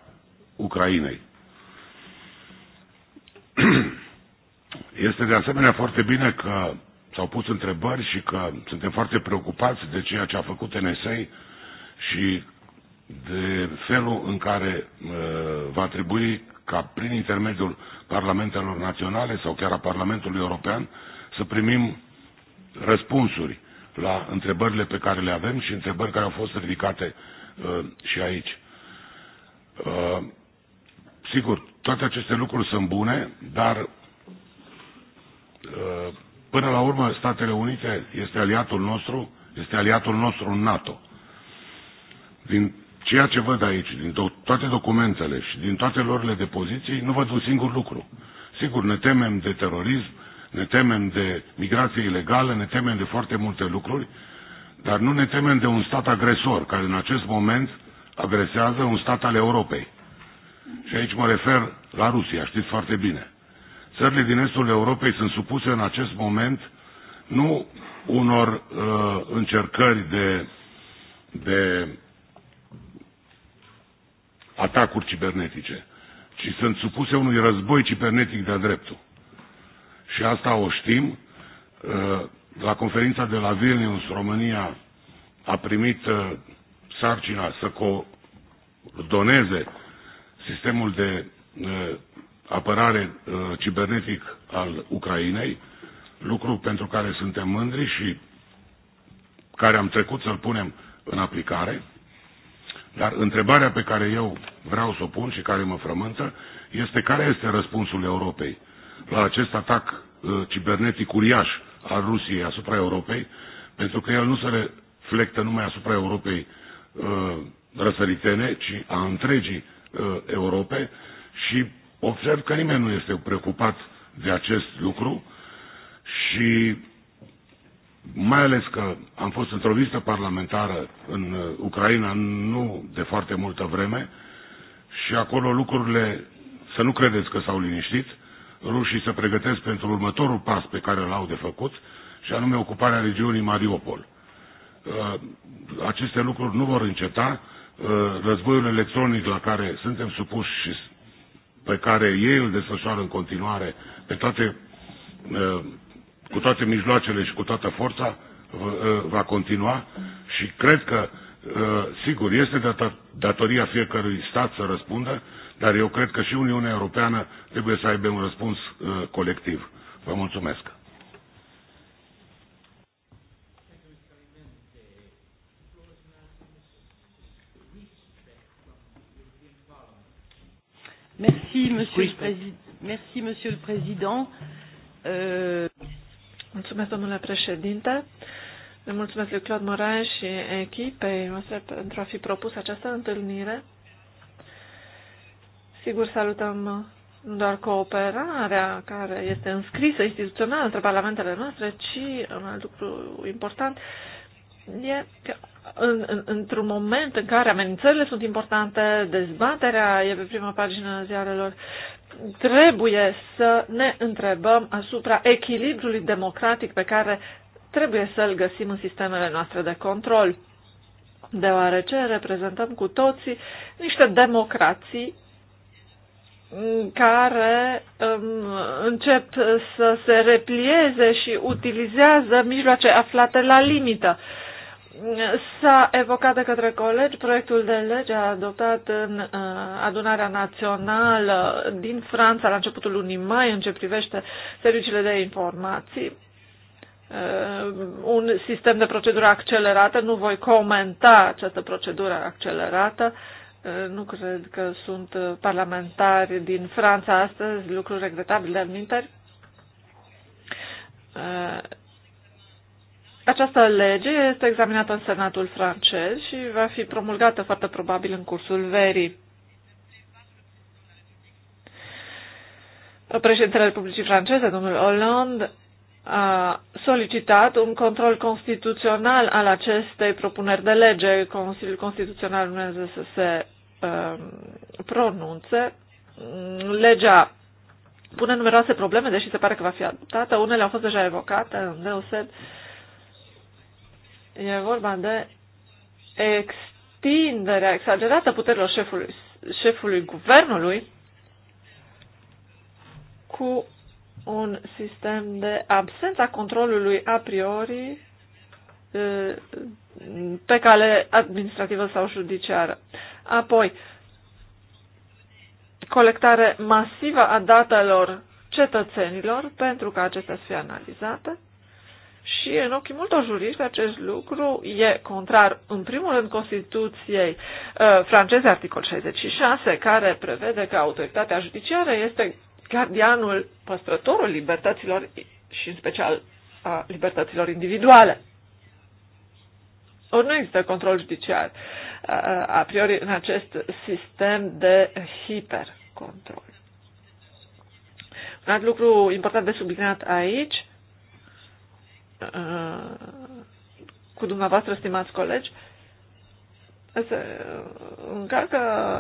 Ucrainei. [clears throat] Este de asemenea foarte bine că s-au pus întrebări și că suntem foarte preocupați de ceea ce a făcut NSA și de felul în care uh, va trebui ca prin intermediul parlamentelor naționale sau chiar a Parlamentului European să primim răspunsuri la întrebările pe care le avem și întrebări care au fost ridicate uh, și aici. Uh, sigur, toate aceste lucruri sunt bune, dar uh, Până la urmă, Statele Unite este aliatul nostru, este aliatul nostru în NATO. Din ceea ce văd aici, din do- toate documentele și din toate lorile de poziții, nu văd un singur lucru. Sigur, ne temem de terorism, ne temem de migrație ilegală, ne temem de foarte multe lucruri, dar nu ne temem de un stat agresor, care în acest moment agresează un stat al Europei. Și aici mă refer la Rusia, știți foarte bine. Țările din estul Europei sunt supuse în acest moment nu unor uh, încercări de, de atacuri cibernetice, ci sunt supuse unui război cibernetic de-a dreptul. Și asta o știm. Uh, la conferința de la Vilnius, România a primit uh, sarcina să coordoneze sistemul de uh, apărare uh, cibernetic al Ucrainei, lucru pentru care suntem mândri și care am trecut să-l punem în aplicare. Dar întrebarea pe care eu vreau să o pun și care mă frământă este care este răspunsul Europei la acest atac uh, cibernetic uriaș al Rusiei asupra Europei, pentru că el nu se reflectă numai asupra Europei uh, răsăritene, ci a întregii uh, Europe și Observ că nimeni nu este preocupat de acest lucru și mai ales că am fost într-o vizită parlamentară în uh, Ucraina nu de foarte multă vreme și acolo lucrurile, să nu credeți că s-au liniștit, rușii se pregătesc pentru următorul pas pe care l-au de făcut și anume ocuparea regiunii Mariupol. Uh, aceste lucruri nu vor înceta, uh, războiul electronic la care suntem supuși și pe care ei îl desfășoară în continuare pe toate, ă, cu toate mijloacele și cu toată forța, ă, va continua și cred că, ă, sigur, este datoria fiecărui stat să răspundă, dar eu cred că și Uniunea Europeană trebuie să aibă un răspuns colectiv. Vă mulțumesc! Merci, Monsieur le Président. Merci, Monsieur le Président. Uh... Mulțumesc, domnule președinte. Le mulțumesc lui Claude Moraes și echipei noastre pentru a fi propus această întâlnire. Sigur, salutăm nu doar cooperarea care este înscrisă instituțional între parlamentele noastre, ci un alt lucru important e că în, într-un moment în care amenințările sunt importante, dezbaterea e pe prima pagină a ziarelor, trebuie să ne întrebăm asupra echilibrului democratic pe care trebuie să-l găsim în sistemele noastre de control, deoarece reprezentăm cu toții niște democrații care um, încep să se replieze și utilizează mijloace aflate la limită. Uh, S-a evocat de către colegi proiectul de lege adoptat în uh, adunarea națională din Franța la începutul lunii mai în ce privește serviciile de informații. Uh, un sistem de procedură accelerată, nu voi comenta această procedură accelerată, uh, nu cred că sunt parlamentari din Franța astăzi, lucruri regretabile de aminteri această lege este examinată în Senatul francez și va fi promulgată foarte probabil în cursul verii. Președintele Republicii Franceze, domnul Hollande, a solicitat un control constituțional al acestei propuneri de lege. Consiliul Constituțional urmează să se uh, pronunțe. Legea pune numeroase probleme, deși se pare că va fi adoptată. Unele au fost deja evocate, în deoseb uh, E vorba de extinderea exagerată puterilor șefului, șefului guvernului cu un sistem de absența controlului a priori pe cale administrativă sau judiciară. Apoi, colectare masivă a datelor cetățenilor pentru ca acestea să fie analizate și în ochii multor juriști acest lucru e contrar, în primul rând, Constituției uh, franceze, articol 66, care prevede că autoritatea judiciară este gardianul, păstrătorul libertăților și în special a libertăților individuale. Ori nu există control judiciar uh, a priori în acest sistem de hipercontrol. Un alt lucru important de subliniat aici Uh, cu dumneavoastră, stimați colegi, se încalcă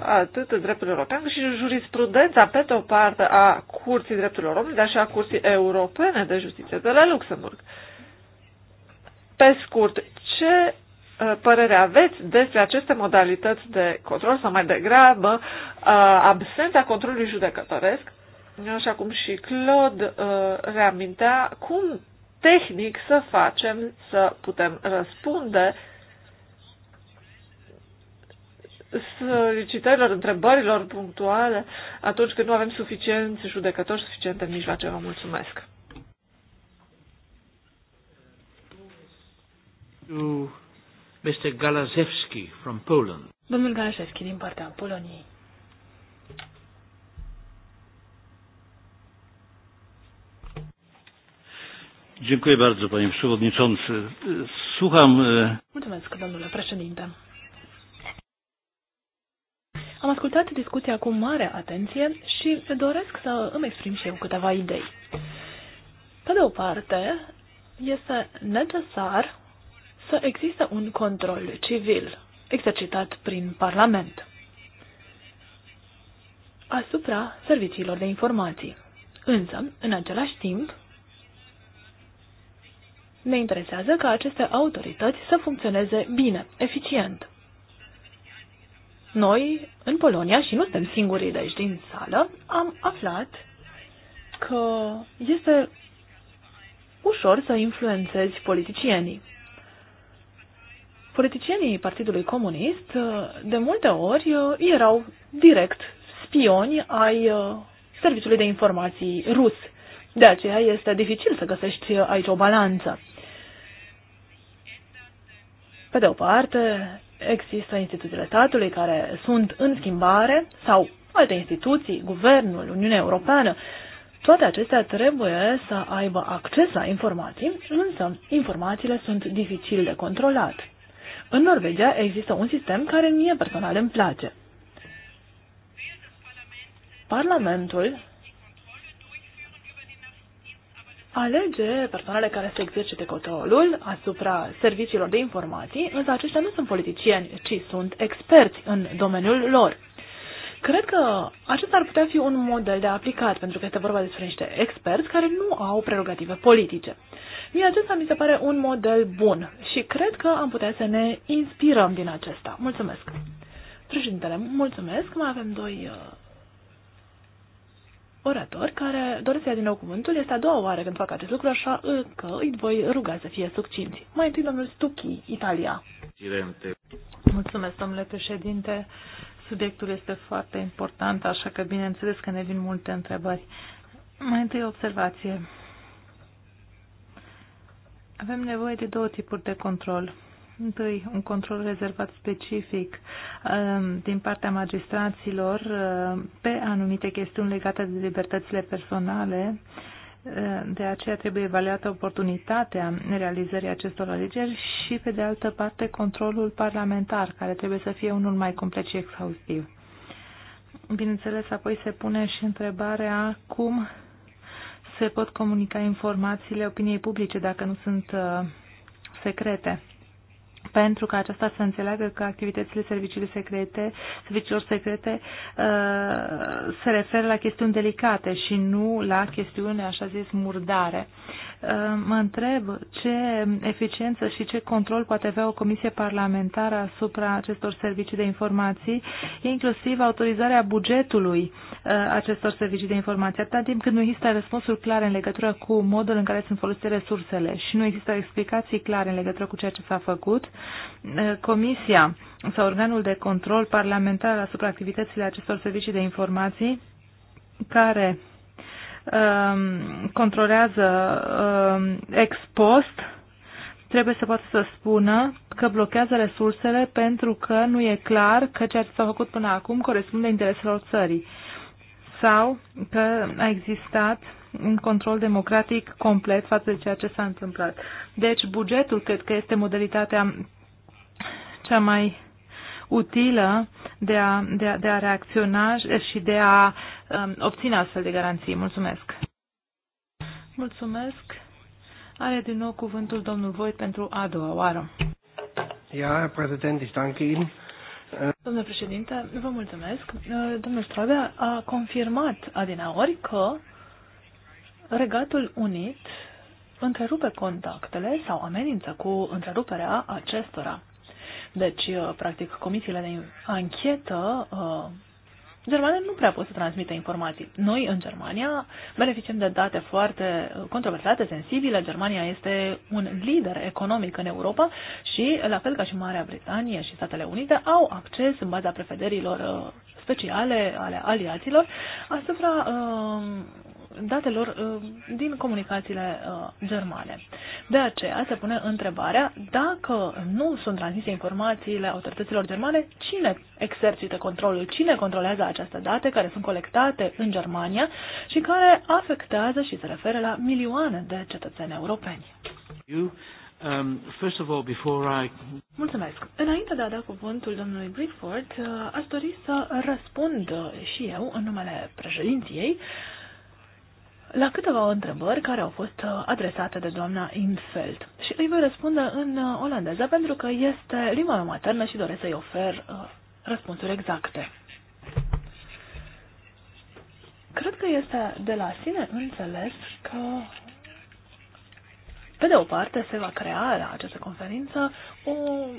atât dreptul european cât și jurisprudența, pe de o parte, a Curții Drepturilor Omului, dar și a Curții Europene de Justiție de la Luxemburg. Pe scurt, ce uh, părere aveți despre aceste modalități de control sau mai degrabă uh, absența controlului judecătoresc? Așa cum și Claude reamintea, cum tehnic să facem să putem răspunde solicitărilor, întrebărilor punctuale atunci când nu avem suficienți judecători, suficiente mijloace. Vă mulțumesc! Mr. Galazewski from Poland. Domnul Galazewski din partea Poloniei. Dziękuję bardzo, panie przewodniczący. Słucham. Mulțumesc, domnule președinte. Am ascultat discuția cu mare atenție și doresc să îmi exprim și eu câteva idei. Pe de o parte, este necesar să existe un control civil exercitat prin Parlament asupra serviciilor de informații. Însă, în același timp, ne interesează ca aceste autorități să funcționeze bine, eficient. Noi, în Polonia, și nu suntem singurii de aici din sală, am aflat că este ușor să influențezi politicienii. Politicienii Partidului Comunist de multe ori erau direct spioni ai uh, Serviciului de Informații rus de aceea este dificil să găsești aici o balanță. Pe de o parte, există instituțiile statului care sunt în schimbare sau alte instituții, guvernul, Uniunea Europeană. Toate acestea trebuie să aibă acces la informații, însă informațiile sunt dificil de controlat. În Norvegia există un sistem care mie personal îmi place. Parlamentul alege persoanele care se exercite controlul asupra serviciilor de informații, însă aceștia nu sunt politicieni, ci sunt experți în domeniul lor. Cred că acesta ar putea fi un model de aplicat, pentru că este vorba despre niște experți care nu au prerogative politice. Mie acesta mi se pare un model bun și cred că am putea să ne inspirăm din acesta. Mulțumesc! Președintele, mulțumesc! Mai avem doi uh, orator care doresc să ia din nou cuvântul. Este a doua oară când fac acest lucru, așa că îi voi ruga să fie succinți. Mai întâi, domnul Stucchi, Italia. Cirente. Mulțumesc, domnule președinte. Subiectul este foarte important, așa că bineînțeles că ne vin multe întrebări. Mai întâi, observație. Avem nevoie de două tipuri de control Întâi, un control rezervat specific um, din partea magistraților um, pe anumite chestiuni legate de libertățile personale. Um, de aceea trebuie evaluată oportunitatea realizării acestor alegeri și, pe de altă parte, controlul parlamentar, care trebuie să fie unul mai complet și exhaustiv. Bineînțeles, apoi se pune și întrebarea cum se pot comunica informațiile opiniei publice dacă nu sunt uh, secrete pentru ca aceasta să înțeleagă că activitățile serviciilor secrete, serviciilor secrete uh, se referă la chestiuni delicate și nu la chestiuni, așa zis, murdare. Uh, mă întreb ce eficiență și ce control poate avea o comisie parlamentară asupra acestor servicii de informații, inclusiv autorizarea bugetului uh, acestor servicii de informații, atâta timp când nu există răspunsuri clare în legătură cu modul în care sunt folosite resursele și nu există explicații clare în legătură cu ceea ce s-a făcut Eh, Comisia sau organul de control parlamentar asupra activităților acestor servicii de informații care ehm, controlează ehm, ex post trebuie să poată să spună că blochează resursele pentru că nu e clar că ceea ce s-a făcut până acum corespunde intereselor țării sau că a existat un control democratic complet față de ceea ce s-a întâmplat. Deci bugetul cred că este modalitatea cea mai utilă de a, de a, de a reacționa și de a um, obține astfel de garanții. Mulțumesc! Mulțumesc! Are din nou cuvântul domnul Voit pentru a doua oară. Ja, Präsident, ich danke Ihnen. Domnule președinte, vă mulțumesc. Domnul Stradea a confirmat adineori că Regatul Unit întrerupe contactele sau amenință cu întreruperea acestora. Deci, uh, practic, comisiile de anchetă uh, germane nu prea pot să transmită informații. Noi, în Germania, beneficiem de date foarte uh, controversate, sensibile. Germania este un lider economic în Europa și, la fel ca și Marea Britanie și Statele Unite, au acces în baza prevederilor uh, speciale ale aliaților asupra uh, datelor uh, din comunicațiile uh, germane. De aceea se pune întrebarea dacă nu sunt transmise informațiile autorităților germane, cine exercită controlul, cine controlează aceste date care sunt colectate în Germania și care afectează și se referă la milioane de cetățeni europeni. You, um, first of all, before I... Mulțumesc. Înainte de a da cuvântul domnului Brickford, uh, aș dori să răspund și eu, în numele președinției, la câteva întrebări care au fost uh, adresate de doamna Infeld și îi voi răspunde în uh, olandeză pentru că este limba mea maternă și doresc să-i ofer uh, răspunsuri exacte. Cred că este de la sine înțeles că pe de o parte, se va crea la această conferință o um,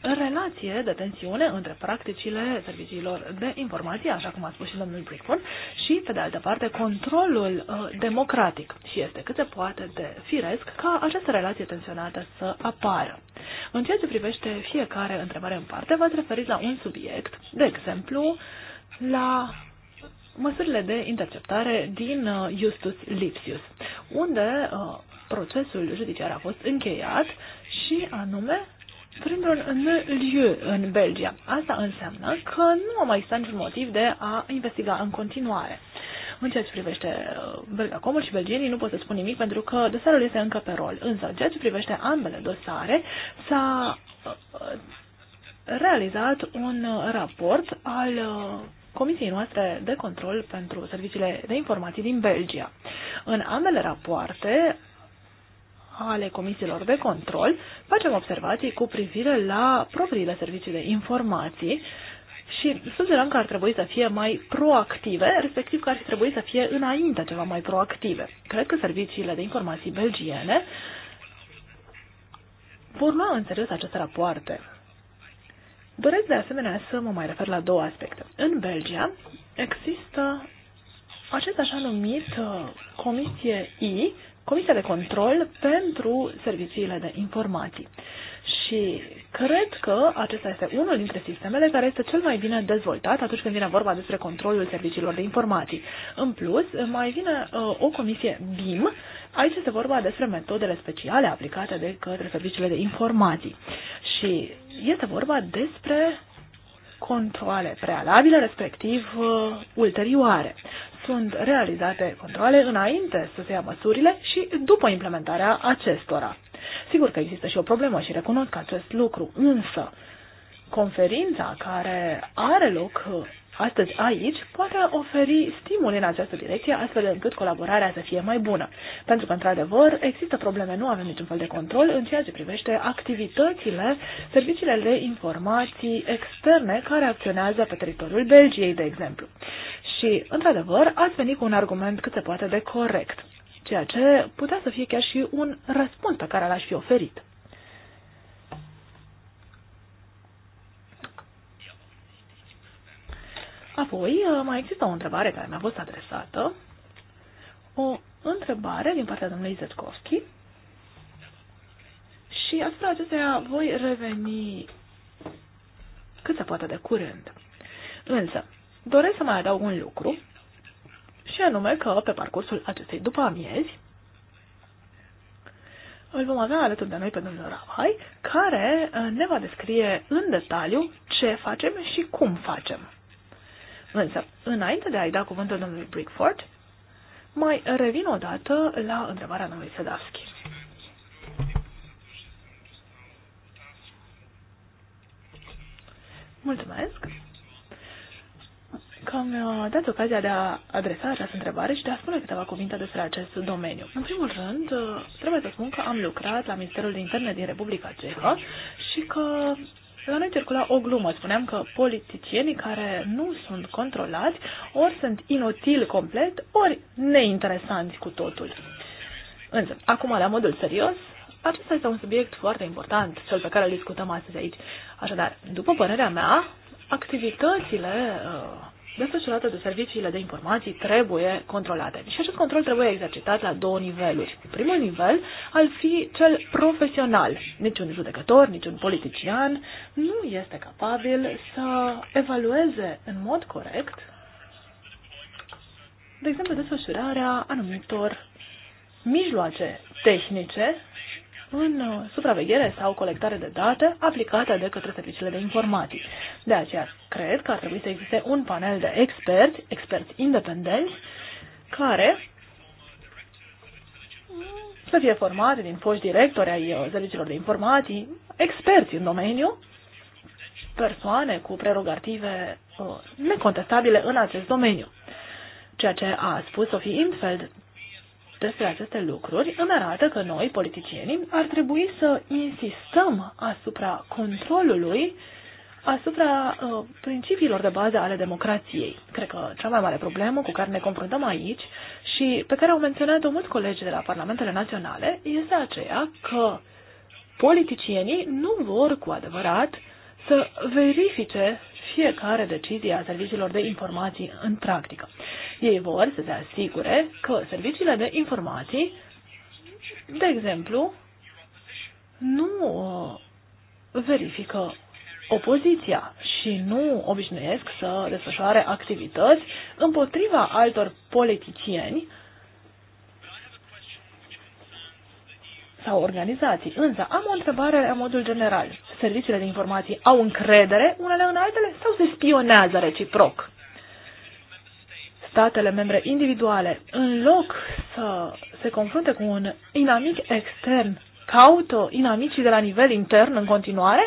relație de tensiune între practicile serviciilor de informație, așa cum a spus și domnul Brickman, și, pe de altă parte, controlul uh, democratic. Și este cât se poate de firesc ca această relație tensionată să apară. În ceea ce privește fiecare întrebare în parte, v-ați referit la un subiect, de exemplu, la măsurile de interceptare din uh, Justus Lipsius, unde uh, procesul judiciar a fost încheiat și anume printr-un lieu în Belgia. Asta înseamnă că nu a mai existat niciun motiv de a investiga în continuare. În ceea ce privește uh, Belgacomul și belgienii nu pot să spun nimic pentru că dosarul este încă pe rol. Însă, în ceea ce privește ambele dosare, s-a uh, realizat un uh, raport al Comisiei noastre de control pentru serviciile de informații din Belgia. În ambele rapoarte ale comisiilor de control, facem observații cu privire la propriile servicii de informații și sugerăm că ar trebui să fie mai proactive, respectiv că ar trebui să fie înainte ceva mai proactive. Cred că serviciile de informații belgiene vor lua în serios aceste rapoarte. Doresc de asemenea să mă mai refer la două aspecte. În Belgia există acest așa numit uh, Comisie I, Comisia de Control pentru Serviciile de Informații. Și cred că acesta este unul dintre sistemele care este cel mai bine dezvoltat atunci când vine vorba despre controlul serviciilor de informații. În plus, mai vine uh, o comisie BIM. Aici este vorba despre metodele speciale aplicate de către serviciile de informații. Și este vorba despre controle prealabile, respectiv uh, ulterioare sunt realizate controle înainte să se ia măsurile și după implementarea acestora. Sigur că există și o problemă și recunosc acest lucru, însă conferința care are loc astăzi aici poate oferi stimul în această direcție, astfel încât colaborarea să fie mai bună. Pentru că, într-adevăr, există probleme, nu avem niciun fel de control în ceea ce privește activitățile, serviciile de informații externe care acționează pe teritoriul Belgiei, de exemplu. Și, într-adevăr, ați venit cu un argument cât se poate de corect, ceea ce putea să fie chiar și un răspuns pe care l-aș fi oferit. Apoi, uh, mai există o întrebare care mi-a fost adresată, o întrebare din partea domnului Zetkovski și asupra acesteia voi reveni cât se poate de curând. Însă, doresc să mai adaug un lucru, și anume că pe parcursul acestei după amiezi îl vom avea alături de noi pe domnul Rahai, care uh, ne va descrie în detaliu ce facem și cum facem. Însă, înainte de a-i da cuvântul domnului Brickford, mai revin o dată la întrebarea domnului Sedavski. Mulțumesc! că mi-a uh, dat ocazia de a adresa această întrebare și de a spune câteva cuvinte despre acest domeniu. În primul rând, uh, trebuie să spun că am lucrat la Ministerul de Interne din Republica Cehă și că la noi circula o glumă. Spuneam că politicienii care nu sunt controlați ori sunt inutili complet, ori neinteresanți cu totul. Însă, acum, la modul serios, acesta este un subiect foarte important, cel pe care îl discutăm astăzi aici. Așadar, după părerea mea, activitățile uh, desfășurată de serviciile de informații trebuie controlate. Și acest control trebuie exercitat la două niveluri. Primul nivel ar fi cel profesional. Niciun judecător, niciun politician nu este capabil să evalueze în mod corect, de exemplu, desfășurarea anumitor mijloace tehnice în supraveghere sau colectare de date aplicată de către serviciile de informații. De aceea, cred că ar trebui să existe un panel de experți, experți independenți, care să fie format din foști directori ai serviciilor de informații, experți în domeniu, persoane cu prerogative uh, necontestabile în acest domeniu. Ceea ce a spus Sophie Infeld despre aceste lucruri îmi arată că noi, politicienii, ar trebui să insistăm asupra controlului asupra uh, principiilor de bază ale democrației. Cred că cea mai mare problemă cu care ne confruntăm aici și pe care au menționat-o mulți colegi de la Parlamentele Naționale este aceea că politicienii nu vor cu adevărat să verifice fiecare decizie a serviciilor de informații în practică. Ei vor să se asigure că serviciile de informații, de exemplu, nu uh, verifică opoziția și nu obișnuiesc să desfășoare activități împotriva altor politicieni sau organizații. Însă am o întrebare la modul general serviciile de informații au încredere unele în altele sau se spionează reciproc? Statele membre individuale, în loc să se confrunte cu un inamic extern, caută inamicii de la nivel intern în continuare?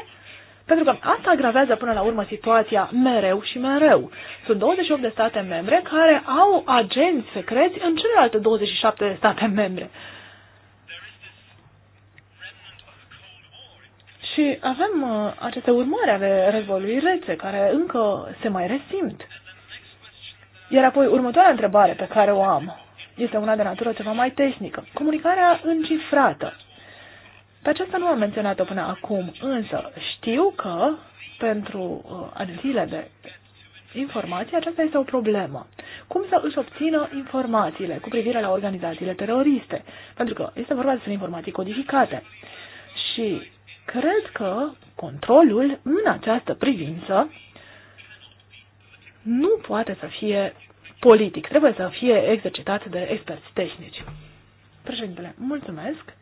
Pentru că asta agravează până la urmă situația mereu și mereu. Sunt 28 de state membre care au agenți secreți în celelalte 27 de state membre. Și avem uh, aceste urmări ale războiului rece, care încă se mai resimt. Iar apoi, următoarea întrebare pe care o am este una de natură ceva mai tehnică. Comunicarea încifrată. Pe aceasta nu am menționat-o până acum, însă știu că pentru uh, agențiile de informații aceasta este o problemă. Cum să își obțină informațiile cu privire la organizațiile teroriste? Pentru că este vorba despre informații codificate. Și Cred că controlul în această privință nu poate să fie politic, trebuie să fie exercitat de experți tehnici. Președintele, mulțumesc.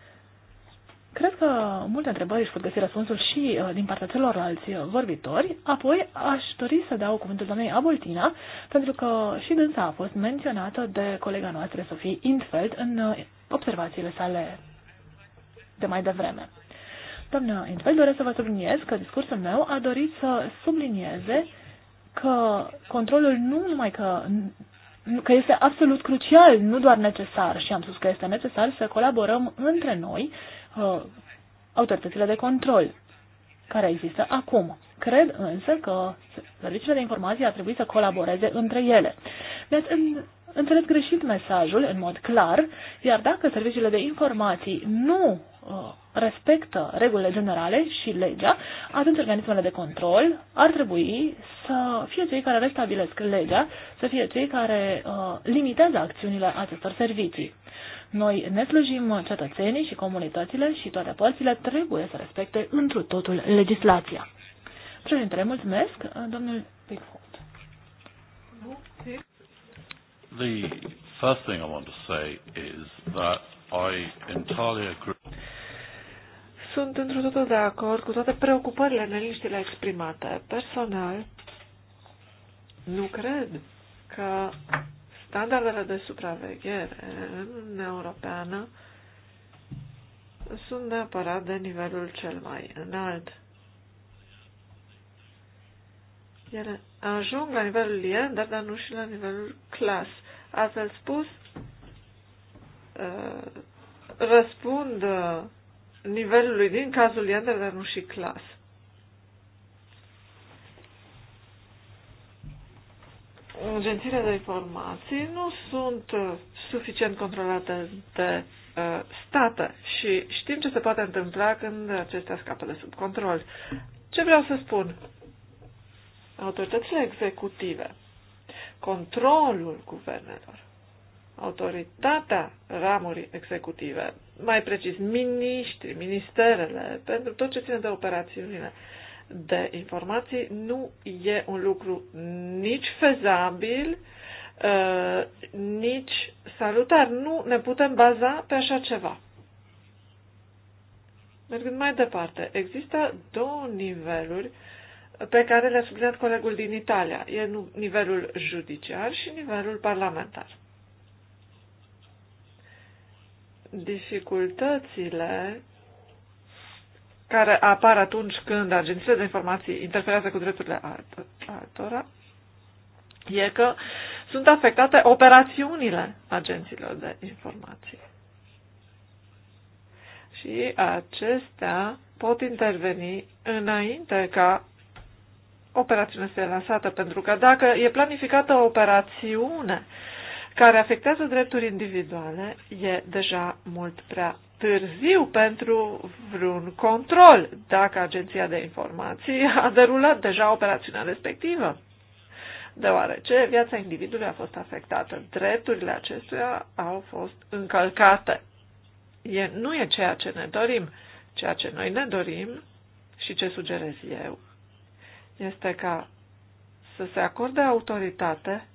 Cred că multe întrebări își pot găsi răspunsul și uh, din partea celorlalți uh, vorbitori. Apoi aș dori să dau cuvântul doamnei Aboltina, pentru că și dânsa a fost menționată de colega noastră, Sofie Intfeld, în uh, observațiile sale de mai devreme. Doamna Intveld, doresc să vă subliniez că discursul meu a dorit să sublinieze că controlul nu numai că că este absolut crucial, nu doar necesar, și am spus că este necesar să colaborăm între noi, uh, autoritățile de control care există acum. Cred însă că serviciile de informații ar trebui să colaboreze între ele. Mi-ați înțeles greșit mesajul în mod clar, iar dacă serviciile de informații nu uh, respectă regulile generale și legea, atunci organismele de control ar trebui să fie cei care restabilesc legea, să fie cei care uh, limitează acțiunile acestor servicii. Noi ne slujim cetățenii și comunitățile și toate părțile trebuie să respecte întru totul legislația. Președintele, mulțumesc, domnul Pickford. The first thing I want to say is that I entirely agree. Sunt într o totul de acord cu toate preocupările, neliniștile exprimate. Personal, nu cred că standardele de supraveghere în Europeană sunt neapărat de nivelul cel mai înalt. Ele ajung la nivelul lien, dar, dar nu și la nivelul clas. Astfel spus, ă, răspund ă, nivelului din cazul Iander, dar nu și clas. Agențiile de informații nu sunt ă, suficient controlate de state și știm ce se poate întâmpla când acestea scapă de sub control. Ce vreau să spun? Autoritățile executive controlul guvernelor, autoritatea ramurii executive, mai precis miniștri, ministerele, pentru tot ce ține de operațiunile de informații, nu e un lucru nici fezabil, uh, nici salutar. Nu ne putem baza pe așa ceva. Mergând mai departe, există două niveluri uh, pe care le-a subliniat colegul din Italia. E nivelul judiciar și nivelul parlamentar. Dificultățile care apar atunci când agențiile de informații interferează cu drepturile altora e că sunt afectate operațiunile agențiilor de informații. Și acestea pot interveni înainte ca operațiune este lansată, pentru că dacă e planificată o operațiune care afectează drepturi individuale, e deja mult prea târziu pentru vreun control dacă agenția de informații a derulat deja operațiunea respectivă. Deoarece viața individului a fost afectată, drepturile acestuia au fost încălcate. E, nu e ceea ce ne dorim. Ceea ce noi ne dorim și ce sugerez eu este ca să se acorde autoritate,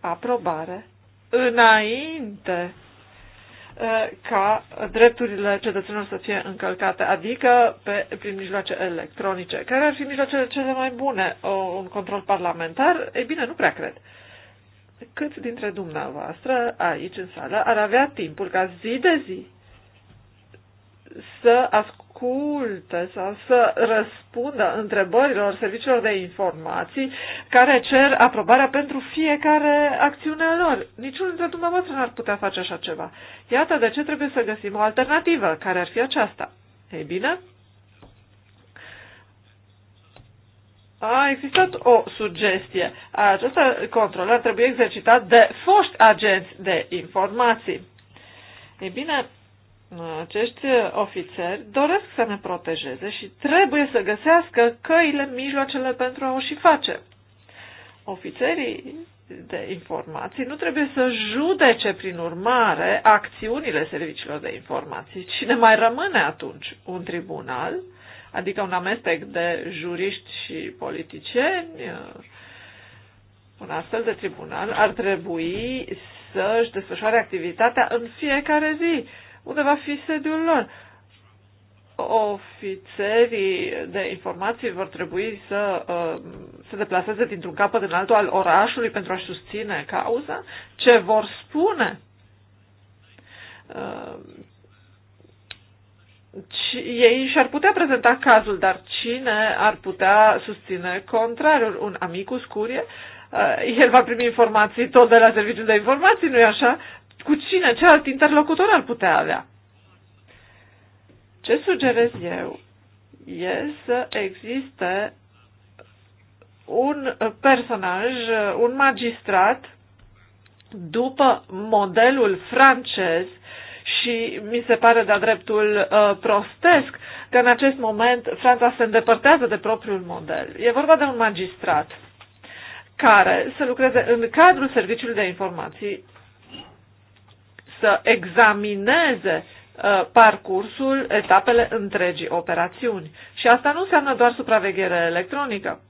aprobare, înainte ă, ca drepturile cetățenilor să fie încălcate, adică pe, prin mijloace electronice. Care ar fi mijloacele cele mai bune? O, un control parlamentar? Ei bine, nu prea cred. Cât dintre dumneavoastră aici în sală ar avea timpul ca zi de zi să asculte asculte sau să răspundă întrebărilor serviciilor de informații care cer aprobarea pentru fiecare acțiune a lor. Niciunul dintre dumneavoastră n-ar putea face așa ceva. Iată de ce trebuie să găsim o alternativă, care ar fi aceasta. Ei bine, A existat o sugestie. Acest control ar trebui exercitat de foști agenți de informații. Ei bine, acești ofițeri doresc să ne protejeze și trebuie să găsească căile, mijloacele pentru a o și face. Ofițerii de informații nu trebuie să judece, prin urmare, acțiunile serviciilor de informații. Cine mai rămâne atunci? Un tribunal, adică un amestec de juriști și politicieni, un astfel de tribunal ar trebui să-și desfășoare activitatea în fiecare zi unde va fi sediul lor. Ofițerii de informații vor trebui să uh, se deplaseze dintr-un capăt în altul al orașului pentru a-și susține cauza. Ce vor spune? Uh, ei și-ar putea prezenta cazul, dar cine ar putea susține contrariul? Un amicus curie? Uh, el va primi informații tot de la serviciul de informații, nu-i așa? cu cine celălalt interlocutor ar putea avea? Ce sugerez eu e să existe un personaj, un magistrat, după modelul francez și mi se pare de-a dreptul uh, prostesc că în acest moment Franța se îndepărtează de propriul model. E vorba de un magistrat care să lucreze în cadrul Serviciului de Informații să examineze uh, parcursul, etapele întregii operațiuni. Și asta nu înseamnă doar supraveghere electronică.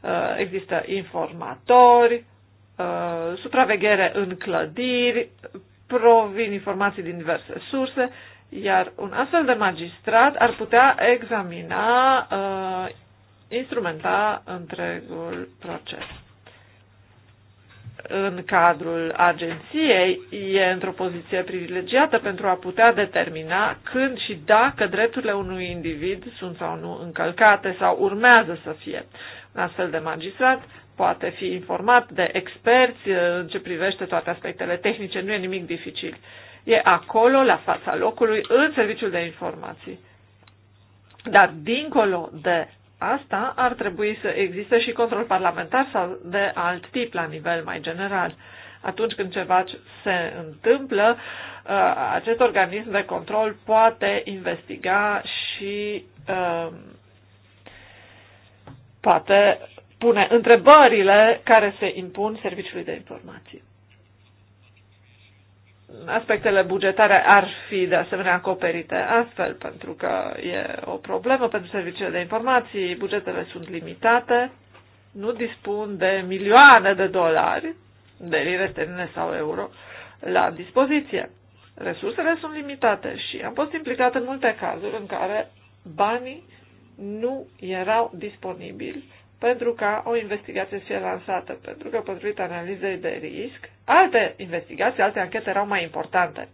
Uh, există informatori, uh, supraveghere în clădiri, provin informații din diverse surse, iar un astfel de magistrat ar putea examina, instrumenta întregul proces în cadrul agenției e într-o poziție privilegiată pentru a putea determina când și dacă drepturile unui individ sunt sau nu încălcate sau urmează să fie. Un astfel de magistrat poate fi informat de experți uh, în ce privește toate aspectele tehnice, nu e nimic dificil. E acolo, la fața locului, în serviciul de informații. Dar dincolo de asta ar trebui să existe și control parlamentar sau de alt tip la nivel mai general. Atunci când ceva se întâmplă, uh, acest organism de control poate investiga și uh, poate pune întrebările care se impun serviciului de informații aspectele bugetare ar fi de asemenea acoperite astfel, pentru că e o problemă pentru serviciile de informații, bugetele sunt limitate, nu dispun de milioane de dolari, de lire sterline sau euro, la dispoziție. Resursele sunt limitate și am fost implicat în multe cazuri în care banii nu erau disponibili pentru ca o investigație să fie lansată, pentru că potrivit analizei de risc, Alte investigații, alte anchete erau mai importante.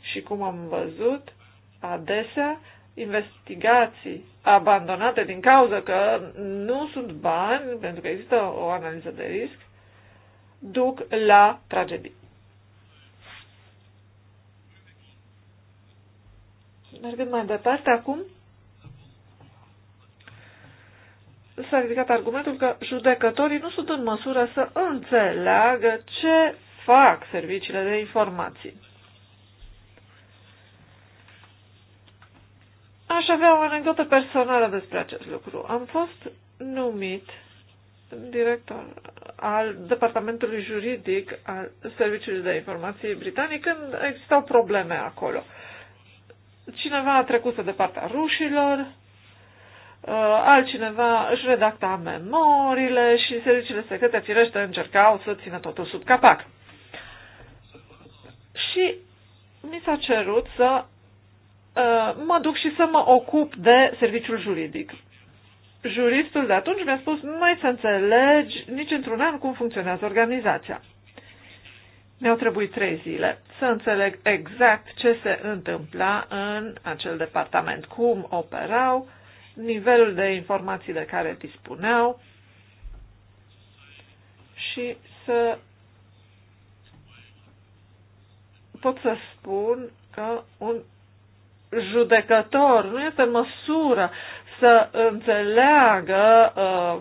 Și cum am văzut, adesea investigații abandonate din cauza că nu sunt bani, pentru că există o analiză de risc, duc la tragedii. Mergând mai departe acum, s-a ridicat argumentul că judecătorii nu sunt în măsură să înțeleagă ce fac serviciile de informații. Aș avea o anecdotă personală despre acest lucru. Am fost numit director al departamentului juridic al Serviciului de Informații Britanic când existau probleme acolo. Cineva a trecut de partea rușilor, Uh, altcineva își redacta memoriile și serviciile secrete, firește, încercau să țină totul sub capac. Și mi s-a cerut să uh, mă duc și să mă ocup de serviciul juridic. Juristul de atunci mi-a spus, nu mai să înțelegi nici într-un an cum funcționează organizația. Mi-au trebuit trei zile să înțeleg exact ce se întâmpla în acel departament, cum operau, nivelul de informații de care dispuneau și să pot să spun că un judecător nu este în măsură să înțeleagă uh,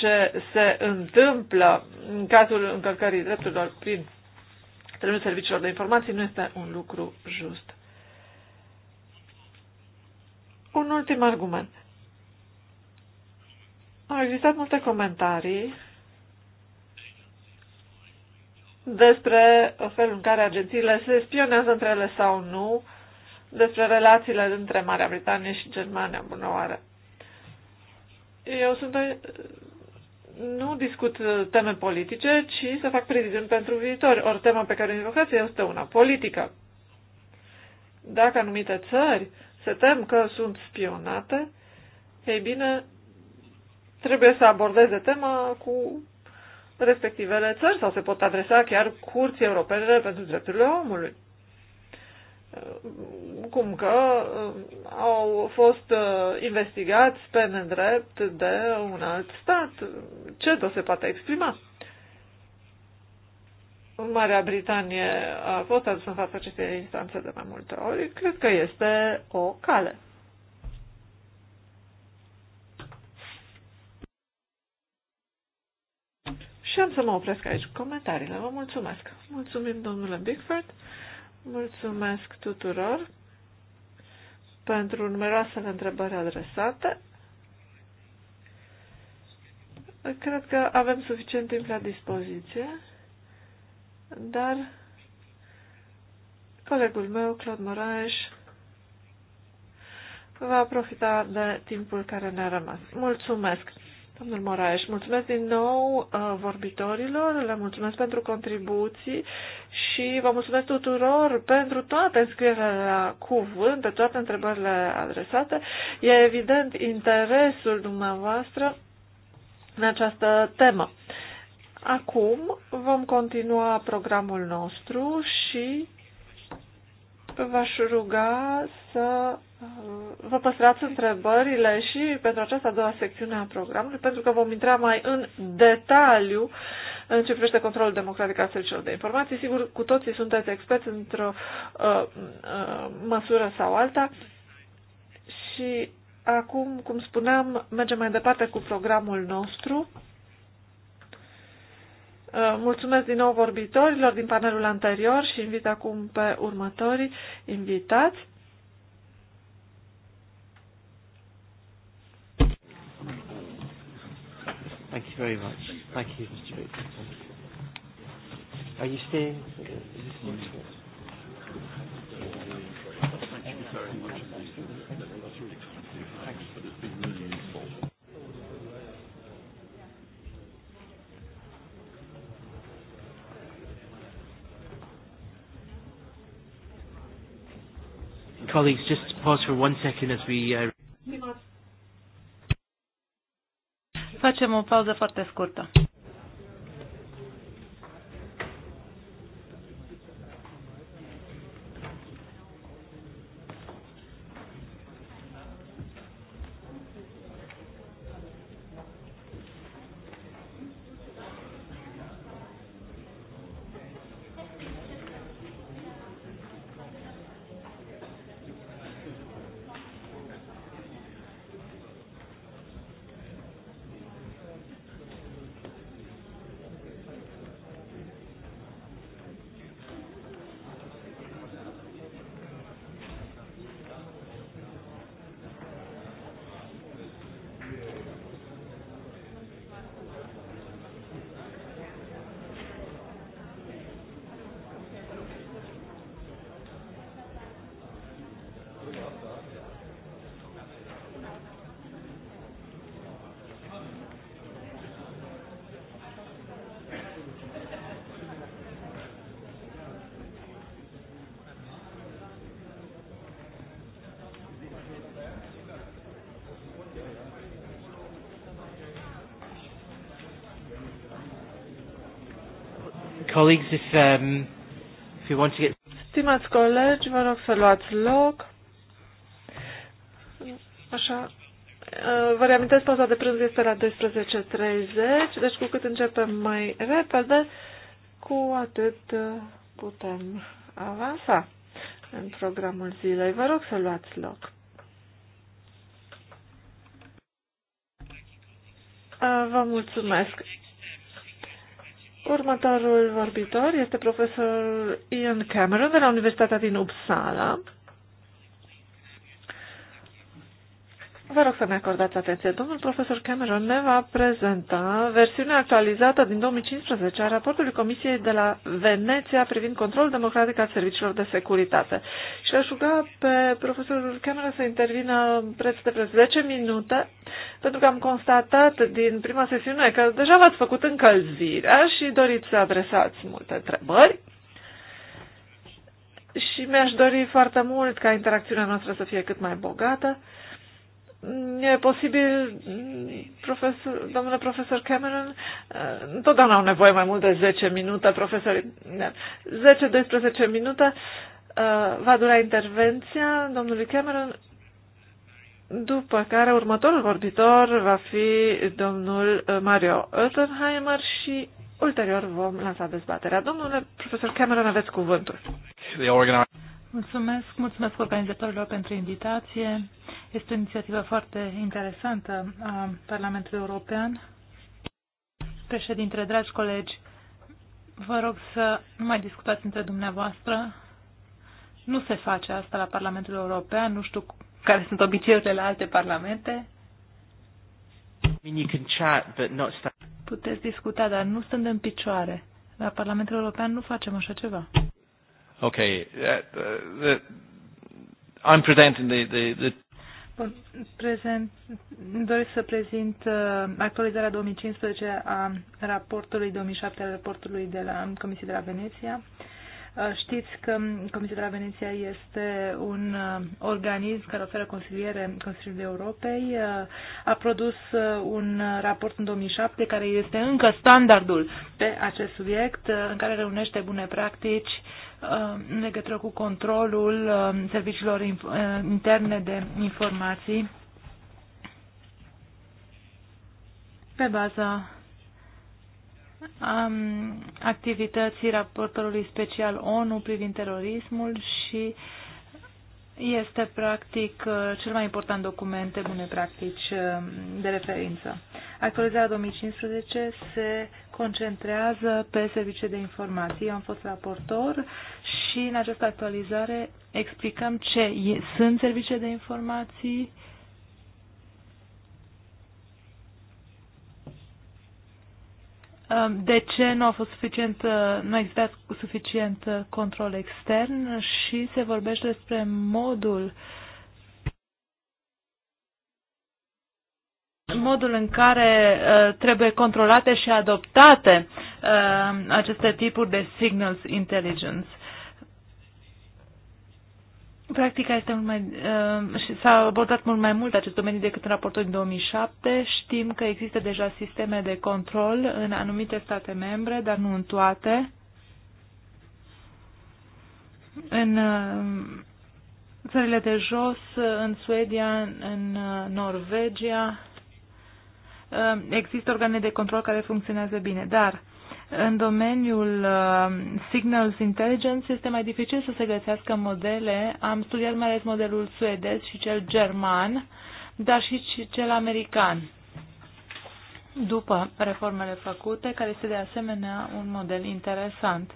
ce se întâmplă în cazul încălcării drepturilor prin termenul serviciilor de informații nu este un lucru just. Un ultim argument. Au existat multe comentarii despre felul în care agențiile se spionează între ele sau nu, despre relațiile dintre Marea Britanie și Germania, bună oară. Eu sunt o... nu discut teme politice, ci să fac previziuni pentru viitor. Ori tema pe care o invocați este una politică. Dacă anumite țări se tem că sunt spionate, ei bine, trebuie să abordeze tema cu respectivele țări sau se pot adresa chiar curții europene pentru drepturile omului. Cum că uh, au fost uh, investigați pe nedrept de un alt stat. Ce do se poate exprima? Marea Britanie a fost adusă în fața acestei instanțe de mai multe ori, cred că este o cale. Și am să mă opresc aici cu comentariile. Vă mulțumesc. Mulțumim, domnule Bigford. Mulțumesc tuturor pentru numeroasele întrebări adresate. Cred că avem suficient timp la dispoziție dar colegul meu, Claude Moraes, va profita de timpul care ne-a rămas. Mulțumesc! Domnul Moraes, mulțumesc din nou uh, vorbitorilor, le mulțumesc pentru contribuții și vă mulțumesc tuturor pentru toate înscrierile la cuvânt, de toate întrebările adresate. E evident interesul dumneavoastră în această temă. Uh, Acum vom continua programul nostru și v-aș ruga să vă păstrați întrebările și pentru această a doua secțiune a programului, pentru că vom intra mai în detaliu în ce privește controlul democratic al serviciilor de informații. Sigur, cu toții sunteți experți într-o uh, uh, măsură sau alta și acum, cum spuneam, mergem mai departe cu programul nostru. Uh, mulțumesc din nou vorbitorilor din panelul anterior și invit acum pe următorii invitați. Thank you very much. Thank you, Mr. Are you staying? Colleagues, just pause for one second as we... Uh... Facem o pauză foarte scurtă. Colleagues, if, um, if you want to get... Stimați colegi, vă rog să luați loc. Așa. Uh, vă reamintesc, pauza de prânz este la 12.30, deci cu cât începem mai repede, cu atât uh, putem avansa în programul zilei. Vă rog să luați loc. Uh, vă mulțumesc. Următorul vorbitor este profesorul Ian Cameron de la Universitatea din Uppsala, Vă rog să ne acordați atenție. Domnul profesor Cameron ne va prezenta versiunea actualizată din 2015 a raportului Comisiei de la Veneția privind controlul democratic al serviciilor de securitate. Și aș ruga pe profesorul Cameron să intervină preț de preț 10 minute, pentru că am constatat din prima sesiune că deja v-ați făcut încălzirea și doriți să adresați multe întrebări. Și mi-aș dori foarte mult ca interacțiunea noastră să fie cât mai bogată E posibil, profesor, domnule profesor Cameron, întotdeauna au nevoie mai mult de 10 minute, profesor, 10-12 minute uh, va dura intervenția domnului Cameron, după care următorul vorbitor va fi domnul uh, Mario Oettenheimer și ulterior vom lansa dezbaterea. Domnule profesor Cameron, aveți cuvântul. Mulțumesc, mulțumesc organizatorilor pentru invitație. Este o inițiativă foarte interesantă a Parlamentului European. Președinte, dragi colegi, vă rog să nu mai discutați între dumneavoastră. Nu se face asta la Parlamentul European, nu știu care sunt obiceiurile la alte parlamente. Puteți discuta, dar nu stând în picioare. La Parlamentul European nu facem așa ceva. Okay. Uh, uh, the, I'm presenting the, the, the Bun, prezent, doresc să prezint uh, actualizarea 2015 a raportului 2007 al raportului de la Comisia de la Veneția. Uh, știți că Comisia de la Veneția este un uh, organism care oferă consiliere Consiliului Europei. Uh, a produs uh, un raport în 2007 care este încă standardul pe acest subiect, uh, în care reunește bune practici uh, în uh, legătură cu controlul uh, serviciilor uh, interne de informații pe baza um, activității raportorului special ONU privind terorismul și uh, este practic uh, cel mai important document de bune practici uh, de referință. Actualizarea 2015 se concentrează pe servicii de informații. Eu am fost raportor și în această actualizare explicăm ce sunt servicii de informații, Ehm, de ce nu a fost suficient, ehm, nu a existat suficient ehm, control extern și se vorbește despre modul modul în care uh, trebuie controlate și adoptate uh, aceste tipuri de signals intelligence. Practica este mult mai, uh, s-a abordat mult mai mult acest domeniu decât în raportul din 2007. Știm că există deja sisteme de control în anumite state membre, dar nu în toate. În uh, țările de jos, în Suedia, în uh, Norvegia, uh, există organe de control care funcționează bine, dar în domeniul uh, Signals Intelligence este mai dificil să se găsească modele. Am studiat mai ales modelul suedez și cel german, dar și cel american după reformele făcute, care este de asemenea un model interesant.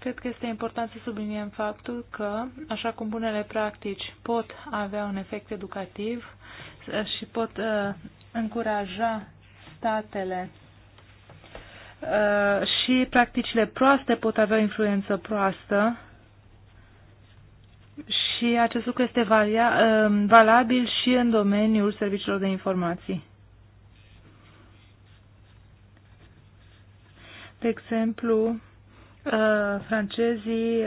Cred că este important să subliniem faptul că, așa cum bunele practici pot avea un efect educativ uh, și pot uh, încuraja statele Uh, și practicile proaste pot avea o influență proastă și acest lucru este uh, valabil și în domeniul serviciilor de informații. De exemplu, uh, francezii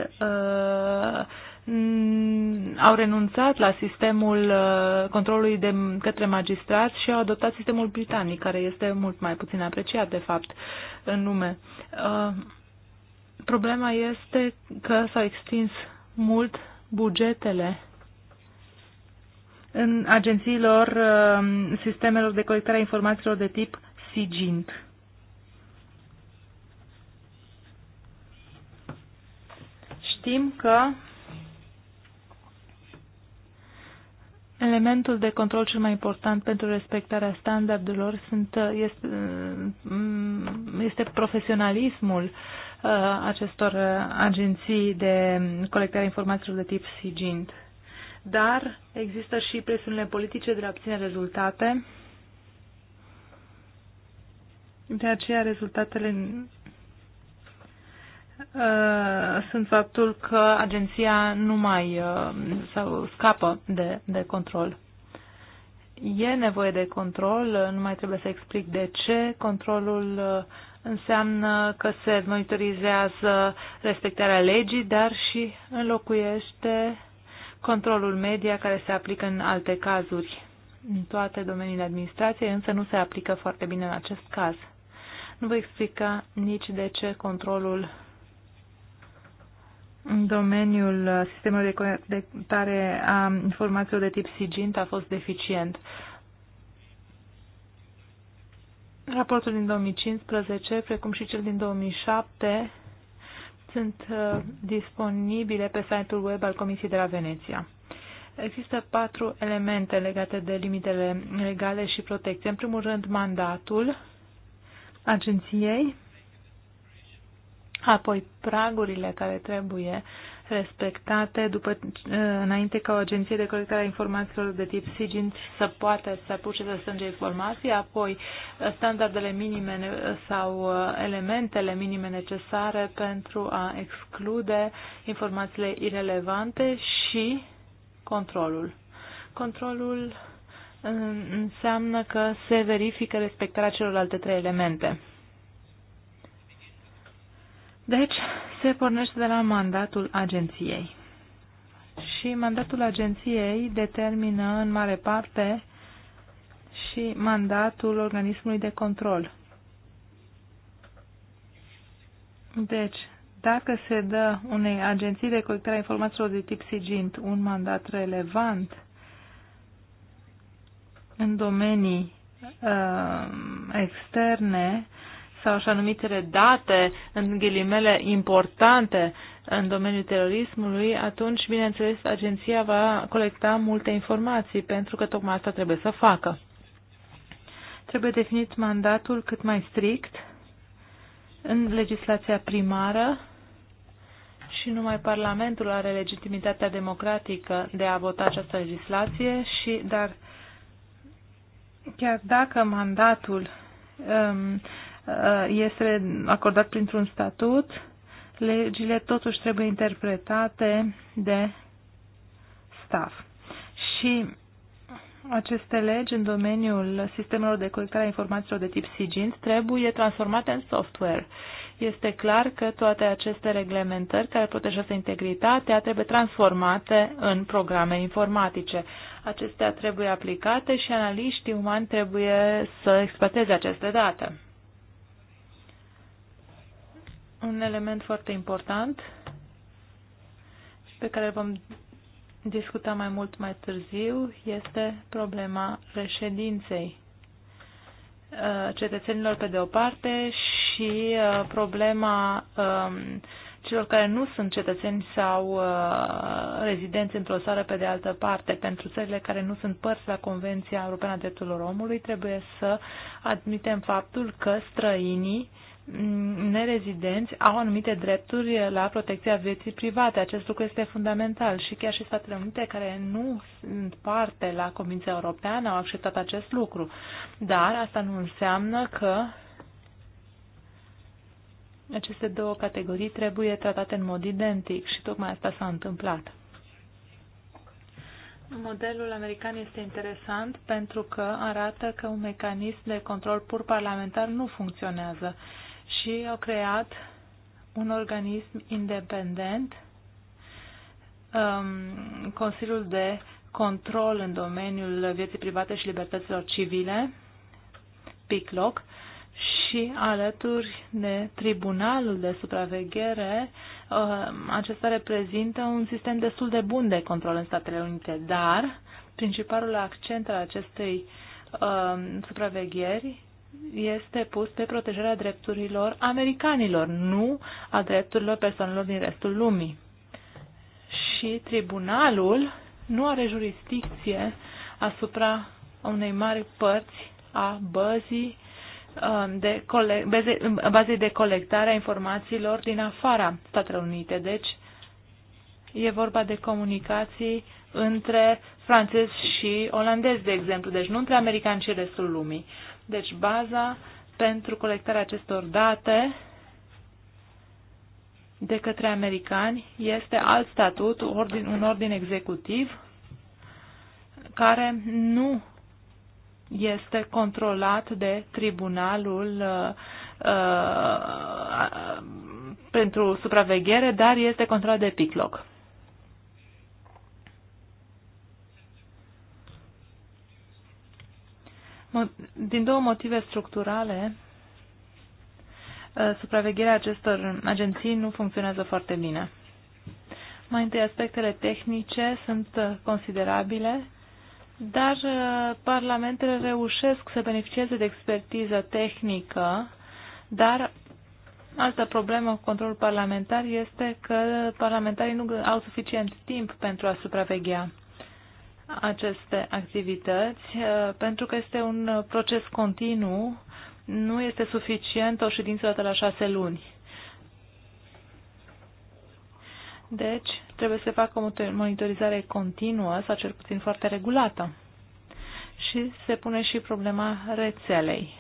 Mm, au renunțat la sistemul uh, controlului de către magistrați și au adoptat sistemul britanic, care este mult mai puțin apreciat, de fapt, în lume. Uh, problema este că s-au extins mult bugetele în agențiilor uh, sistemelor de colectare a informațiilor de tip SIGINT. Știm că Elementul de control cel mai important pentru respectarea standardelor sunt, uh, este, mm, este profesionalismul uh, acestor uh, agenții de colectare a informațiilor de tip SIGINT. Dar există și presiunile politice de a obține rezultate. De aceea rezultatele sunt faptul că agenția nu mai uh, sau scapă de, de control. E nevoie de control, uh, nu mai trebuie să explic de ce. Controlul uh, înseamnă că se monitorizează respectarea legii, dar și înlocuiește controlul media care se aplică în alte cazuri. În toate domeniile administrației, însă nu se aplică foarte bine în acest caz. Nu voi explica nici de ce controlul în domeniul uh, sistemului de conectare a informațiilor de tip SIGINT a fost deficient. Raportul din 2015, precum și cel din 2007, sunt uh, disponibile pe site-ul web al Comisiei de la Veneția. Există patru elemente legate de limitele legale și protecție. În primul rând, mandatul agenției, apoi pragurile care trebuie respectate după, ă, înainte ca o agenție de colectare a informațiilor de tip SIGINT să poată să apuce să strânge informații, apoi ă, standardele minime sau ă, elementele minime necesare pentru a exclude informațiile irelevante și controlul. Controlul înseamnă că se verifică respectarea celorlalte trei elemente. Deci, se pornește de la mandatul agenției. Și mandatul agenției determină în mare parte și mandatul organismului de control. Deci, dacă se dă unei agenții de colectare a informațiilor de tip SIGINT un mandat relevant în domenii uh, externe, sau așa numitele date, în ghilimele, importante în domeniul terorismului, atunci, bineînțeles, agenția va colecta multe informații, pentru că tocmai asta trebuie să facă. Trebuie definit mandatul cât mai strict în legislația primară și numai Parlamentul are legitimitatea democratică de a vota această legislație și, dar chiar dacă mandatul um, Uh, este acordat printr-un statut, legile totuși trebuie interpretate de staff. Și aceste legi în domeniul sistemelor de colectare a informațiilor de tip SIGINT trebuie transformate în software. Este clar că toate aceste reglementări care protejează integritatea trebuie transformate în programe informatice. Acestea trebuie aplicate și analiștii umani trebuie să exploateze aceste date un element foarte important pe care vom discuta mai mult mai târziu este problema reședinței uh, cetățenilor pe de o parte și uh, problema um, celor care nu sunt cetățeni sau uh, rezidenți într-o țară pe de altă parte. Pentru țările care nu sunt părți la Convenția Europeană a Drepturilor Omului trebuie să admitem faptul că străinii Mm, nerezidenți au anumite drepturi la protecția vieții private. Acest lucru este fundamental și chiar și Statele Unite, care nu sunt parte la Comisia Europeană, au acceptat acest lucru. Dar asta nu înseamnă că aceste două categorii trebuie tratate în mod identic și tocmai asta s-a întâmplat. Modelul american este interesant pentru că arată că un mecanism de control pur parlamentar nu funcționează și au creat un organism independent, um, Consiliul de Control în domeniul vieții private și libertăților civile, PICLOC, și alături de Tribunalul de Supraveghere, um, acesta reprezintă un sistem destul de bun de control în Statele Unite, dar principalul accent al acestei um, supravegheri este pus pe protejarea drepturilor americanilor, nu a drepturilor persoanelor din restul lumii. Și tribunalul nu are jurisdicție asupra unei mari părți a băzii um, de, cole, baze, um, bazei de colectare a informațiilor din afara Statelor Unite. Deci, e vorba de comunicații între francezi și olandezi, de exemplu, deci nu între americani și restul lumii. Deci baza pentru colectarea acestor date de către americani este alt statut, ordin, un ordin executiv care nu este controlat de tribunalul uh, uh, pentru supraveghere, dar este controlat de PICLOC. Din două motive structurale, uh, supravegherea acestor agenții nu funcționează foarte bine. Mai întâi, aspectele tehnice sunt uh, considerabile, dar uh, parlamentele reușesc să beneficieze de expertiză tehnică, dar altă problemă cu controlul parlamentar este că parlamentarii nu au suficient timp pentru a supraveghea aceste activități, uh, pentru că este un uh, proces continuu, nu este suficient o ședință dată la șase luni. Deci, trebuie să facă o monitorizare continuă sau cel puțin foarte regulată. Și se pune și problema rețelei.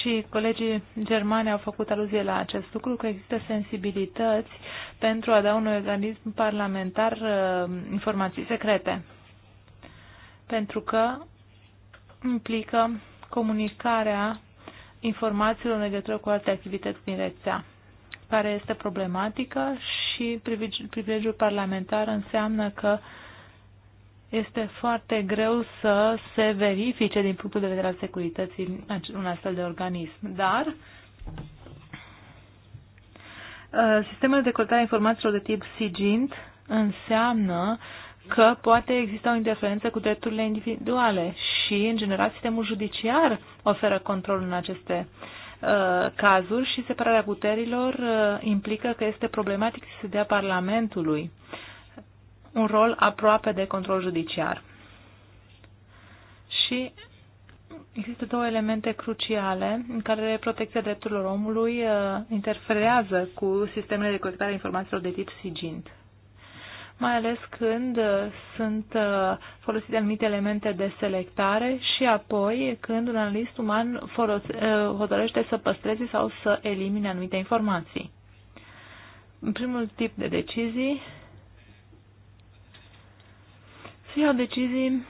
Și colegii germani au făcut aluzie la acest lucru, că există sensibilități pentru a da un organism parlamentar uh, informații secrete. Pentru că implică comunicarea informațiilor în legătură cu alte activități din rețea, care este problematică și privilegiul parlamentar înseamnă că este foarte greu să se verifice din punctul de vedere al securității un astfel de organism. Dar Uh, Sistemele de colectare a informațiilor de tip SIGINT înseamnă că poate exista o interferență cu drepturile individuale și, în general, sistemul judiciar oferă control în aceste uh, cazuri și separarea puterilor uh, implică că este problematic să se dea Parlamentului un rol aproape de control judiciar. Și Există două elemente cruciale în care protecția drepturilor omului uh, interferează cu sistemele de colectare a informațiilor de tip SIGINT mai ales când uh, sunt uh, folosite anumite elemente de selectare și apoi când un analist uman hotărăște să păstreze sau să elimine anumite informații. Primul tip de decizii se iau decizii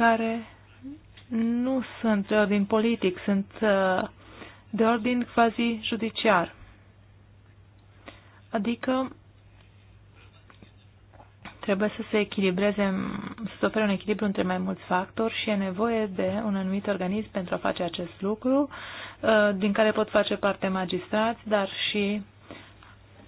care nu sunt de ordin politic, sunt uh, de ordin quasi judiciar. Adică trebuie să se echilibreze, să se ofere un echilibru între mai mulți factori și e nevoie de un anumit organism pentru a face acest lucru, uh, din care pot face parte magistrați, dar și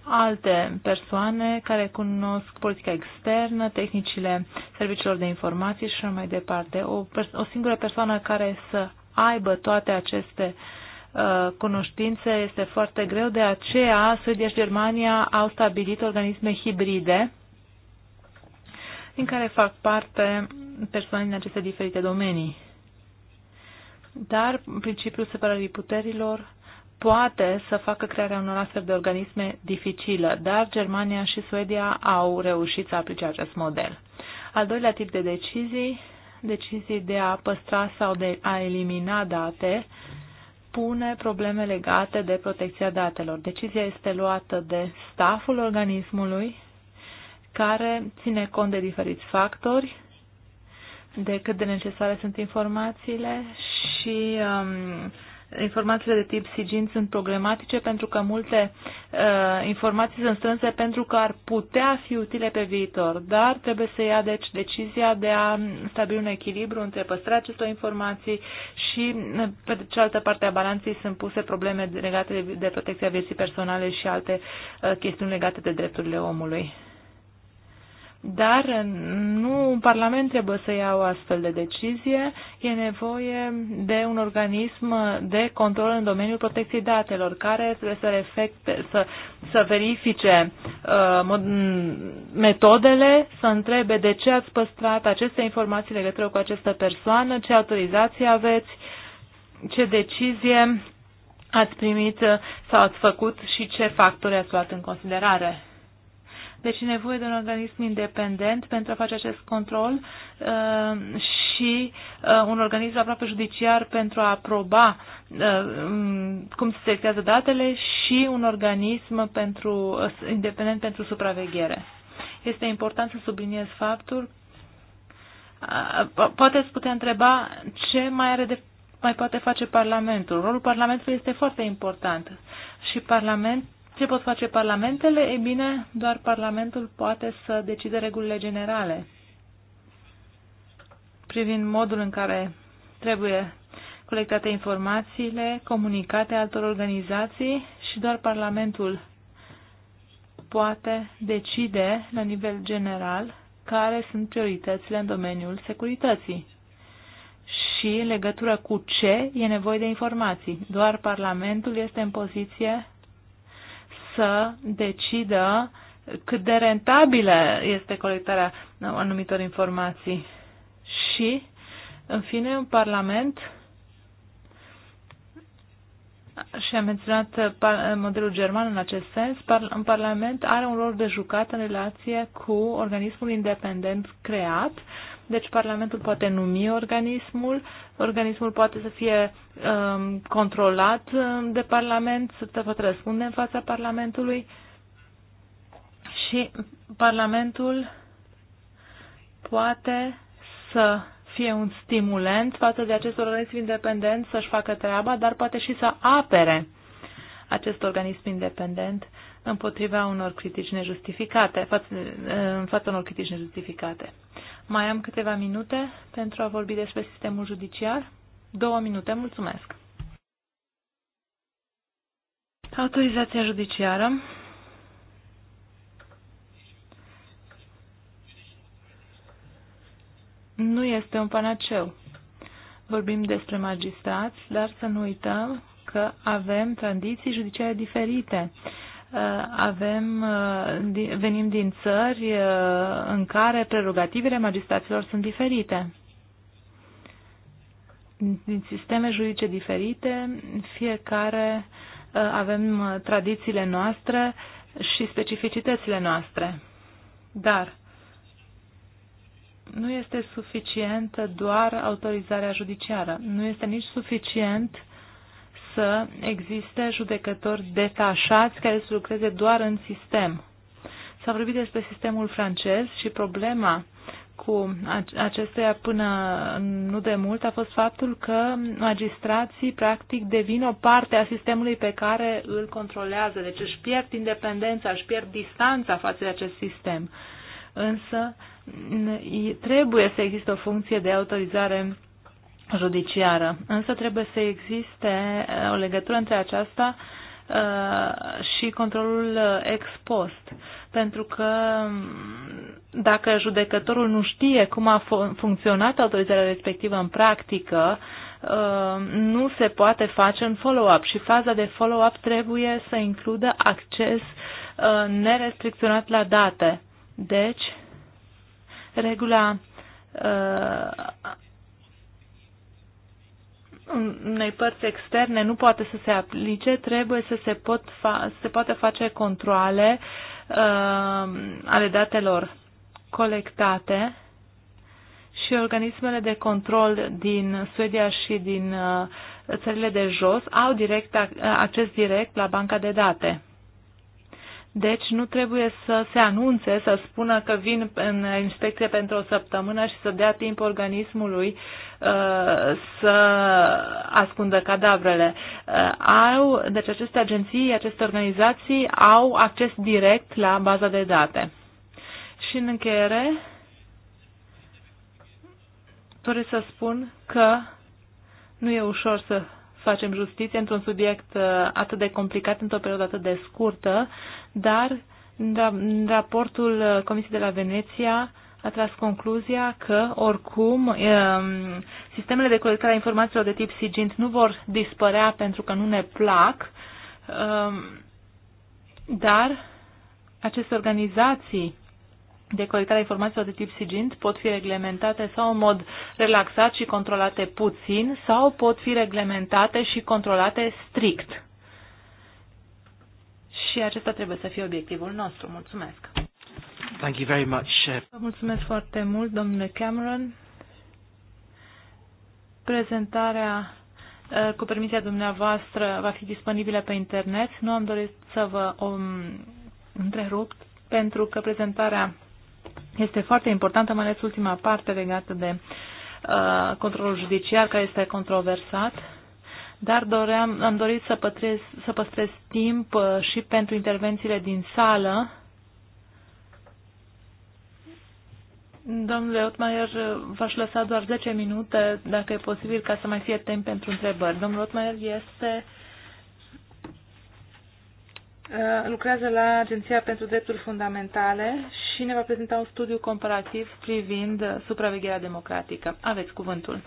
alte persoane care cunosc politica externă, tehnicile serviciilor de informații și mai departe. O, o singură persoană care să aibă toate aceste uh, cunoștințe este foarte greu, de aceea Suedia și Germania au stabilit organisme hibride din care fac parte persoane din aceste diferite domenii. Dar principiul separării puterilor poate să facă crearea unor astfel de organisme dificilă, dar Germania și Suedia au reușit să aplice acest model. Al doilea tip de decizii, decizii de a păstra sau de a elimina date, pune probleme legate de protecția datelor. Decizia este luată de staful organismului, care ține cont de diferiți factori, de cât de necesare sunt informațiile și um, informațiile de tip SIGIN sunt problematice pentru că multe uh, informații sunt strânse pentru că ar putea fi utile pe viitor, dar trebuie să ia deci decizia de a stabili un echilibru între păstrarea acestor informații și uh, pe cealaltă parte a balanței sunt puse probleme legate de protecția vieții personale și alte uh, chestiuni legate de drepturile omului. Dar nu un parlament trebuie să ia o astfel de decizie, e nevoie de un organism de control în domeniul protecției datelor, care trebuie să, refecte, să, să verifice uh, metodele, să întrebe de ce ați păstrat aceste informații legătură cu această persoană, ce autorizație aveți, ce decizie ați primit uh, sau ați făcut și ce factori ați luat în considerare. Deci e nevoie de un organism independent pentru a face acest control uh, și uh, un organism aproape judiciar pentru a aproba uh, um, cum se selectează datele și un organism pentru, independent pentru supraveghere. Este important să subliniez faptul poate îți putea întreba ce mai are de mai poate face Parlamentul. Rolul Parlamentului este foarte important și Parlament ce pot face parlamentele? E bine, doar Parlamentul poate să decide regulile generale privind modul în care trebuie colectate informațiile, comunicate altor organizații și doar Parlamentul poate decide la nivel general care sunt prioritățile în domeniul securității și în legătură cu ce e nevoie de informații. Doar Parlamentul este în poziție să decidă cât de rentabilă este colectarea anumitor informații. Și, în fine, un Parlament și am menționat modelul german în acest sens, un Parlament are un rol de jucat în relație cu organismul independent creat deci Parlamentul poate numi organismul, organismul poate să fie um, controlat um, de Parlament, să te poate răspunde în fața Parlamentului și Parlamentul poate să fie un stimulent față de acest organism independent să-și facă treaba, dar poate și să apere acest organism independent împotriva unor critici nejustificate, față, în fața unor critici nejustificate. Mai am câteva minute pentru a vorbi despre sistemul judiciar. Două minute, mulțumesc. Autorizația judiciară. Nu este un panaceu. Vorbim despre magistrați, dar să nu uităm că avem tradiții judiciare diferite Uh, avem, uh, venim din țări uh, în care prerogativele magistraților sunt diferite. Din sisteme juridice diferite, fiecare avem tradițiile noastre și specificitățile noastre. Dar nu este suficientă doar autorizarea judiciară. Nu este nici suficient să existe judecători detașați care să lucreze doar în sistem. S-a vorbit despre sistemul francez și problema cu acestea până nu de mult a fost faptul că magistrații practic devin o parte a sistemului pe care îl controlează, deci își pierd independența, își pierd distanța față de acest sistem. Însă trebuie să existe o funcție de autorizare judiciară. Însă trebuie să existe uh, o legătură între aceasta uh, și controlul uh, ex post. Pentru că um, dacă judecătorul nu știe cum a funcționat autorizarea respectivă în practică, nu se poate face în follow-up și faza de follow-up trebuie să includă acces nerestricționat la date. Deci, regula unei părți externe nu poate să se aplice, trebuie să se, pot fa- se poate face controle uh, ale datelor colectate și organismele de control din Suedia și din uh, țările de jos au direct, uh, acces direct la banca de date. Deci nu trebuie să se anunțe, să spună că vin în inspecție pentru o săptămână și să dea timp organismului uh, să ascundă cadavrele. Uh, au, deci aceste agenții, aceste organizații au acces direct la baza de date. Și în încheiere, doresc să spun că nu e ușor să facem justiție într-un subiect uh, atât de complicat, într-o perioadă atât de scurtă, dar raportul uh, Comisiei de la Veneția a tras concluzia că, oricum, um, sistemele de colectare a informațiilor de tip SIGINT nu vor dispărea pentru că nu ne plac, um, dar aceste organizații de colectare a informațiilor de tip SIGINT pot fi reglementate sau în mod relaxat și controlate puțin sau pot fi reglementate și controlate strict. Și acesta trebuie să fie obiectivul nostru. Mulțumesc! Thank you very much, Chef. Uh, vă mulțumesc foarte mult, domnule Cameron. Prezentarea uh, cu permisia dumneavoastră va fi disponibilă pe internet. Nu am dorit să vă um, întrerup pentru că prezentarea este foarte importantă, mai ales ultima parte legată de uh, controlul judiciar, care este controversat, dar doream, am dorit să, pătrez, să păstrez timp uh, și pentru intervențiile din sală. Domnule Otmaier, v-aș lăsa doar 10 minute, dacă e posibil, ca să mai fie timp pentru întrebări. Domnul Otmaier este uh, lucrează la Agenția pentru Drepturi Fundamentale ne va prezenta un studiu comparativ privind supravegherea democratică. Aveți cuvântul.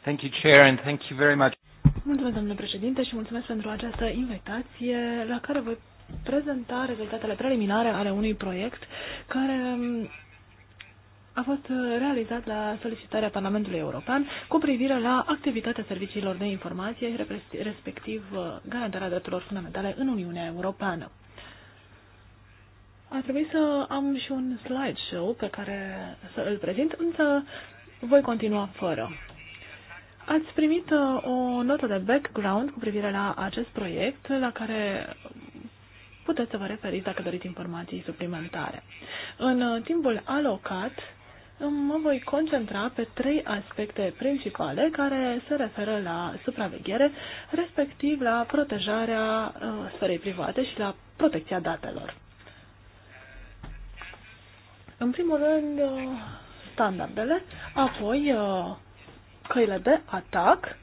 Thank you, Chair, and thank you very much. Mulțumesc, domnule președinte, și mulțumesc pentru această invitație la care voi prezenta rezultatele preliminare ale unui proiect care um, a fost realizat la solicitarea Parlamentului European cu privire la activitatea serviciilor de informație, respectiv uh, garantarea drepturilor fundamentale în Uniunea Europeană. A trebuit să am și un slideshow pe care să îl prezint, însă voi continua fără. Ați primit uh, o notă de background cu privire la acest proiect, la care puteți să vă referiți dacă doriți informații suplimentare. În timpul alocat, mă voi concentra pe trei aspecte principale care se referă la supraveghere, respectiv la protejarea uh, sferei private și la protecția datelor. În primul rând, uh, standardele, apoi uh, căile de atac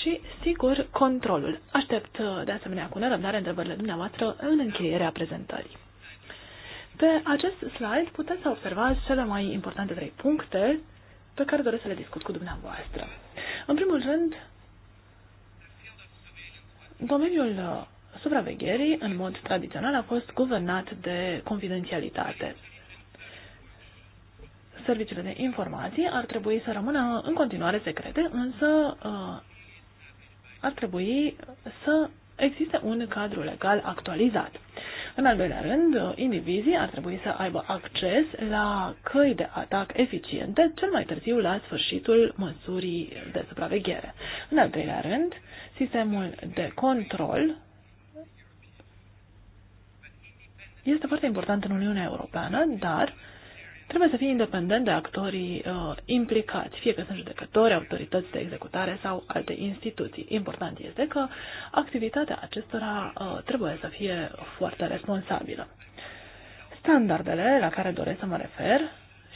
și, sigur, controlul. Aștept, uh, de asemenea, cu nerăbdare întrebările dumneavoastră în încheierea prezentării. Pe acest slide puteți să observați cele mai importante trei puncte pe care doresc să le discut cu dumneavoastră. În primul rând, domeniul supravegherii, în mod tradițional, a fost guvernat de confidențialitate. Serviciile de informații ar trebui să rămână în continuare secrete, însă uh, ar trebui să existe un cadru legal actualizat. În al doilea rând, indivizii ar trebui să aibă acces la căi de atac eficiente, cel mai târziu la sfârșitul măsurii de supraveghere. În al treilea rând, sistemul de control este foarte important în Uniunea Europeană, dar trebuie să fie independent de actorii uh, implicați, fie că sunt judecători, autorități de executare sau alte instituții. Important este că activitatea acestora uh, trebuie să fie foarte responsabilă. Standardele la care doresc să mă refer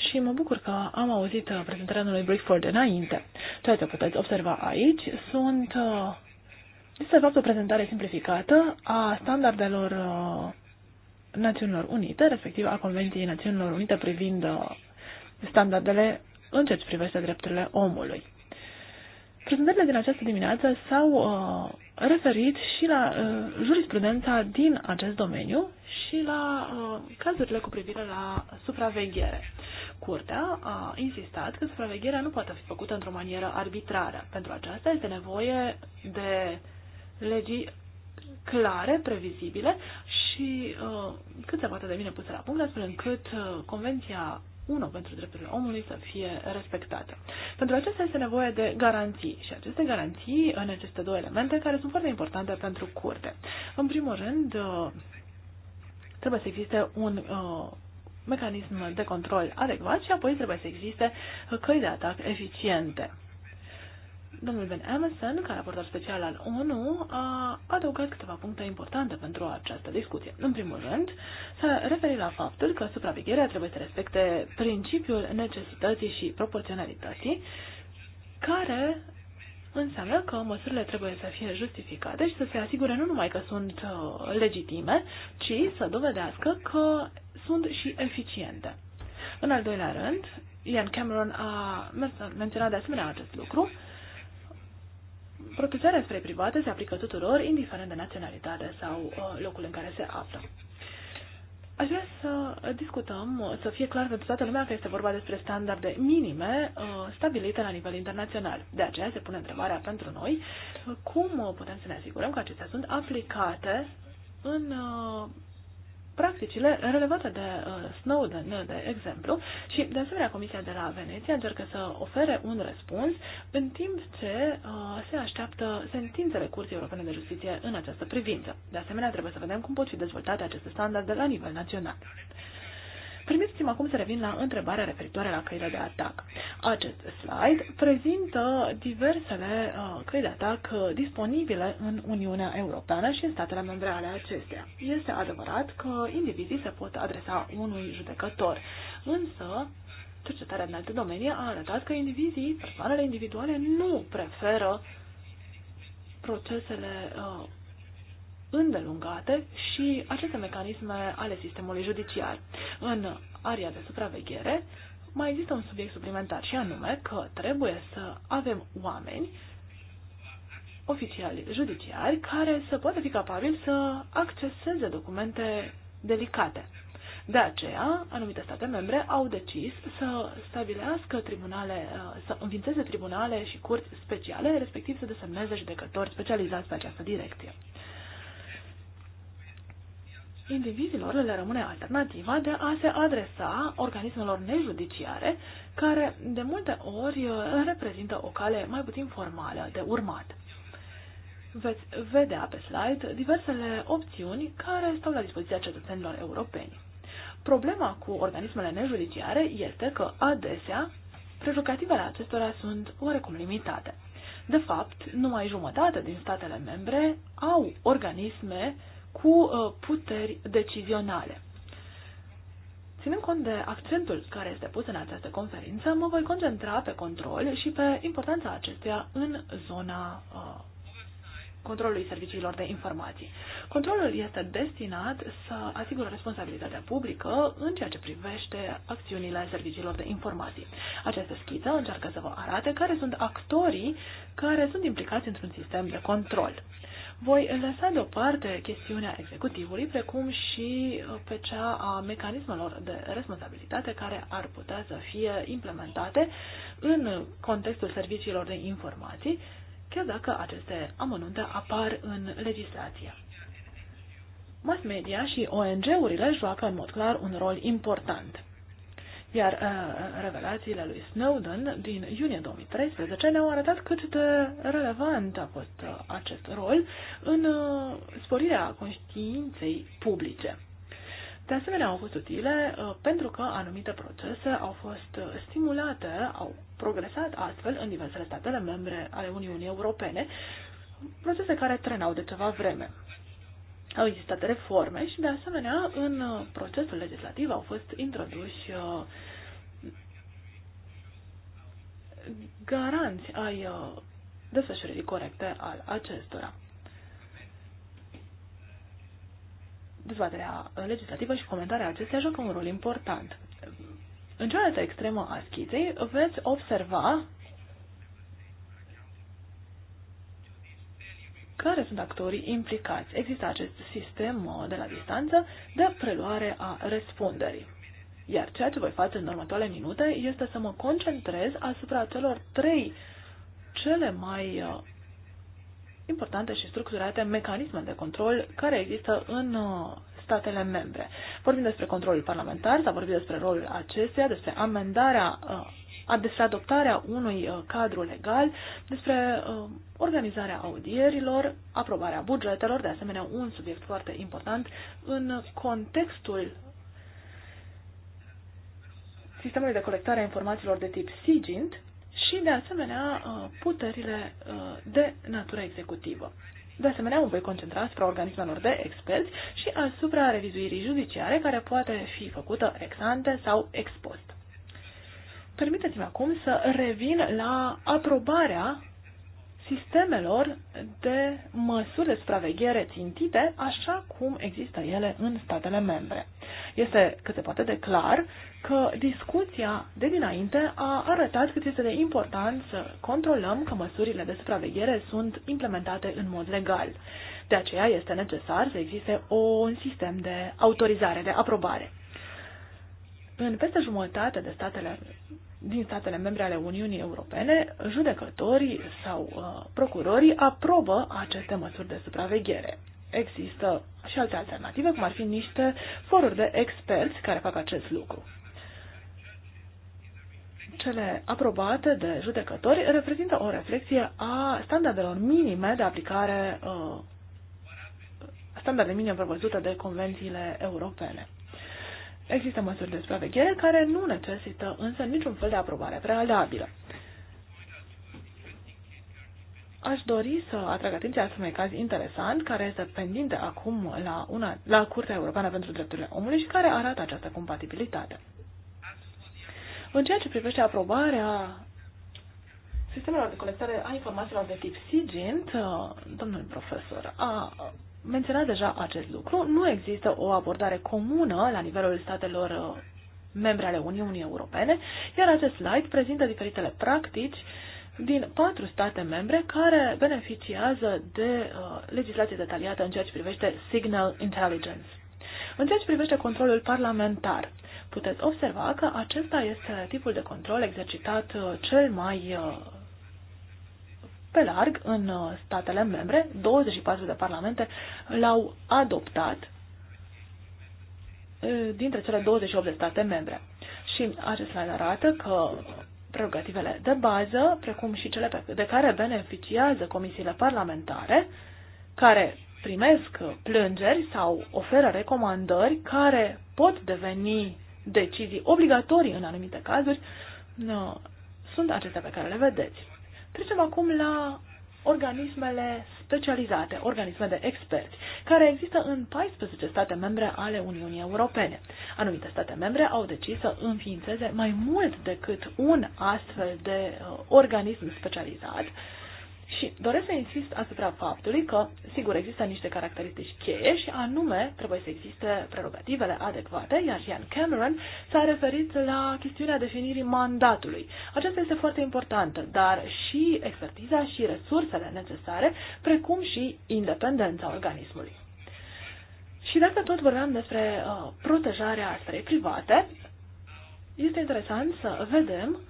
și mă bucur că am auzit uh, prezentarea lui Brickford înainte. Ceea ce puteți observa aici sunt uh, este de fapt o prezentare simplificată a standardelor uh, Națiunilor Unite, respectiv a Convenției Națiunilor Unite privind uh, standardele în ceea ce privește drepturile omului. Prezentările din această dimineață s-au uh, referit și la uh, jurisprudența din acest domeniu și la uh, cazurile cu privire la supraveghere. Curtea a insistat că supravegherea nu poate fi făcută într-o manieră arbitrară. Pentru aceasta este nevoie de legii clare, previzibile și uh, cât se poate de bine puse la punct, astfel încât uh, Convenția 1 pentru drepturile omului să fie respectată. Pentru acesta este nevoie de garanții și aceste garanții în aceste două elemente care sunt foarte importante pentru curte. În primul rând, uh, trebuie să existe un uh, mecanism de control adecvat și apoi trebuie să existe căi de atac eficiente. Domnul Ben Emerson, ca raportor special al ONU, a adăugat câteva puncte importante pentru această discuție. În primul rând, s-a referit la faptul că supravegherea trebuie să respecte principiul necesității și proporționalității, care înseamnă că măsurile trebuie să fie justificate și să se asigure nu numai că sunt uh, legitime, ci să dovedească că sunt și eficiente. În al doilea rând, Ian Cameron a menționat de asemenea acest lucru protejarea spre private se aplică tuturor, indiferent de naționalitate sau uh, locul în care se află. Aș vrea să discutăm, să fie clar pentru toată lumea că este vorba despre standarde minime uh, stabilite la nivel internațional. De aceea se pune întrebarea pentru noi cum putem să ne asigurăm că acestea sunt aplicate în uh, practicile relevate de uh, Snowden, de exemplu, și de asemenea Comisia de la Veneția încearcă să ofere un răspuns în timp ce uh, se așteaptă sentințele Curții Europene de Justiție în această privință. De asemenea, trebuie să vedem cum pot fi dezvoltate aceste standarde la nivel național. Permiteți-mă acum să revin la întrebarea referitoare la căile de atac. Acest slide prezintă diversele uh, căi de atac uh, disponibile în Uniunea Europeană și în statele membre ale acesteia. Este adevărat că indivizii se pot adresa unui judecător, însă cercetarea în alte domenii a arătat că indivizii, persoanele individuale, nu preferă procesele uh, îndelungate și aceste mecanisme ale sistemului judiciar. În aria de supraveghere mai există un subiect suplimentar și anume că trebuie să avem oameni oficiali judiciari care să poată fi capabili să acceseze documente delicate. De aceea, anumite state membre au decis să stabilească tribunale, să înființeze tribunale și curți speciale, respectiv să desemneze judecători specializați pe această direcție indivizilor le rămâne alternativa de a se adresa organismelor nejudiciare, care de multe ori uh, reprezintă o cale mai puțin formală de urmat. Veți vedea pe slide diversele opțiuni care stau la dispoziția cetățenilor europeni. Problema cu organismele nejudiciare este că adesea prerogativele acestora sunt oarecum limitate. De fapt, numai jumătate din statele membre au organisme uh, cu uh, puteri decizionale. Ținând cont de accentul care este pus în această conferință, mă voi concentra pe control și pe importanța acestuia în zona uh, controlului serviciilor de informații. Controlul este destinat să asigure responsabilitatea publică în ceea ce privește acțiunile serviciilor de informații. Această schiță încearcă să vă arate care sunt actorii care sunt implicați într-un sistem de control. Voi lăsa deoparte chestiunea executivului, precum și uh, pe cea a mecanismelor de responsabilitate care ar putea să fie implementate în contextul serviciilor de informații, chiar dacă aceste amănunte apar în legislație. Mass media și ONG-urile joacă în mod clar un rol important. Iar uh, revelațiile lui Snowden din iunie 2013 ne-au arătat cât de relevant a fost uh, acest rol în uh, sporirea conștiinței publice. De asemenea, au fost utile uh, pentru că anumite procese au fost uh, stimulate, au progresat astfel în diversele statele membre ale Uniunii Europene, procese care trenau de ceva vreme. Au existat reforme și, de asemenea, în uh, procesul legislativ au fost introduși uh, garanți ai uh, desfășurării corecte al acestora. Dezbaterea legislativă și comentarea acesteia joacă un rol important. În cealaltă extremă a schiței veți observa care sunt actorii implicați. Există acest sistem uh, de la distanță de preluare a răspunderii. Iar ceea ce voi face în următoarele minute este să mă concentrez asupra celor trei cele mai uh, importante și structurate mecanisme de control care există în uh, statele membre. Vorbim despre controlul parlamentar, s-a vorbit despre rolul acesteia, despre amendarea, uh, despre adoptarea unui cadru legal, despre organizarea audierilor, aprobarea bugetelor, de asemenea un subiect foarte important în contextul sistemele de colectare a informațiilor de tip SIGINT și, de asemenea, uh, puterile uh, de natură executivă. De asemenea, mă voi concentra asupra organismelor de experți și asupra revizuirii judiciare care poate fi făcută ex ante sau ex post. Permiteți-mi acum să revin la aprobarea sistemelor de măsuri de supraveghere țintite așa cum există ele în statele membre. Este cât se poate de clar că discuția de dinainte a arătat cât este de important să controlăm că măsurile de supraveghere sunt implementate în mod legal. De aceea este necesar să existe un sistem de autorizare, de aprobare. În peste jumătate de statele din statele membre ale Uniunii Europene, judecătorii sau uh, procurorii aprobă aceste măsuri de supraveghere. Există și alte alternative, cum ar fi niște foruri de experți care fac acest lucru. Cele aprobate de judecători reprezintă o reflexie a standardelor minime de aplicare, uh, standarde minime prevăzute de convențiile europene. Există măsuri de supraveghere care nu necesită însă niciun fel de aprobare prealabilă. Aș dori să atrag atenția asupra unui caz interesant care este pendinte acum la, una, la Curtea Europeană pentru Drepturile Omului și care arată această compatibilitate. În ceea ce privește aprobarea sistemelor de colectare a informațiilor de tip SIGINT, uh, domnul profesor a menționat deja acest lucru. Nu există o abordare comună la nivelul statelor uh, membre ale Uniunii Europene, iar acest slide prezintă diferitele practici din patru state membre care beneficiază de uh, legislație detaliată în ceea ce privește signal intelligence. În ceea ce privește controlul parlamentar, puteți observa că acesta este tipul de control exercitat uh, cel mai uh, pe larg în uh, statele membre, 24 de parlamente l-au adoptat uh, dintre cele 28 de state membre. Și acest slide arată că prerogativele de bază, precum și cele de care beneficiază comisiile parlamentare, care primesc plângeri sau oferă recomandări care pot deveni decizii obligatorii în anumite cazuri, uh, sunt acestea pe care le vedeți. Trecem acum la organismele specializate, organisme de experți, care există în 14 state membre ale Uniunii Europene. Anumite state membre au decis să înființeze mai mult decât un astfel de uh, organism specializat și doresc să insist asupra faptului că, sigur, există niște caracteristici cheie și anume trebuie să existe prerogativele adecvate, iar Ian Cameron s-a referit la chestiunea definirii mandatului. Aceasta este foarte importantă, dar și expertiza și resursele necesare, precum și independența organismului. Și dacă tot vorbeam despre uh, protejarea sferei private, este interesant să vedem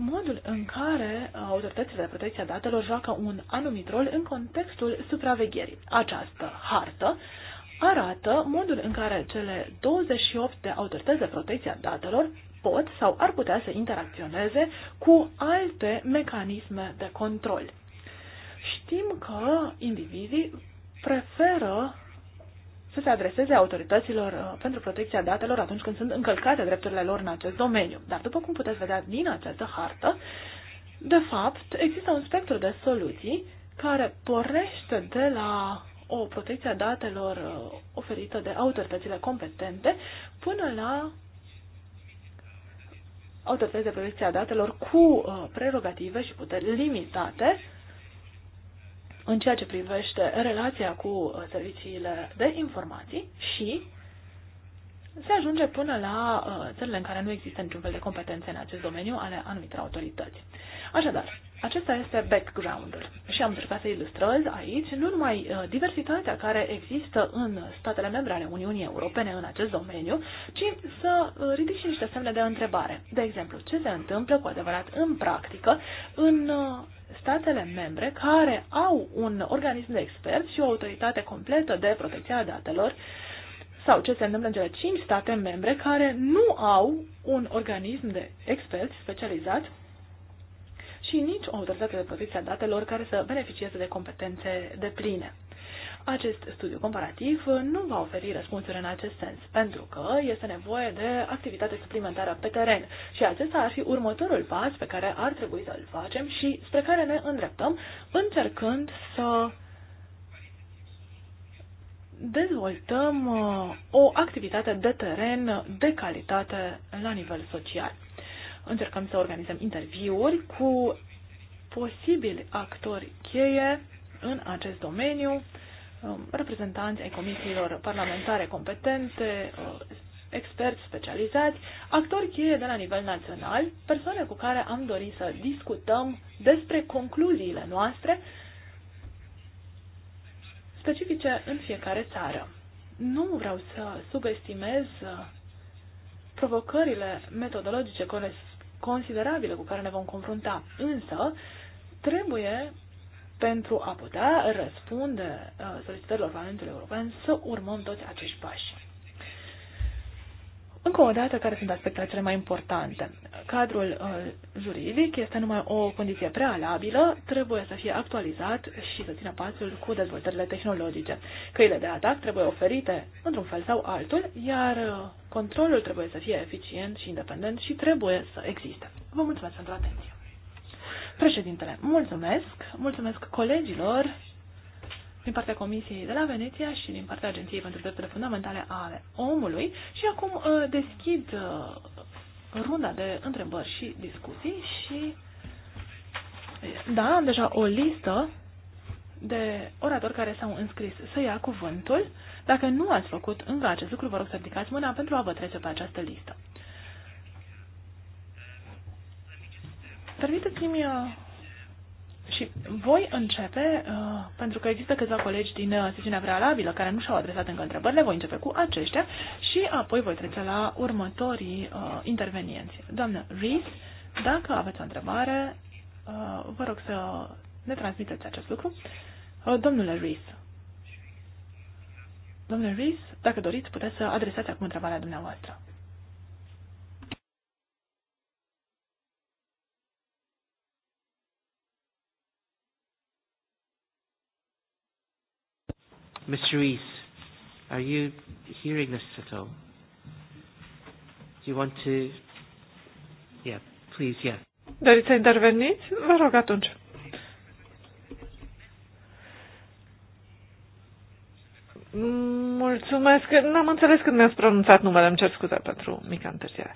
modul în care uh, autoritățile de protecție a datelor joacă un anumit rol în contextul supravegherii. Această hartă arată modul în care cele 28 de autorități de protecție a datelor pot sau ar putea să interacționeze cu alte mecanisme de control. Știm că indivizii preferă să se adreseze autorităților uh, pentru protecția datelor atunci când sunt încălcate drepturile lor în acest domeniu. Dar după cum puteți vedea din această hartă, de fapt, există un spectru de soluții care pornește de la o protecție a datelor uh, oferită de autoritățile competente până la autorități de protecție a datelor cu uh, prerogative și puteri limitate în ceea ce privește relația cu serviciile de informații și se ajunge până la uh, țările în care nu există niciun fel de competențe în acest domeniu ale anumitor autorități. Așadar, acesta este background-ul și am încercat să ilustrez aici nu numai uh, diversitatea care există în statele membre ale Uniunii Europene în acest domeniu, ci să uh, ridic și niște semne de întrebare. De exemplu, ce se întâmplă cu adevărat în practică în uh, statele membre care au un organism de expert și o autoritate completă de protecție a datelor sau ce se întâmplă în cele 5 state membre care nu au un organism de experți specializat și nici o autoritate de protecție a datelor care să beneficieze de competențe de pline. Acest studiu comparativ nu va oferi răspunsuri în acest sens, pentru că este nevoie de activitate suplimentară pe teren și acesta ar fi următorul pas pe care ar trebui să-l facem și spre care ne îndreptăm, încercând să dezvoltăm uh, o activitate de teren de calitate la nivel social. Încercăm să organizăm interviuri cu posibili actori cheie în acest domeniu, um, reprezentanți ai comisiilor parlamentare competente, uh, experți specializați, actori cheie de la nivel național, persoane cu care am dorit să discutăm despre concluziile noastre specifice în fiecare țară. Nu vreau să subestimez uh, provocările metodologice considerabile cu care ne vom confrunta. Însă, trebuie pentru a putea răspunde uh, solicitărilor Parlamentului European să urmăm toți acești pași. Încă o dată, care sunt aspectele cele mai importante? Cadrul uh, juridic este numai o condiție prealabilă, trebuie să fie actualizat și să țină pasul cu dezvoltările tehnologice. Căile de atac trebuie oferite într-un fel sau altul, iar uh, controlul trebuie să fie eficient și independent și trebuie să existe. Vă mulțumesc pentru atenție. Președintele, mulțumesc, mulțumesc colegilor din partea Comisiei de la Veneția și din partea Agenției pentru Drepturile Fundamentale ale Omului și acum uh, deschid uh, runda de întrebări și discuții și da, am deja o listă de oratori care s-au înscris să ia cuvântul. Dacă nu ați făcut încă acest lucru, vă rog să ridicați mâna pentru a vă trece pe această listă. Permiteți-mi uh, și voi începe, uh, pentru că există câțiva colegi din uh, sesiunea prealabilă care nu și-au adresat încă întrebările, voi începe cu aceștia și apoi voi trece la următorii uh, intervenienți. Doamnă Rees, dacă aveți o întrebare, vă rog să ne transmiteți acest lucru. Domnule Rees, domnule Rees, dacă doriți, puteți să adresați acum întrebarea dumneavoastră. Mr. Rees, are you hearing this at all? Do you want to... Yeah, please, yeah. Doriți să interveniți? Vă rog atunci. Mulțumesc. N-am înțeles când mi-ați pronunțat numele. Îmi cer scuze pentru mica întârziere.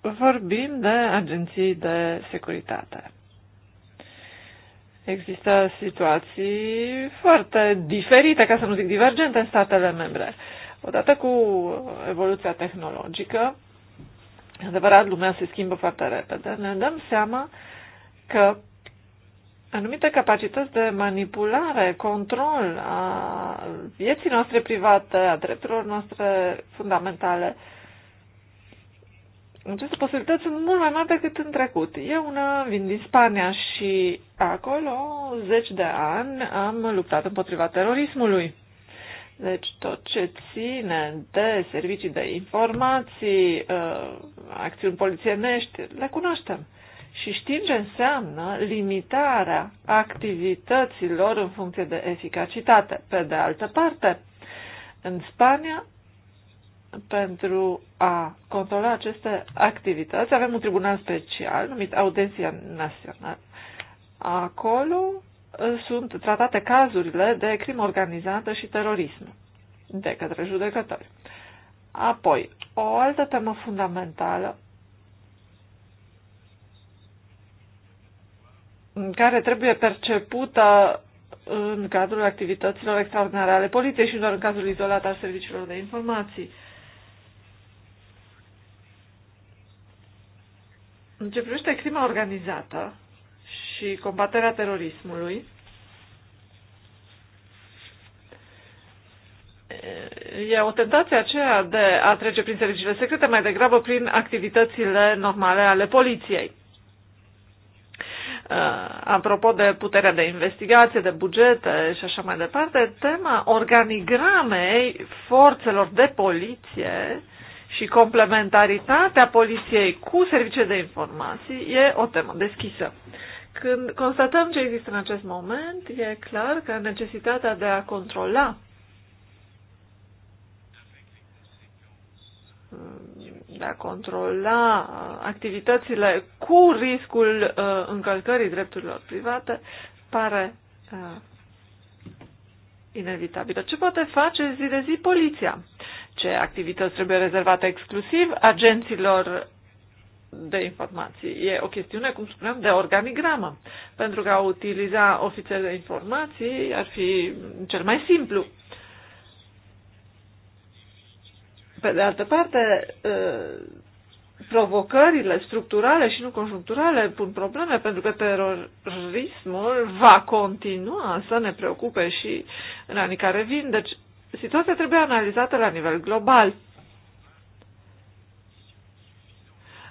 Vorbim de agenții de securitate. Există situații foarte diferite, ca să nu zic divergente, în statele membre. Odată cu evoluția tehnologică, adevărat, lumea se schimbă foarte repede, ne dăm seama că anumite capacități de manipulare, control a vieții noastre private, a drepturilor noastre fundamentale, uh, aceste posibilități sunt mult mai mari decât în trecut. Eu una vin din Spania și acolo zeci de ani am luptat împotriva terorismului. Deci tot ce ține de servicii de informații, uh, acțiuni polițienești, le cunoaștem. Și știm ce înseamnă limitarea activităților în funcție de eficacitate. Pe de altă parte, în Spania pentru a controla aceste activități. Avem un tribunal special numit Audenția Națională. Acolo uh, sunt tratate cazurile de crimă organizată și terorism de către judecători. Apoi, o altă temă fundamentală care trebuie percepută în cadrul activităților extraordinare ale poliției și doar în cazul izolat al serviciilor de informații. Uh, În ce privește crima organizată și combaterea terorismului, e o tentație aceea de a trece prin serviciile secrete, mai degrabă prin activitățile normale ale poliției. Uh, apropo de puterea de investigație, de bugete și așa mai departe, tema organigramei forțelor de poliție și complementaritatea poliției cu serviciile de informații e o temă deschisă. Când constatăm ce există în acest moment, e clar că necesitatea de a controla de a controla activitățile cu riscul uh, încălcării drepturilor private pare uh, inevitabilă. Ce poate face zi de zi poliția? ce activități trebuie rezervate exclusiv agenților de informații. E o chestiune, cum spuneam, de organigramă. Pentru că a utiliza ofițeri de informații ar fi cel mai simplu. Pe de altă parte, ă, provocările structurale și nu conjuncturale pun probleme pentru că terorismul va continua să ne preocupe și în anii care vin. Deci situația trebuie analizată la nivel global.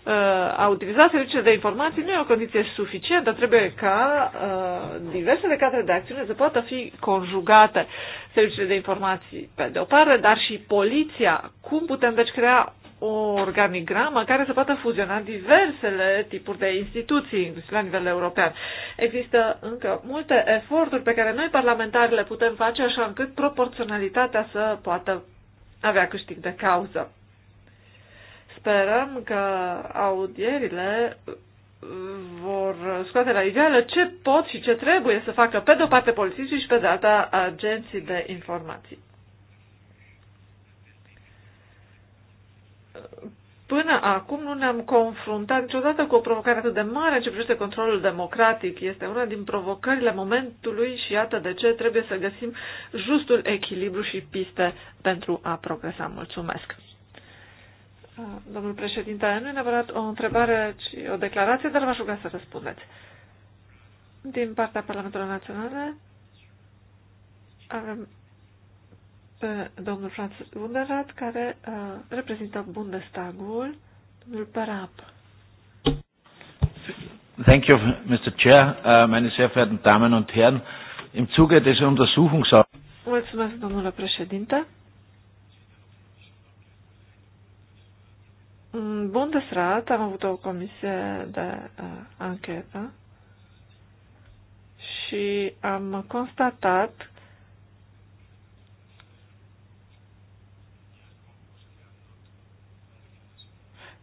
Uh, a utiliza serviciile de informații nu e o condiție suficientă, trebuie ca uh, diversele cadre de acțiune să poată fi conjugate. Serviciile de informații pe de o parte, dar și poliția. Cum putem deci crea o organigramă care să poată fuziona diversele tipuri de instituții, inclusiv la nivel european. Există încă multe eforturi pe care noi parlamentarii le putem face așa încât proporționalitatea să poată avea câștig de cauză. Sperăm că audierile vor scoate la iveală ce pot și ce trebuie să facă pe de o parte polițiștii și pe de alta agenții de informații. până acum nu ne-am confruntat niciodată cu o provocare atât de mare în ce privește controlul democratic. Este una din provocările momentului și iată de ce trebuie să găsim justul echilibru și piste pentru a progresa. Mulțumesc! Domnul președinte, nu e neapărat o întrebare, ci o declarație, dar v-aș ruga să răspundeți. Din partea Parlamentului Național avem pe domnul Franz Wunderrat, care uh, reprezintă Bundestagul, domnul Parap. Thank you, Mr. Chair, uh, meine sehr verehrten Damen und Herren. Im Zuge des Untersuchungsausschusses. Mulțumesc, domnule președinte. În Bundesrat am avut o comisie de uh, anchetă și am constatat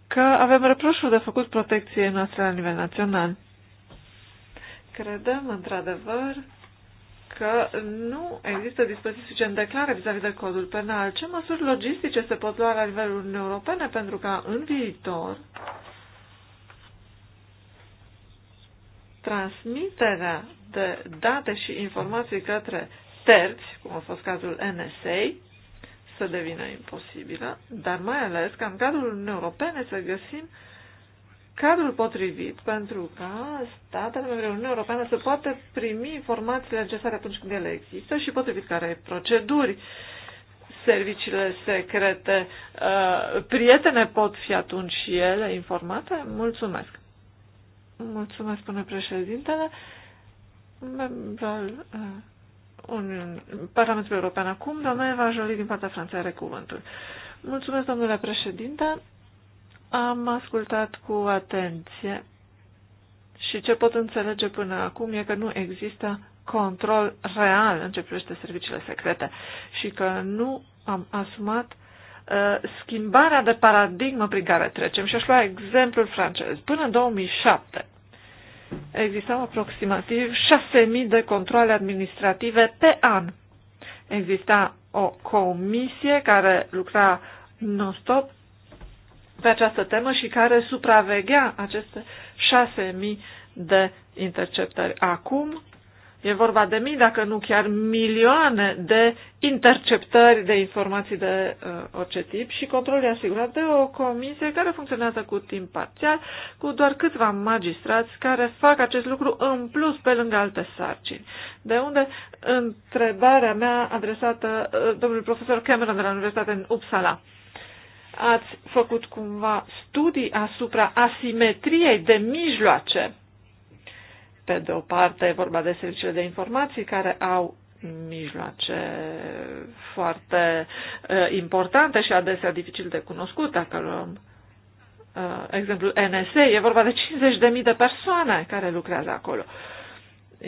că avem reproșul de făcut protecție noastră la nivel național. Credem, într-adevăr, că nu există dispoziții suficient de clare vis-a-vis de codul penal. Ce măsuri logistice se pot lua la nivelul Uniunii Europene pentru ca în viitor transmiterea de date și informații către terți, cum a fost cazul NSA, să devină imposibilă, dar mai ales ca în cadrul Uniunii Europene să găsim cadrul potrivit pentru ca statele membre Uniunii Europene să poată primi informațiile necesare atunci când ele există și potrivit care proceduri serviciile secrete uh, prietene pot fi atunci și ele informate? Mulțumesc! Mulțumesc, spune președintele. Membru uh, un Parlamentul European acum. Doamna Eva Jolie din partea Franței are cuvântul. Mulțumesc, domnule președinte. Am ascultat cu atenție și ce pot înțelege până acum e că nu există control real în ce privește serviciile secrete și că nu am asumat uh, schimbarea de paradigmă prin care trecem. Și aș lua exemplul francez. Până în 2007, existau aproximativ 6.000 de controle administrative pe an. Exista o comisie care lucra non-stop pe această temă și care supraveghea aceste 6.000 de interceptări. Acum E vorba de mii, dacă nu chiar milioane de interceptări de informații de uh, orice tip și controlul e asigurat de o comisie care funcționează cu timp parțial, cu doar câțiva magistrați care fac acest lucru în plus pe lângă alte sarcini. De unde întrebarea mea adresată uh, domnului profesor Cameron de la Universitatea în Uppsala. Ați făcut cumva studii asupra asimetriei de mijloace pe de o parte, e vorba de serviciile de informații care au mijloace foarte uh, importante și adesea dificil de cunoscut, dacă luăm uh, exemplu NSA, e vorba de 50.000 de persoane care lucrează acolo.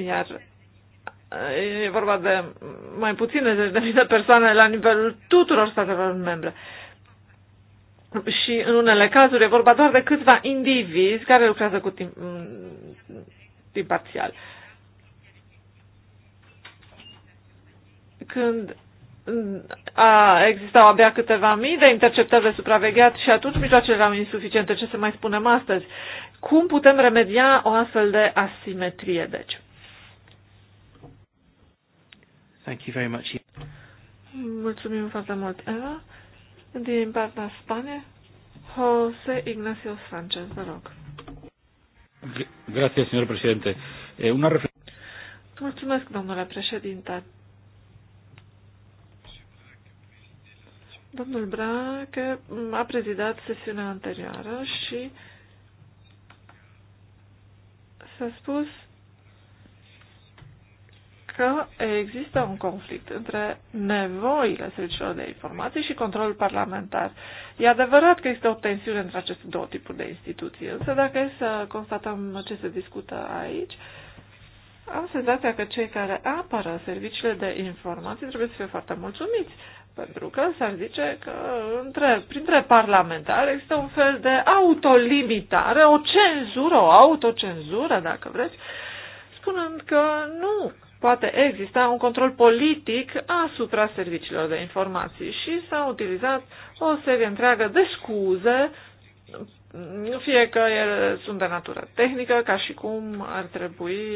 Iar uh, e vorba de mai puține zeci de mii de persoane la nivelul tuturor statelor membre. Și în unele cazuri e vorba doar de câțiva indivizi care lucrează cu timp, timp parțial. Când a, existau abia câteva mii de interceptări de supravegheat și atunci mijloacele erau insuficiente. Ce să mai spunem astăzi? Cum putem remedia o astfel de asimetrie, deci? Thank you very much. Mulțumim foarte mult, Eva. Din partea Spaniei, Jose Ignacio Sanchez, vă rog. Gracias, señor presidente. Eh, una Mulțumesc, domnule președinte. Domnul Brache a prezidat sesiunea anterioară și s-a spus că există un conflict între nevoile serviciilor de informații și controlul parlamentar. E adevărat că există o tensiune între aceste două tipuri de instituții, însă dacă e să constatăm ce se discută aici, am senzația că cei care apără serviciile de informații trebuie să fie foarte mulțumiți, pentru că s-ar zice că între, printre parlamentari există un fel de autolimitare, o cenzură, o autocenzură, dacă vreți, spunând că nu poate exista un control politic asupra serviciilor de informații și s-a utilizat o serie întreagă de scuze fie că ele sunt de natură tehnică, ca și cum ar trebui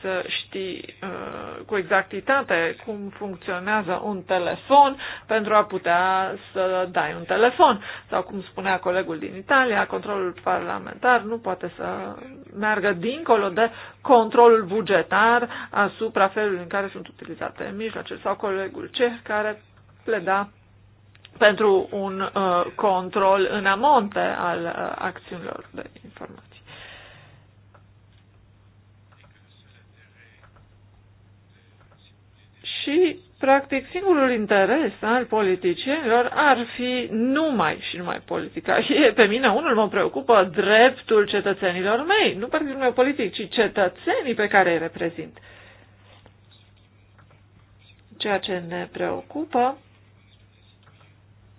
să știi uh, cu exactitate cum funcționează un telefon pentru a putea să dai un telefon. Sau cum spunea colegul din Italia, controlul parlamentar nu poate să meargă dincolo de controlul bugetar asupra felului în care sunt utilizate mijloace. Sau colegul ceh care pleda pentru un uh, control în amonte al uh, acțiunilor de informații. Și, practic, singurul interes al politicienilor ar fi numai și numai politica. Și [laughs] pe mine unul mă preocupă dreptul cetățenilor mei, nu partidul meu politic, ci cetățenii pe care îi reprezint. Ceea ce ne preocupă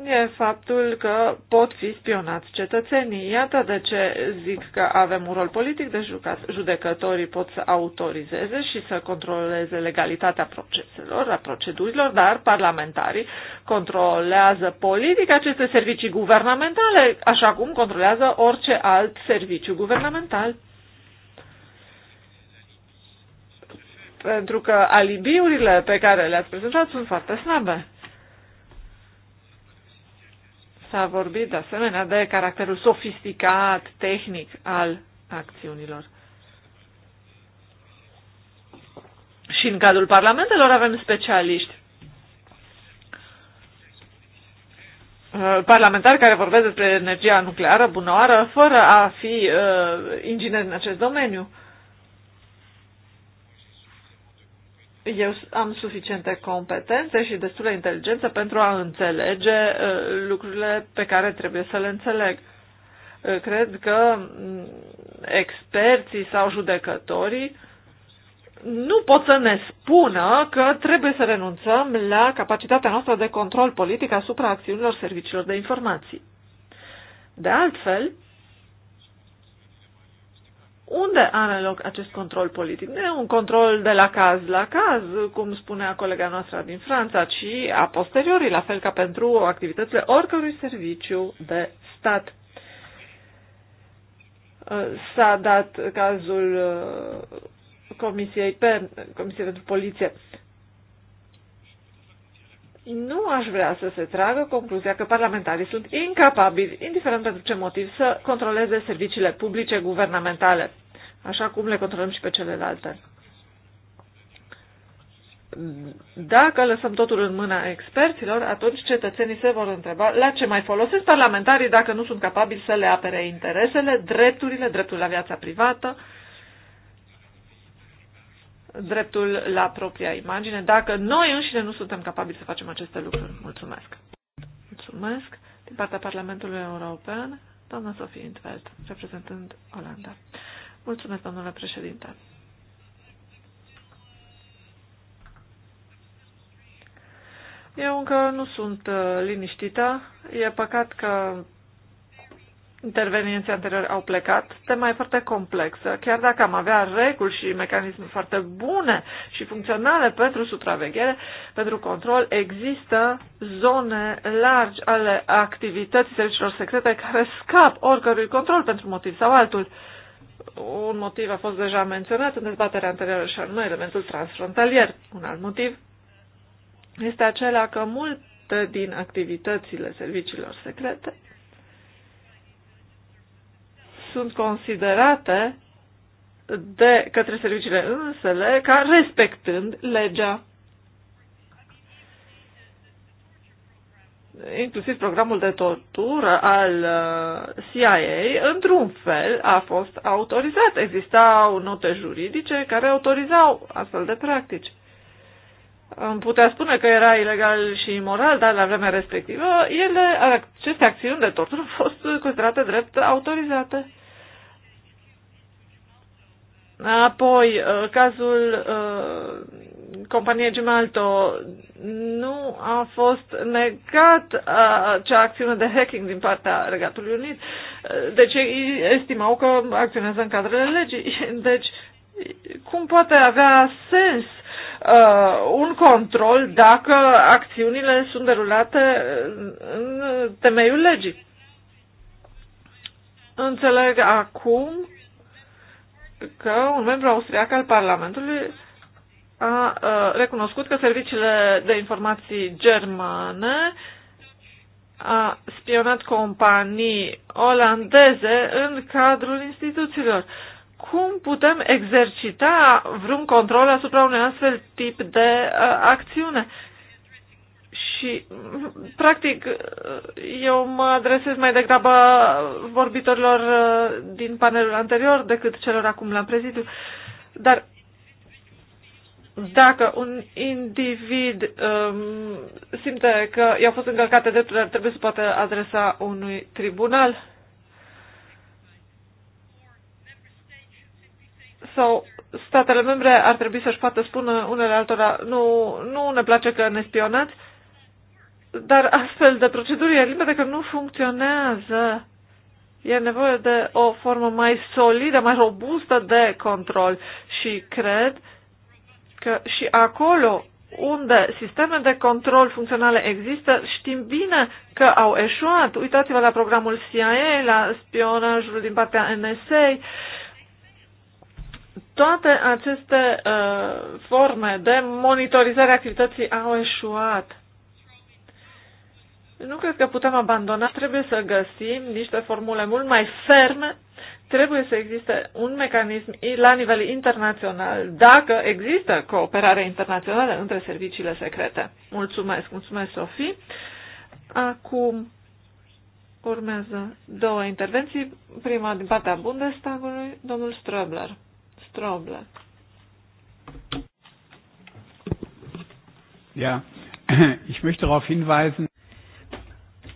e faptul că pot fi spionați cetățenii. Iată de ce zic că avem un rol politic de jucat. Judecătorii pot să autorizeze și să controleze legalitatea proceselor, a procedurilor, dar parlamentarii controlează politic aceste servicii guvernamentale, așa cum controlează orice alt serviciu guvernamental. Pentru că alibiurile pe care le-ați prezentat sunt foarte slabe S-a vorbit de asemenea de caracterul sofisticat, tehnic al acțiunilor. Și în cadrul parlamentelor avem specialiști. Uh, parlamentari care vorbesc despre energia nucleară bună oară, fără a fi uh, ingineri în acest domeniu. Uh, eu am suficiente competențe și destulă inteligență pentru a înțelege uh, lucrurile pe care trebuie să le înțeleg. Uh, cred că mm, experții sau judecătorii nu pot să ne spună că trebuie să renunțăm la capacitatea noastră de control politic asupra acțiunilor serviciilor de informații. De altfel, unde are loc acest control politic? Nu e un control de la caz la caz, cum spunea colega noastră din Franța, ci a posteriori, la fel ca pentru activitățile oricărui serviciu de stat. S-a dat cazul uh, Comisiei, pe, Comisiei pentru Poliție nu aș vrea să se tragă concluzia că parlamentarii sunt incapabili, indiferent pentru ce motiv, să controleze serviciile publice guvernamentale, așa cum le controlăm și pe celelalte. Dacă lăsăm totul în mâna experților, atunci cetățenii se vor întreba la ce mai folosesc parlamentarii dacă nu sunt capabili să le apere interesele, drepturile, dreptul la viața privată, dreptul la propria imagine, dacă noi înșine nu suntem capabili să facem aceste lucruri. Mulțumesc! Mulțumesc! Din partea Parlamentului European, doamna Sofie Intveld, reprezentând Olanda. Mulțumesc, domnule președinte! Eu încă nu sunt uh, liniștită. E păcat că intervenienții anteriori au plecat, tema e foarte complexă. Chiar dacă am avea reguli și mecanisme foarte bune și funcționale pentru supraveghere, pentru control, există zone largi ale activității serviciilor secrete care scap oricărui control pentru motiv sau altul. Un motiv a fost deja menționat în dezbaterea anterioară și anume elementul transfrontalier. Un alt motiv este acela că multe din activitățile serviciilor secrete sunt considerate de către serviciile însele ca respectând legea. Inclusiv programul de tortură al uh, CIA, într-un fel, a fost autorizat. Existau note juridice care autorizau astfel de practici. Îmi putea spune că era ilegal și imoral, dar la vremea respectivă, ele, aceste acțiuni de tortură au fost considerate drept autorizate Apoi, uh, cazul uh, companiei Gemalto nu a fost negat uh, acea acțiune de hacking din partea Regatului Unit. Deci ei estimau că acționează în cadrele legii. [laughs] Deci, cum poate avea sens uh, un control dacă acțiunile sunt derulate în temeiul legii? Înțeleg acum că un membru austriac al Parlamentului a recunoscut că serviciile de informații germane a spionat companii olandeze în cadrul instituțiilor. Cum putem exercita vreun control asupra unui astfel tip de uh, acțiune? Și, practic, eu mă adresez mai degrabă vorbitorilor uh, din panelul anterior decât celor acum la prezidiu, dar dacă un individ um, simte că i-au fost încălcate drepturile, trebuie să poată adresa unui tribunal sau statele membre ar trebui să-și poată spune unele altora nu, nu ne place că ne spionați, dar astfel de proceduri e limpede că nu funcționează. E nevoie de o formă mai solidă, mai robustă de control și cred că și acolo unde sisteme de control funcționale există, știm bine că au eșuat. Uitați-vă la programul CIA, la spionajul din partea NSA. Toate aceste uh, forme de monitorizare a activității au eșuat. Nu cred că putem abandona. Trebuie să găsim niște formule mult mai ferme. Trebuie să existe un mecanism la nivel internațional, dacă există cooperare internațională între serviciile secrete. Mulțumesc, mulțumesc, Sofie. Acum urmează două intervenții. Prima din partea Bundestagului, domnul Ströbler. Ströbler. Ja, [clears throat] ich möchte darauf hinweisen,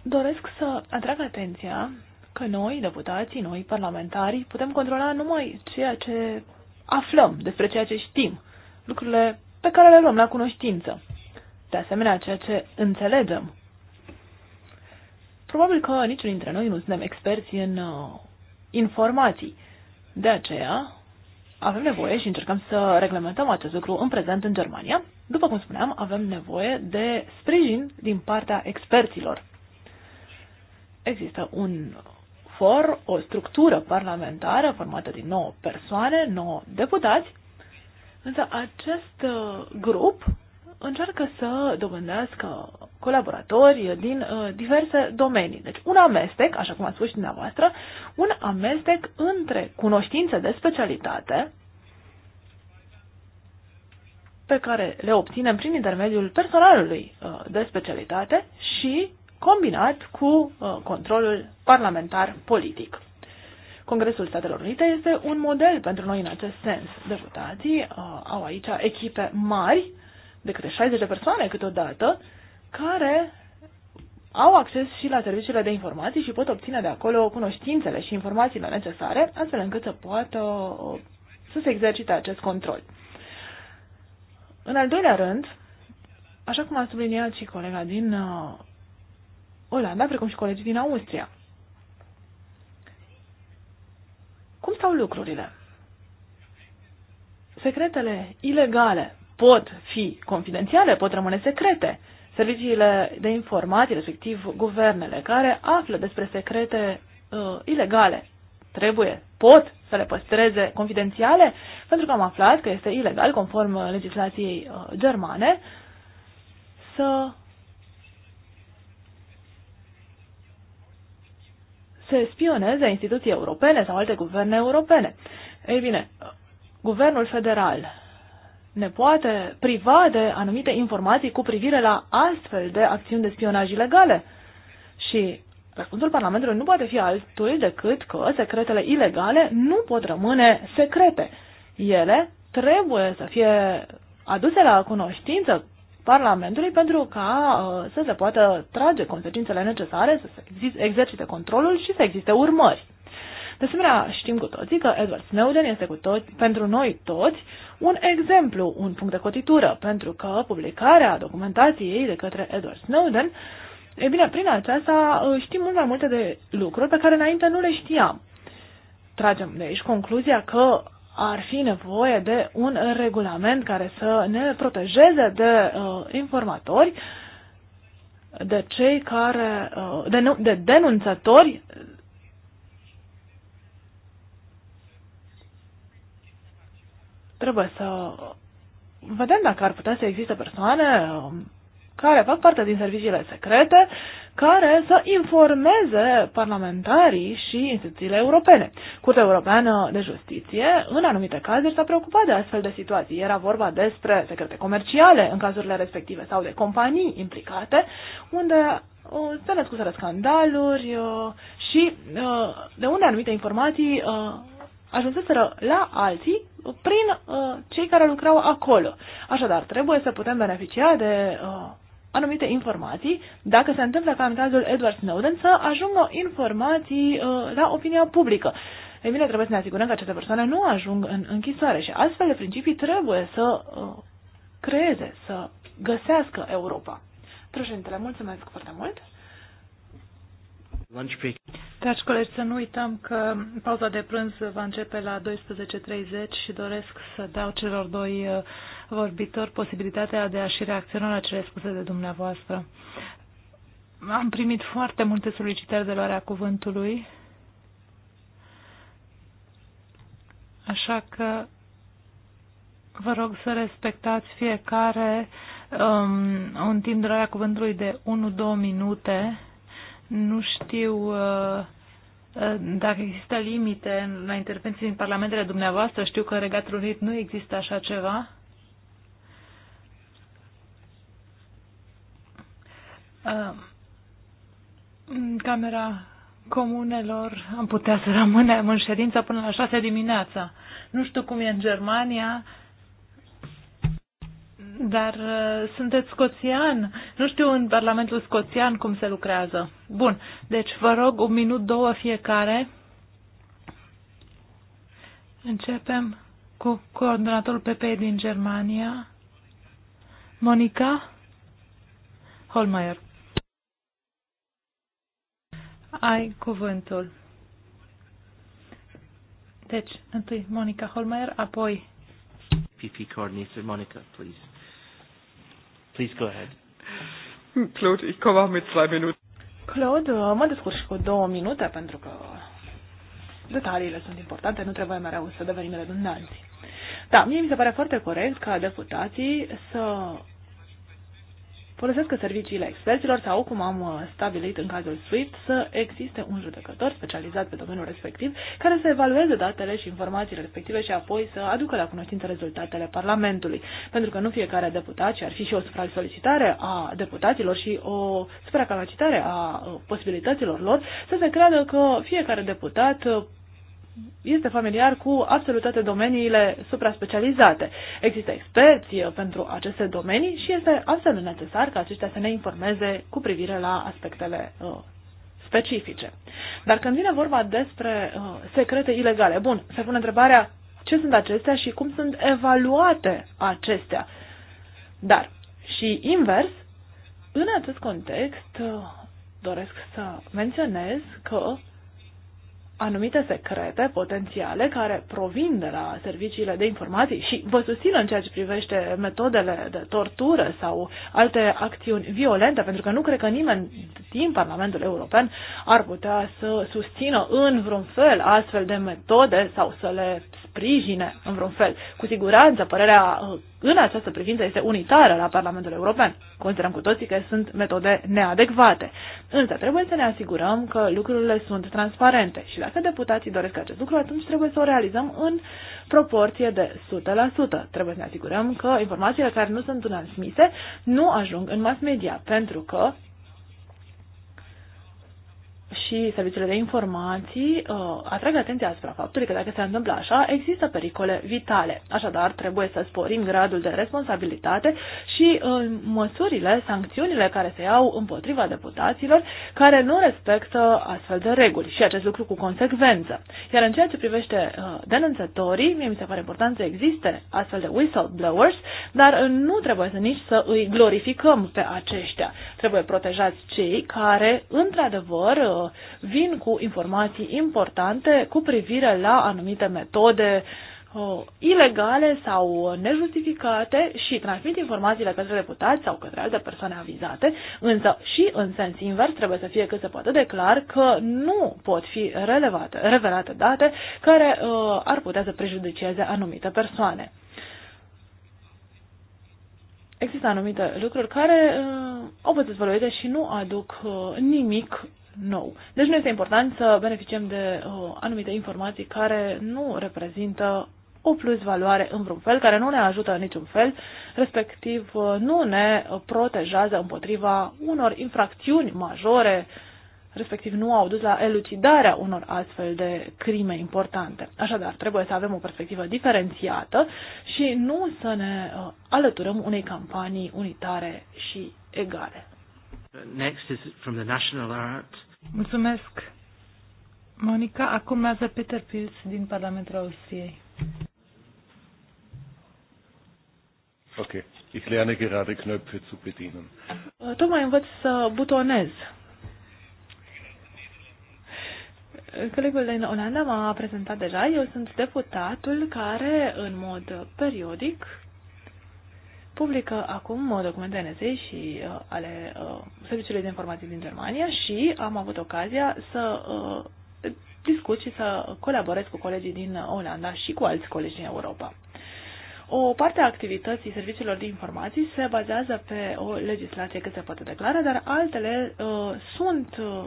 Doresc să atrag atenția că noi, deputații, noi, parlamentarii, putem controla numai ceea ce aflăm, despre ceea ce știm, lucrurile pe care le luăm la cunoștință. De asemenea, ceea ce înțelegem. Probabil că niciun dintre noi nu suntem experți în uh, informații. De aceea, avem nevoie și încercăm să reglementăm acest lucru în prezent în Germania. După cum spuneam, avem nevoie de sprijin din partea experților există un for, o structură parlamentară formată din 9 persoane, 9 deputați, însă acest uh, grup încearcă să dobândească colaboratori din uh, diverse domenii. Deci un amestec, așa cum ați spus și dumneavoastră, un amestec între cunoștințe de specialitate pe care le obținem prin intermediul personalului uh, de specialitate și combinat cu uh, controlul parlamentar politic. Congresul Statelor Unite este un model pentru noi în acest sens. Deputații uh, au aici echipe mari, de câte 60 de persoane câteodată, care au acces și la serviciile de informații și pot obține de acolo cunoștințele și informațiile necesare, astfel încât să poată uh, să se exercite acest control. În al doilea rând, așa cum a subliniat și colega din uh, Olanda, precum și colegii din Austria. Cum stau lucrurile? Secretele ilegale pot fi confidențiale, pot rămâne secrete. Serviciile de informații, respectiv guvernele, care află despre secrete uh, ilegale, trebuie, pot să le păstreze confidențiale, pentru că am aflat că este ilegal, conform legislației uh, germane, să se spioneze instituții europene sau alte guverne europene. Ei bine, guvernul federal ne poate priva de anumite informații cu privire la astfel de acțiuni de spionaj ilegale. Și răspunsul Parlamentului nu poate fi altul decât că secretele ilegale nu pot rămâne secrete. Ele trebuie să fie aduse la cunoștință Parlamentului pentru ca uh, să se poată trage consecințele necesare, să se exercite controlul și să existe urmări. De asemenea, știm cu toții că Edward Snowden este cu toți, pentru noi toți un exemplu, un punct de cotitură, pentru că publicarea documentației de către Edward Snowden, e bine, prin aceasta uh, știm mult mai multe de lucruri pe care înainte nu le știam. Tragem de aici concluzia că ar fi nevoie de un regulament care să ne protejeze de uh, informatori, de cei care, uh, de, de denunțători trebuie să vedem dacă ar putea să existe persoane um, care fac parte din serviciile secrete care să informeze parlamentarii și instituțiile europene. Curtea Europeană de Justiție, în anumite cazuri, s-a preocupat de astfel de situații. Era vorba despre secrete comerciale în cazurile respective sau de companii implicate, unde uh, se născuseră scandaluri uh, și uh, de unde anumite informații ajunseseră la alții prin cei care lucrau acolo. Așadar, trebuie să putem beneficia de anumite informații, dacă se întâmplă ca în cazul Edward Snowden, să ajungă informații uh, la opinia publică. Ei bine, trebuie să ne asigurăm că aceste persoane nu ajung în închisoare și astfel de principii trebuie să uh, creeze, să găsească Europa. Președintele, mulțumesc foarte mult! Lunch break. Dragi colegi, să nu uităm că pauza de prânz va începe la 12.30 și doresc să dau celor doi uh, vorbitor posibilitatea de a-și reacționa la cele spuse de dumneavoastră. Am primit foarte multe solicitări de luarea cuvântului, așa că vă rog să respectați fiecare um, un timp de luarea cuvântului de 1-2 minute. Nu știu uh, dacă există limite la intervenții din parlamentele dumneavoastră. Știu că în Regatul Unit nu există așa ceva. în Camera Comunelor am putea să rămânem în ședință până la 6 dimineața. Nu știu cum e în Germania, dar uh, sunteți scoțian. Nu știu în Parlamentul scoțian cum se lucrează. Bun, deci vă rog un minut, două fiecare. Începem cu coordonatorul PP din Germania, Monica Holmeier ai cuvântul. Deci, întâi Monica Holmeier, apoi... PP coordinator Monica, please. Please go ahead. Claude, ich komme auch mit zwei Minuten. Claude, mă descurc cu două minute pentru că detaliile sunt importante, nu trebuie mereu să devenim redundanți. Da, mie mi se pare foarte corect ca deputații să folosesc serviciile experților sau, cum am uh, stabilit în cazul SWIFT, să existe un judecător specializat pe domeniul respectiv care să evalueze datele și informațiile respective și apoi să aducă la cunoștință rezultatele Parlamentului. Pentru că nu fiecare deputat, și ar fi și o supra-solicitare a deputaților și o supracapacitare a uh, posibilităților lor, să se creadă că fiecare deputat uh, este familiar cu absolut toate domeniile specializate Există experți pentru aceste domenii și este absolut necesar ca aceștia să ne informeze cu privire la aspectele uh, specifice. Dar când vine vorba despre uh, secrete ilegale, bun, se pune întrebarea ce sunt acestea și cum sunt evaluate acestea. Dar și invers, în acest context, uh, doresc să menționez că anumite secrete potențiale care provin de la serviciile de informații și vă susțin în ceea ce privește metodele de tortură sau alte acțiuni violente, pentru că nu cred că nimeni din Parlamentul European ar putea să susțină în vreun fel astfel de metode sau să le sprijine în vreun fel. Cu siguranță, părerea în această privință este unitară la Parlamentul European. Considerăm cu toții că sunt metode neadecvate. Însă trebuie să ne asigurăm că lucrurile sunt transparente și dacă deputații doresc acest lucru, atunci trebuie să o realizăm în proporție de 100%. Trebuie să ne asigurăm că informațiile care nu sunt transmise nu ajung în mass media, pentru că și serviciile de informații uh, atrag atenția asupra faptului că dacă se întâmplă așa, există pericole vitale. Așadar, trebuie să sporim gradul de responsabilitate și uh, măsurile, sancțiunile care se iau împotriva deputaților care nu respectă astfel de reguli și acest lucru cu consecvență. Iar în ceea ce privește uh, denunțătorii, mie mi se pare important să existe astfel de whistleblowers, dar uh, nu trebuie să nici să îi glorificăm pe aceștia. Trebuie protejați cei care, într-adevăr, uh, vin cu informații importante cu privire la anumite metode uh, ilegale sau nejustificate și transmit informațiile către deputați sau către alte persoane avizate, însă și în sens invers trebuie să fie cât se poate de clar că nu pot fi relevate, revelate date care uh, ar putea să prejudicieze anumite persoane. Există anumite lucruri care uh, au fost dezvăluite și nu aduc uh, nimic nou. Deci nu este important să beneficiem de uh, anumite informații care nu reprezintă o plus valoare în vreun fel, care nu ne ajută în niciun fel, respectiv uh, nu ne protejează împotriva unor infracțiuni majore, respectiv nu au dus la elucidarea unor astfel de crime importante. Așadar, trebuie să avem o perspectivă diferențiată și nu să ne uh, alăturăm unei campanii unitare și egale. Next is from the National Art. Mulțumesc. Monica, acum mează Peter Pils din Parlamentul Austriei. Ok. Ich lerne gerade Knöpfe zu bedienen. Uh, tocmai învăț să butonez. Colegul din Olanda m-a prezentat deja. Eu sunt deputatul care, în mod periodic, publică acum uh, documente NSA și uh, ale uh, serviciului de informații din Germania și am avut ocazia să uh, discut și să colaborez cu colegii din Olanda și cu alți colegi din Europa. O parte a activității serviciilor de informații se bazează pe o legislație cât se poate declara, dar altele uh, sunt uh,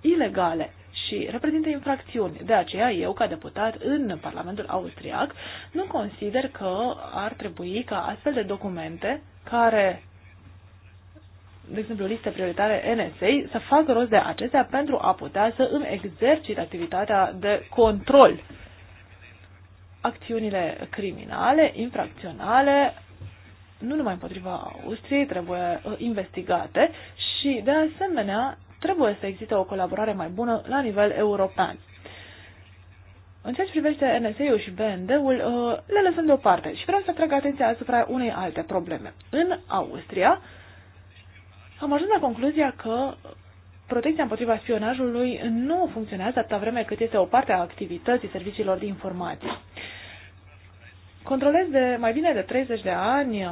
ilegale și reprezintă infracțiuni. De aceea eu, ca deputat în Parlamentul Austriac, nu consider că ar trebui ca astfel de documente care de exemplu, liste prioritare NSA, să facă rost de acestea pentru a putea să îmi exercit activitatea de control. Acțiunile criminale, infracționale, nu numai împotriva Austriei, trebuie uh, investigate și, de asemenea, trebuie să existe o colaborare mai bună la nivel european. În ceea ce privește NSA-ul și BND-ul, uh, le lăsăm deoparte și vreau să atrag atenția asupra unei alte probleme. În Austria am ajuns la concluzia că protecția împotriva spionajului nu funcționează atâta vreme cât este o parte a activității serviciilor de informații. Controlez de mai bine de 30 de ani uh,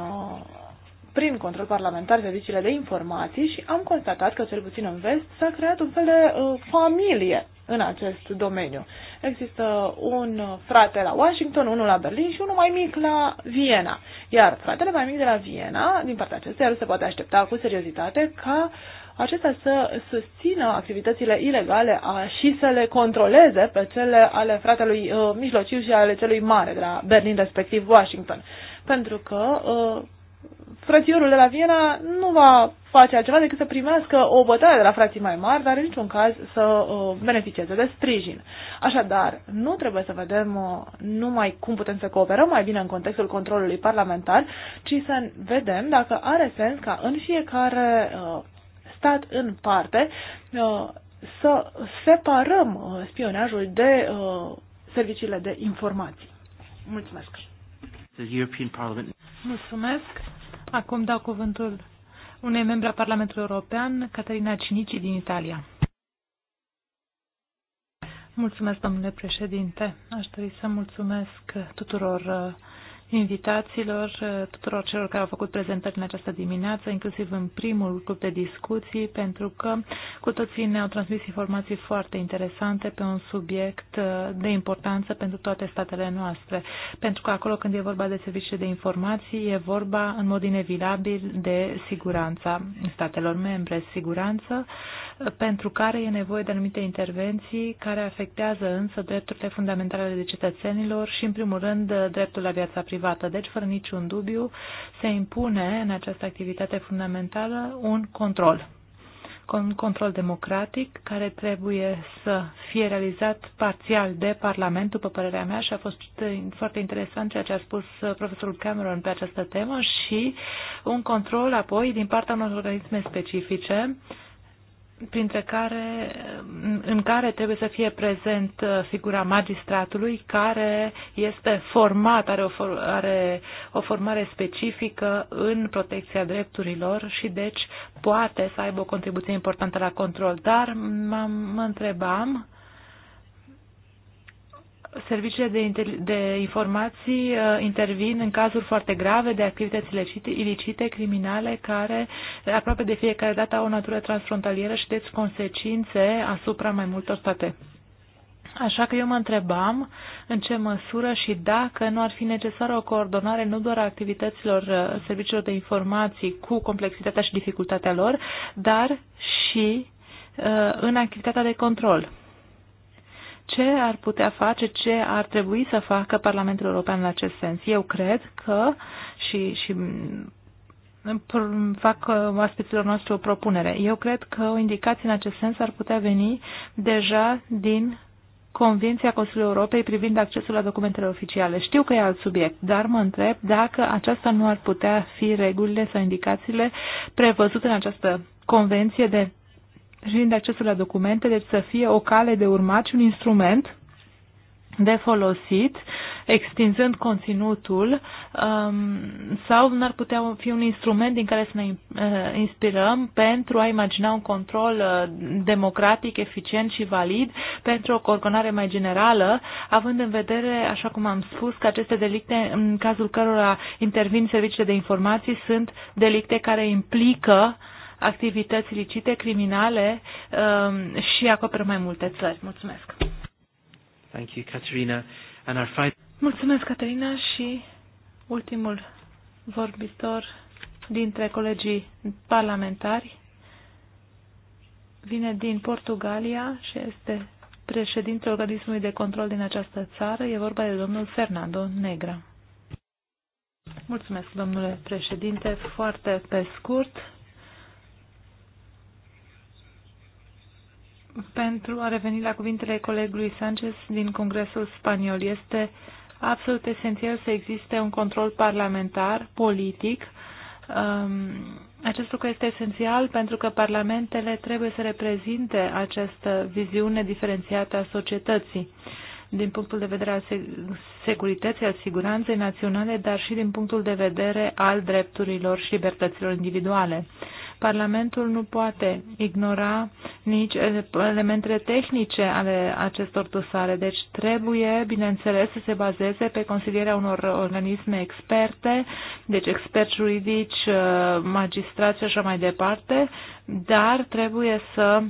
prin control parlamentar serviciile de informații și am constatat că, cel puțin în vest, s-a creat un fel de uh, familie în acest domeniu. Există un frate la Washington, unul la Berlin și unul mai mic la Viena. Iar fratele mai mic de la Viena, din partea acestuia, se poate aștepta cu seriozitate ca acesta să susțină activitățile ilegale a, și să le controleze pe cele ale fratelui uh, mijlociu și ale celui mare de la Berlin, respectiv Washington. Pentru că uh, frățiorul de la Viena nu va face altceva decât să primească o bătaie de la frații mai mari, dar în niciun caz să uh, beneficieze de sprijin. Așadar, nu trebuie să vedem uh, numai cum putem să cooperăm mai bine în contextul controlului parlamentar, ci să vedem dacă are sens ca în fiecare uh, stat în parte să separăm spionajul de serviciile de informații. Mulțumesc! Mulțumesc! Acum dau cuvântul unei membre a Parlamentului European, Caterina Cinici din Italia. Mulțumesc, domnule președinte. Aș dori să mulțumesc tuturor uh, invitațiilor, eh, tuturor celor care au făcut prezentări în această dimineață, inclusiv în primul grup de discuții, pentru că cu toții ne-au transmis informații foarte interesante pe un subiect eh, de importanță pentru toate statele noastre. Pentru că acolo când e vorba de servicii de informații, e vorba în mod inevitabil de siguranța statelor membre, siguranță pentru care e nevoie de anumite intervenții care afectează însă drepturile fundamentale de cetățenilor și, în primul rând, dreptul la viața privată. Deci, fără niciun dubiu, se impune în această activitate fundamentală un control un control democratic care trebuie să fie realizat parțial de Parlament, după părerea mea, și a fost foarte interesant ceea ce a spus uh, profesorul Cameron pe această temă și un control apoi din partea unor organisme specifice uh, printre care, în care trebuie să fie prezent uh, figura magistratului care este format, are o, for, are o formare specifică în protecția drepturilor și deci poate să aibă o contribuție importantă la control. Dar mă întrebam serviciile de, de informații uh, intervin în cazuri foarte grave de activități ilicite, ilicite, criminale, care aproape de fiecare dată au o natură transfrontalieră și deci consecințe asupra mai multor state. Așa că eu mă întrebam în ce măsură și dacă nu ar fi necesară o coordonare nu doar a activităților uh, serviciilor de informații cu complexitatea și dificultatea lor, dar și uh, în activitatea de control ce ar putea face, ce ar trebui să facă Parlamentul European în acest sens. Eu cred că și, și fac oaspeților noastre o propunere. Eu cred că o indicație în acest sens ar putea veni deja din Convenția Consiliului Europei privind accesul la documentele oficiale. Știu că e alt subiect, dar mă întreb dacă aceasta nu ar putea fi regulile sau indicațiile prevăzute în această convenție de privind accesul la documente, deci să fie o cale de urmat și un instrument de folosit, extinzând conținutul, um, sau n-ar putea fi un instrument din care să ne uh, inspirăm pentru a imagina un control uh, democratic, eficient și valid pentru o coordonare mai generală, având în vedere, așa cum am spus, că aceste delicte, în cazul cărora intervin serviciile de informații, sunt delicte care implică uh, activități licite, criminale um, și acoperă mai multe țări. Mulțumesc! Thank you, Caterina. And our final... Mulțumesc, Caterina, și ultimul vorbitor dintre colegii parlamentari vine din Portugalia și este președintele organismului de control din această țară. E vorba de domnul Fernando Negra. Mulțumesc, domnule președinte. Foarte pe scurt, pentru a reveni la cuvintele colegului Sanchez din Congresul Spaniol. Este absolut esențial să existe un control parlamentar, politic. Um, acest lucru este esențial pentru că parlamentele trebuie să reprezinte această viziune diferențiată a societății din punctul de vedere al securității, al siguranței naționale, dar și din punctul de vedere al drepturilor și libertăților individuale. Parlamentul nu poate ignora nici elementele tehnice ale acestor dosare, deci trebuie, bineînțeles, să se bazeze pe consilierea unor organisme experte, deci experți juridici, uh, magistrați și așa mai departe, dar trebuie să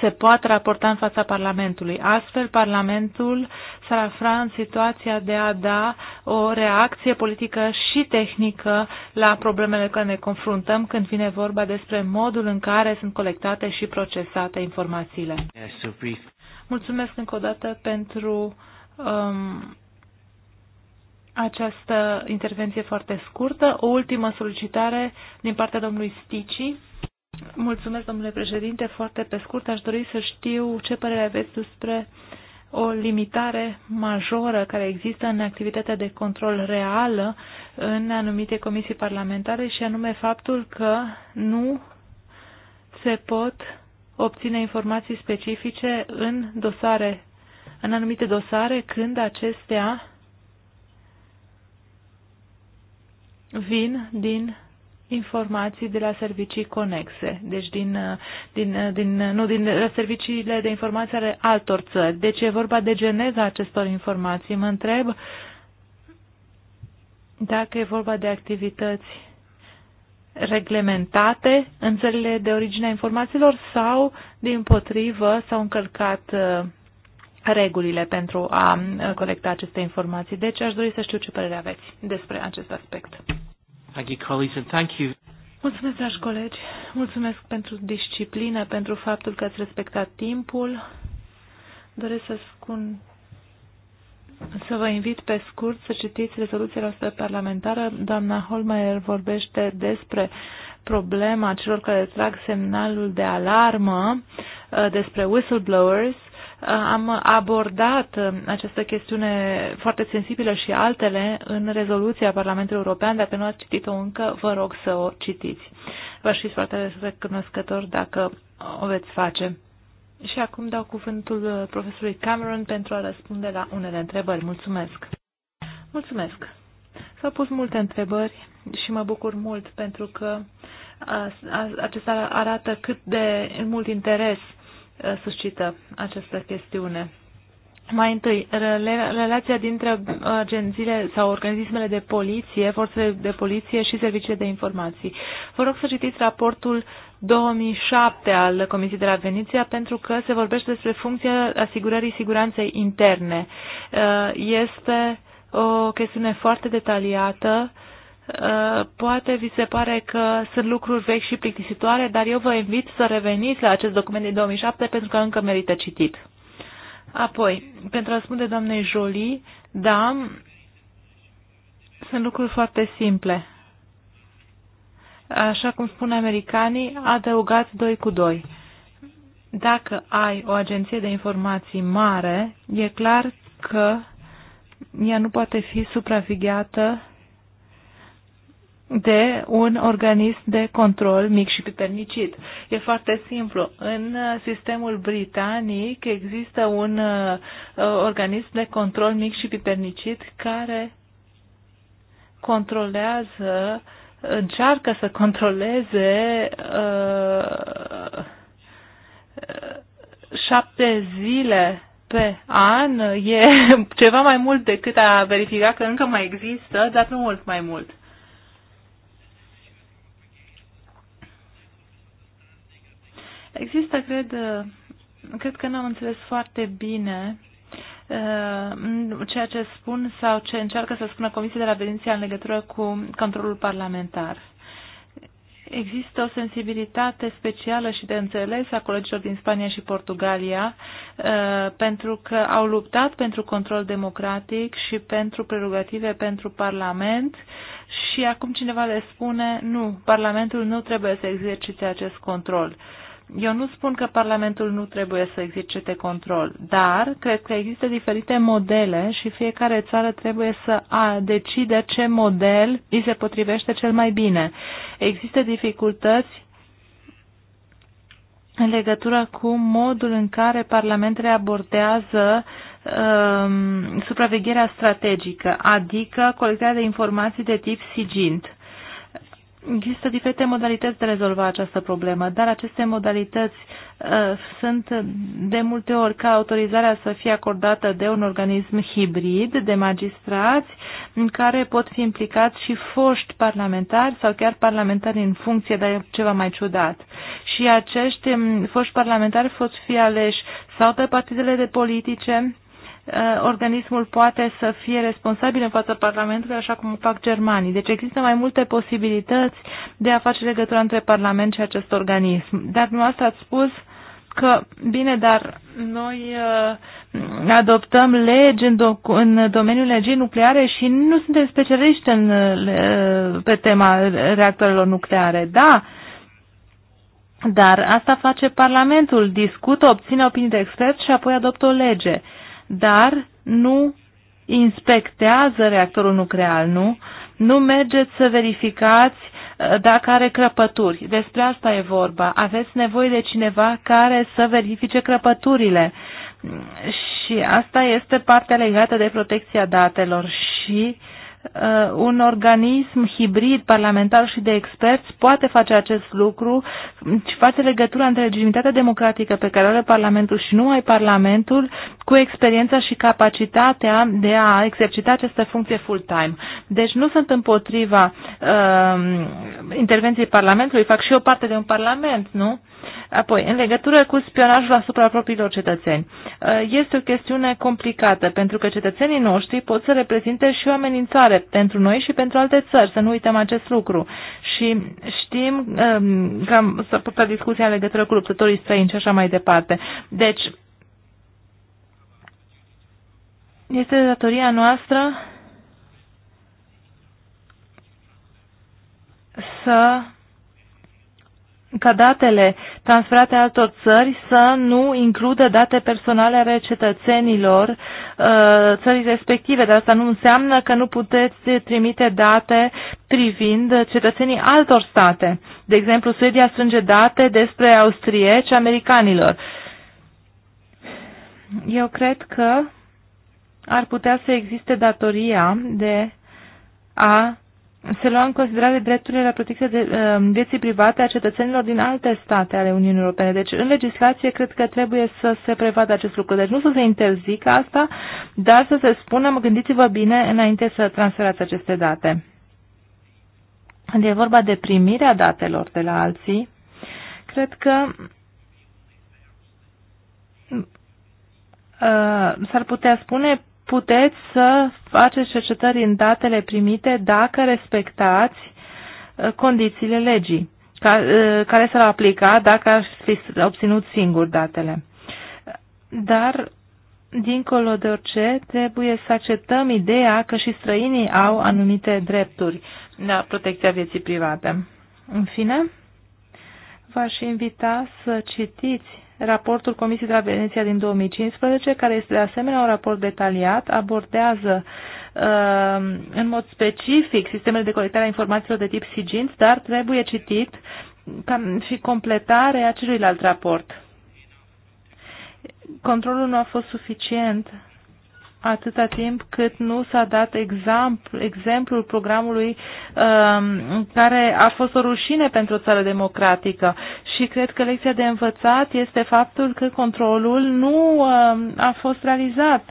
se poate raporta în fața Parlamentului. Astfel, Parlamentul s-ar afla în situația de a da o reacție politică și tehnică la problemele care ne confruntăm când vine vorba despre modul în care sunt colectate și procesate informațiile. Mulțumesc încă o dată pentru um, această intervenție foarte scurtă. O ultimă solicitare din partea domnului Stici. Mulțumesc, domnule președinte. Foarte pe scurt, aș dori să știu ce părere aveți despre o limitare majoră care există în activitatea de control reală în anumite comisii parlamentare și anume faptul că nu se pot obține informații specifice în dosare, în anumite dosare când acestea vin din informații de la servicii conexe, deci din, din, din, nu, din serviciile de informații ale altor țări. Deci e vorba de geneza acestor informații. Mă întreb dacă e vorba de activități reglementate în țările de origine a informațiilor sau, din potrivă, s-au încălcat uh, regulile pentru a uh, colecta aceste informații. Deci aș dori să știu ce părere aveți despre acest aspect. Thank you, colleagues, and thank you. Mulțumesc, dragi colegi. Mulțumesc pentru disciplină, pentru faptul că ați respectat timpul. Doresc să spun să vă invit pe scurt să citiți rezoluția noastră parlamentară. Doamna Holmeier vorbește despre problema celor care trag semnalul de alarmă uh, despre whistleblowers am abordat uh, această chestiune foarte sensibilă și altele în rezoluția Parlamentului European. Dacă nu ați citit-o încă, vă rog să o citiți. V-aș fi foarte recunoscător dacă o veți face. Și acum dau cuvântul uh, profesorului Cameron pentru a răspunde la unele întrebări. Mulțumesc! Mulțumesc! S-au pus multe întrebări și mă bucur mult pentru că uh, acesta arată cât de mult interes uh, Uh, suscită această chestiune. Mai întâi, relația dintre uh, agențiile sau organismele de poliție, forțele de poliție și serviciile de informații. Vă rog să citiți raportul 2007 al Comisiei de la Veniția pentru că se vorbește despre funcția asigurării siguranței interne. Uh, este o chestiune foarte detaliată Uh, poate vi se pare că sunt lucruri vechi și plictisitoare, dar eu vă invit să reveniți la acest document din 2007 pentru că încă merită citit. Apoi, pentru a spune doamnei Jolie, da, sunt lucruri foarte simple. Așa cum spun americanii, adăugați doi cu doi. Dacă ai o agenție de informații mare, e clar că ea nu poate fi supravegheată de un organism de control mic și puternicit. E foarte simplu. În sistemul britanic există un uh, organism de control mic și puternicit care controlează, încearcă să controleze uh, șapte zile pe an. E ceva mai mult decât a verifica că încă mai există, dar nu mult mai mult. Există, cred, cred că n-am înțeles foarte bine uh, ceea ce spun sau ce încearcă să spună Comisia de la Veneția în legătură cu controlul parlamentar. Există o sensibilitate specială și de înțeles a colegilor din Spania și Portugalia uh, pentru că au luptat pentru control democratic și pentru prerogative pentru Parlament și acum cineva le spune nu, Parlamentul nu trebuie să exercite acest control. Uh, eu nu spun că Parlamentul nu trebuie să exercite control, dar cred că există diferite modele și fiecare țară trebuie să a, decide ce model îi se potrivește cel mai bine. Există dificultăți în legătură cu modul în care parlamentele abordează um, supravegherea strategică, adică colectarea de informații de tip SIGINT. Există diferite modalități de a rezolva această problemă, dar aceste modalități uh, sunt de multe ori ca autorizarea să fie acordată de un organism hibrid de magistrați în care pot fi implicați și foști parlamentari sau chiar parlamentari în funcție de ceva mai ciudat. Și acești um, foști parlamentari pot fi aleși sau pe partidele de politice, Uh, organismul poate să fie responsabil în fața Parlamentului, așa cum fac germanii. Deci există mai multe posibilități de a face legătura între Parlament și acest organism. Dar dumneavoastră ați spus că, bine, dar noi uh, adoptăm legi în, în domeniul energiei nucleare și nu suntem specialiști în, uh, pe tema reactorilor nucleare. Da, dar asta face Parlamentul, discută, obține opinii de expert și apoi adoptă o lege. Uh, dar nu inspectează reactorul nuclear, nu? Nu mergeți să verificați uh, dacă are crăpături. Despre asta e vorba. Aveți nevoie de cineva care să verifice crăpăturile. Mm, și asta este partea legată de protecția datelor și uh, Uh, un organism hibrid parlamentar și de experți poate face acest lucru și face legătura între legitimitatea democratică pe care o are Parlamentul și numai Parlamentul cu experiența și capacitatea de a exercita această funcție full-time. Deci nu sunt împotriva uh, intervenției Parlamentului, fac și eu parte de un Parlament, nu? Apoi, în legătură cu spionajul asupra propriilor cetățeni. Uh, este o chestiune complicată pentru că cetățenii noștri pot să reprezinte și o amenințare mare pentru noi și pentru alte țări, să nu uităm acest lucru. Și știm um, că am să purta discuția în legătură cu luptătorii străini și așa mai departe. Deci, este datoria noastră să ca datele transferate altor țări să nu includă date personale ale cetățenilor uh, țării respective, dar asta nu înseamnă că nu puteți trimite date privind cetățenii altor state. De exemplu, Suedia strânge date despre austrieci americanilor. Eu cred că ar putea să existe datoria de a se lua în considerare drepturile la protecția de, uh, vieții private a cetățenilor din alte state ale Uniunii Europene. Deci, în legislație, cred că trebuie să se prevadă acest lucru. Deci, nu să se interzică asta, dar să se spună, gândiți-vă bine înainte să transferați aceste date. Când e vorba de primirea datelor de la alții, cred că uh, s-ar putea spune puteți să faceți cercetări în datele primite dacă respectați uh, condițiile legii uh, care s-ar aplica dacă ar fi obținut singur datele. Dar, dincolo de orice, trebuie să acceptăm ideea că și străinii au anumite drepturi la protecția vieții private. În fine, v-aș invita să citiți Raportul Comisiei de la Veneția din 2015, care este de asemenea un raport detaliat, abordează uh, în mod specific sistemele de colectare a informațiilor de tip SIGINT, dar trebuie citit ca și completarea celuilalt raport. Controlul nu a fost suficient atâta timp cât nu s-a dat exempl, exemplul programului um, care a fost o rușine pentru o țară democratică și cred că lecția de învățat este faptul că controlul nu um, a fost realizat.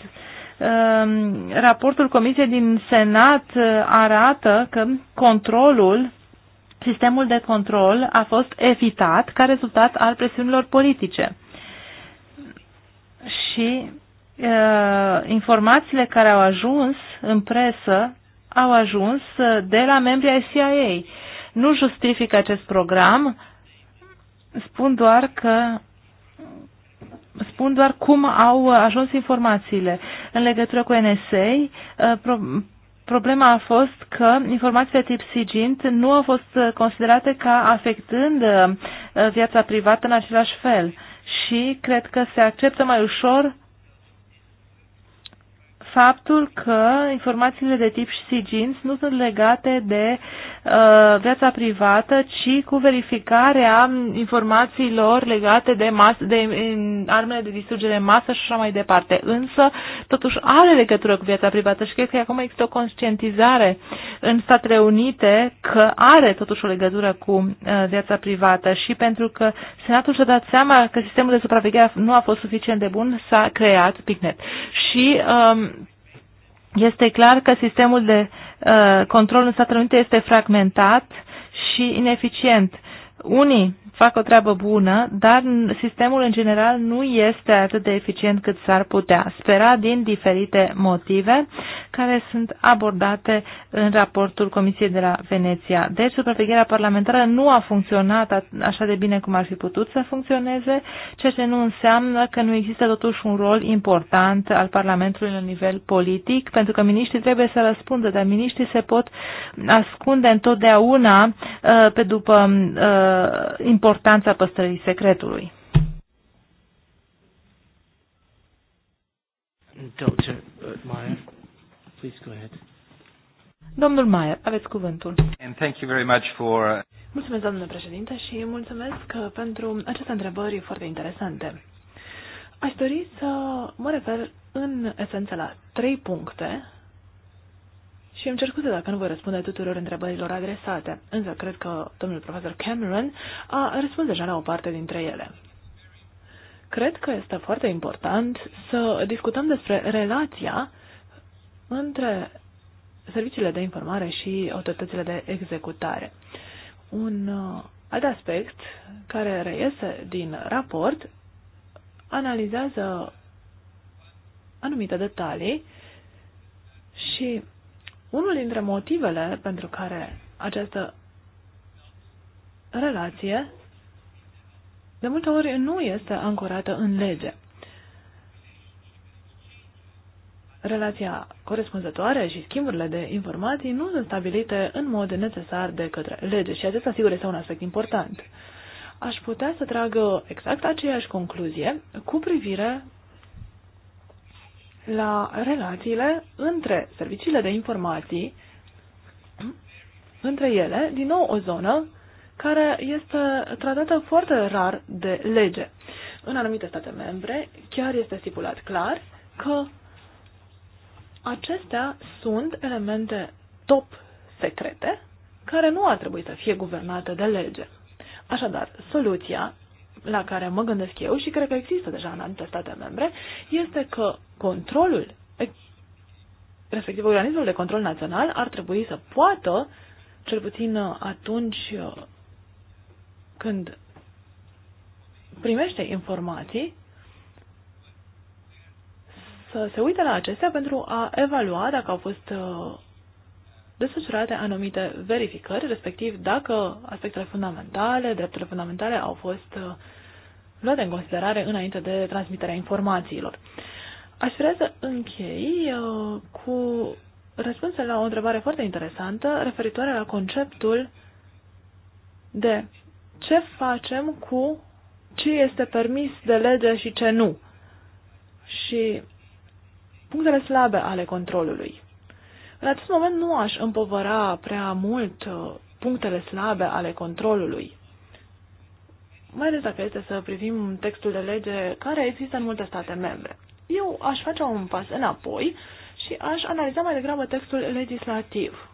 Um, raportul Comisiei din Senat uh, arată că controlul Sistemul de control a fost evitat ca rezultat al presiunilor politice. Și uh, informațiile care au ajuns în presă au ajuns uh, de la membrii CIA. Nu justifică acest program, Spun doar că spun doar cum au ajuns informațiile. În legătură cu NSA, uh, pro, problema a fost că informațiile tip SIGINT nu au fost considerate ca afectând uh, viața privată în același fel și cred că se acceptă mai ușor faptul că informațiile de tip SIGINS nu sunt legate de uh, viața privată, ci cu verificarea informațiilor legate de, mas- de in, armele de distrugere în masă și așa mai departe. Însă, totuși, are legătură cu viața privată și cred că acum există o conștientizare în Statele Unite că are totuși o legătură cu uh, viața privată și pentru că Senatul și-a dat seama că sistemul de supraveghere nu a fost suficient de bun, s-a creat PICNET. Și um, este clar că sistemul de uh, control în Statele Unite este fragmentat și ineficient. Unii fac o treabă bună, dar sistemul în general nu este atât de eficient cât s-ar putea spera din diferite motive care sunt abordate în raportul Comisiei de la Veneția. Deci, supravegherea parlamentară nu a funcționat așa de bine cum ar fi putut să funcționeze, ceea ce nu înseamnă că nu există totuși un rol important al Parlamentului la nivel politic, pentru că miniștrii trebuie să răspundă, dar miniștrii se pot ascunde întotdeauna uh, pe după uh, importanța păstrării secretului. Uh, Domnul Maier, aveți cuvântul. And thank you very much for... Uh, mulțumesc, domnule președinte, și mulțumesc uh, pentru aceste întrebări foarte interesante. Aș dori să mă refer în esență la trei puncte și îmi cer scuze dacă nu voi răspunde tuturor întrebărilor adresate, însă cred că domnul profesor Cameron a răspuns deja la o parte dintre ele. Cred că este foarte important să discutăm despre relația între serviciile de informare și autoritățile de executare. Un uh, alt aspect care reiese din raport analizează anumite detalii și unul dintre motivele pentru care această relație de multe ori nu este ancorată în lege. Relația corespunzătoare și schimburile de informații nu sunt stabilite în mod necesar de către lege și acesta sigur este un aspect important. Aș putea să tragă exact aceeași concluzie cu privire la relațiile între serviciile de informații, între ele, din nou o zonă care este tratată foarte rar de lege. În anumite state membre chiar este stipulat clar că acestea sunt elemente top secrete care nu ar trebui să fie guvernate de lege. Așadar, soluția la care mă gândesc eu și cred că există deja în anumite state membre, este că controlul, respectiv organismul de control național, ar trebui să poată, cel puțin uh, atunci uh, când primește informații, să se uite la acestea pentru a evalua dacă au fost uh, desfășurate anumite verificări, respectiv dacă aspectele fundamentale, drepturile fundamentale au fost uh, luate în considerare înainte de transmiterea informațiilor. Aș vrea să închei uh, cu răspunsul la o întrebare foarte interesantă referitoare la conceptul de ce facem cu ce este permis de lege și ce nu. Și punctele slabe ale controlului. În acest moment nu aș împovăra prea mult uh, punctele slabe ale controlului. Mai ales dacă este să privim textul de lege care există în multe state membre. Eu aș face un pas înapoi și aș analiza mai degrabă textul legislativ.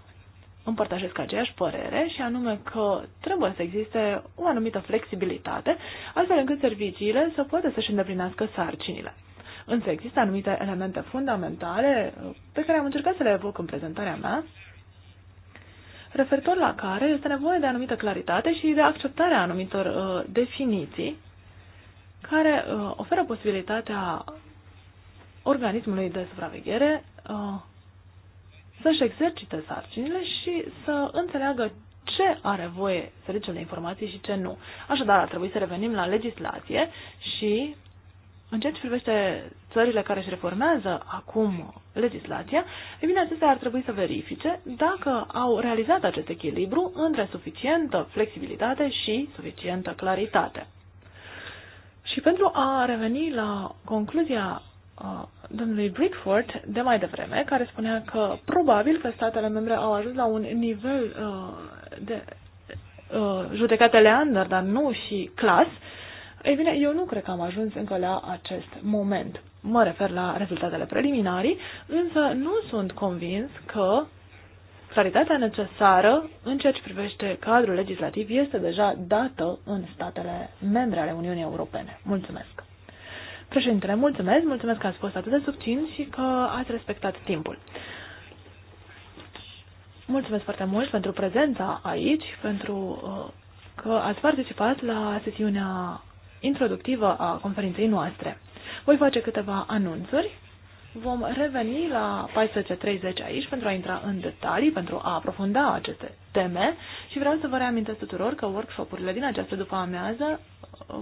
Împărtășesc aceeași părere și anume că trebuie să existe o anumită flexibilitate, astfel încât serviciile să poată să-și îndeplinească sarcinile. Însă există anumite elemente fundamentale uh, pe care am încercat să le evoc în prezentarea mea, referitor la care este nevoie de anumită claritate și de acceptarea anumitor uh, definiții care uh, oferă posibilitatea organismului de supraveghere uh, să-și exercite sarcinile și să înțeleagă ce are voie să de informații și ce nu. Așadar, ar trebui să revenim la legislație și în ceea ce privește țările care își reformează acum legislația, e bine, acestea ar trebui să verifice dacă au realizat acest echilibru între suficientă flexibilitate și suficientă claritate. Și pentru a reveni la concluzia uh, domnului Brickford de mai devreme, care spunea că probabil că statele membre au ajuns la un nivel uh, de uh, judecată Leander, dar nu și clas, uh, ei bine, eu nu cred că am ajuns încă la acest moment. Mă refer la rezultatele preliminarii, însă nu sunt convins că claritatea necesară în ceea ce privește cadrul legislativ este deja dată în statele membre ale Uniunii Europene. Mulțumesc! Președintele, mulțumesc, mulțumesc că ați fost atât de subțin și că ați respectat timpul. Mulțumesc foarte mult pentru prezența aici, pentru uh, că ați participat la sesiunea introductivă a conferinței noastre. Voi face câteva anunțuri. Vom reveni la 14.30 aici pentru a intra în detalii, pentru a aprofunda aceste teme și vreau să vă reamintesc tuturor că workshopurile din această după amiază uh,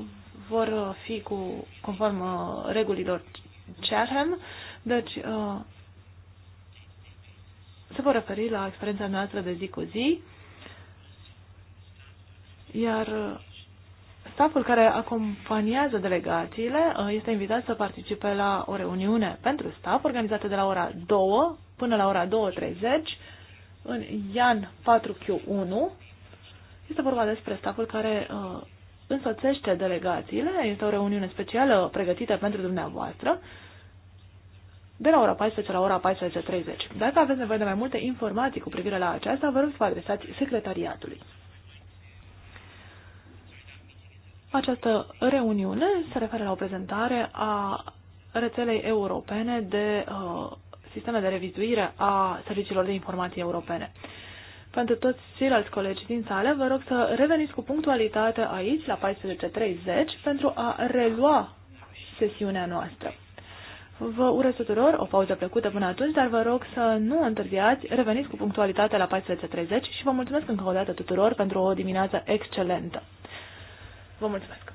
vor fi cu, conform uh, regulilor Chatham, deci uh, se vor referi la experiența noastră de zi cu zi, iar staful care acompaniază delegațiile uh, este invitat să participe la o reuniune pentru staff organizată de la ora 2 până la ora 2.30 în Ian 4Q1. Este vorba despre staful care uh, însoțește delegațiile. Este o reuniune specială pregătită pentru dumneavoastră de la ora 14 la ora 14.30. Dacă aveți nevoie de mai multe informații cu privire la aceasta, vă rog să vă adresați secretariatului. Această reuniune se referă la o prezentare a rețelei europene de uh, sisteme de revizuire a serviciilor de informații europene. Pentru toți ceilalți colegi din sală, vă rog să reveniți cu punctualitate aici, la 14.30, pentru a relua sesiunea noastră. Vă urez tuturor o pauză plăcută până atunci, dar vă rog să nu întârziați, reveniți cu punctualitate la 14.30 și vă mulțumesc încă o dată tuturor pentru o dimineață excelentă. Vă mulțumesc!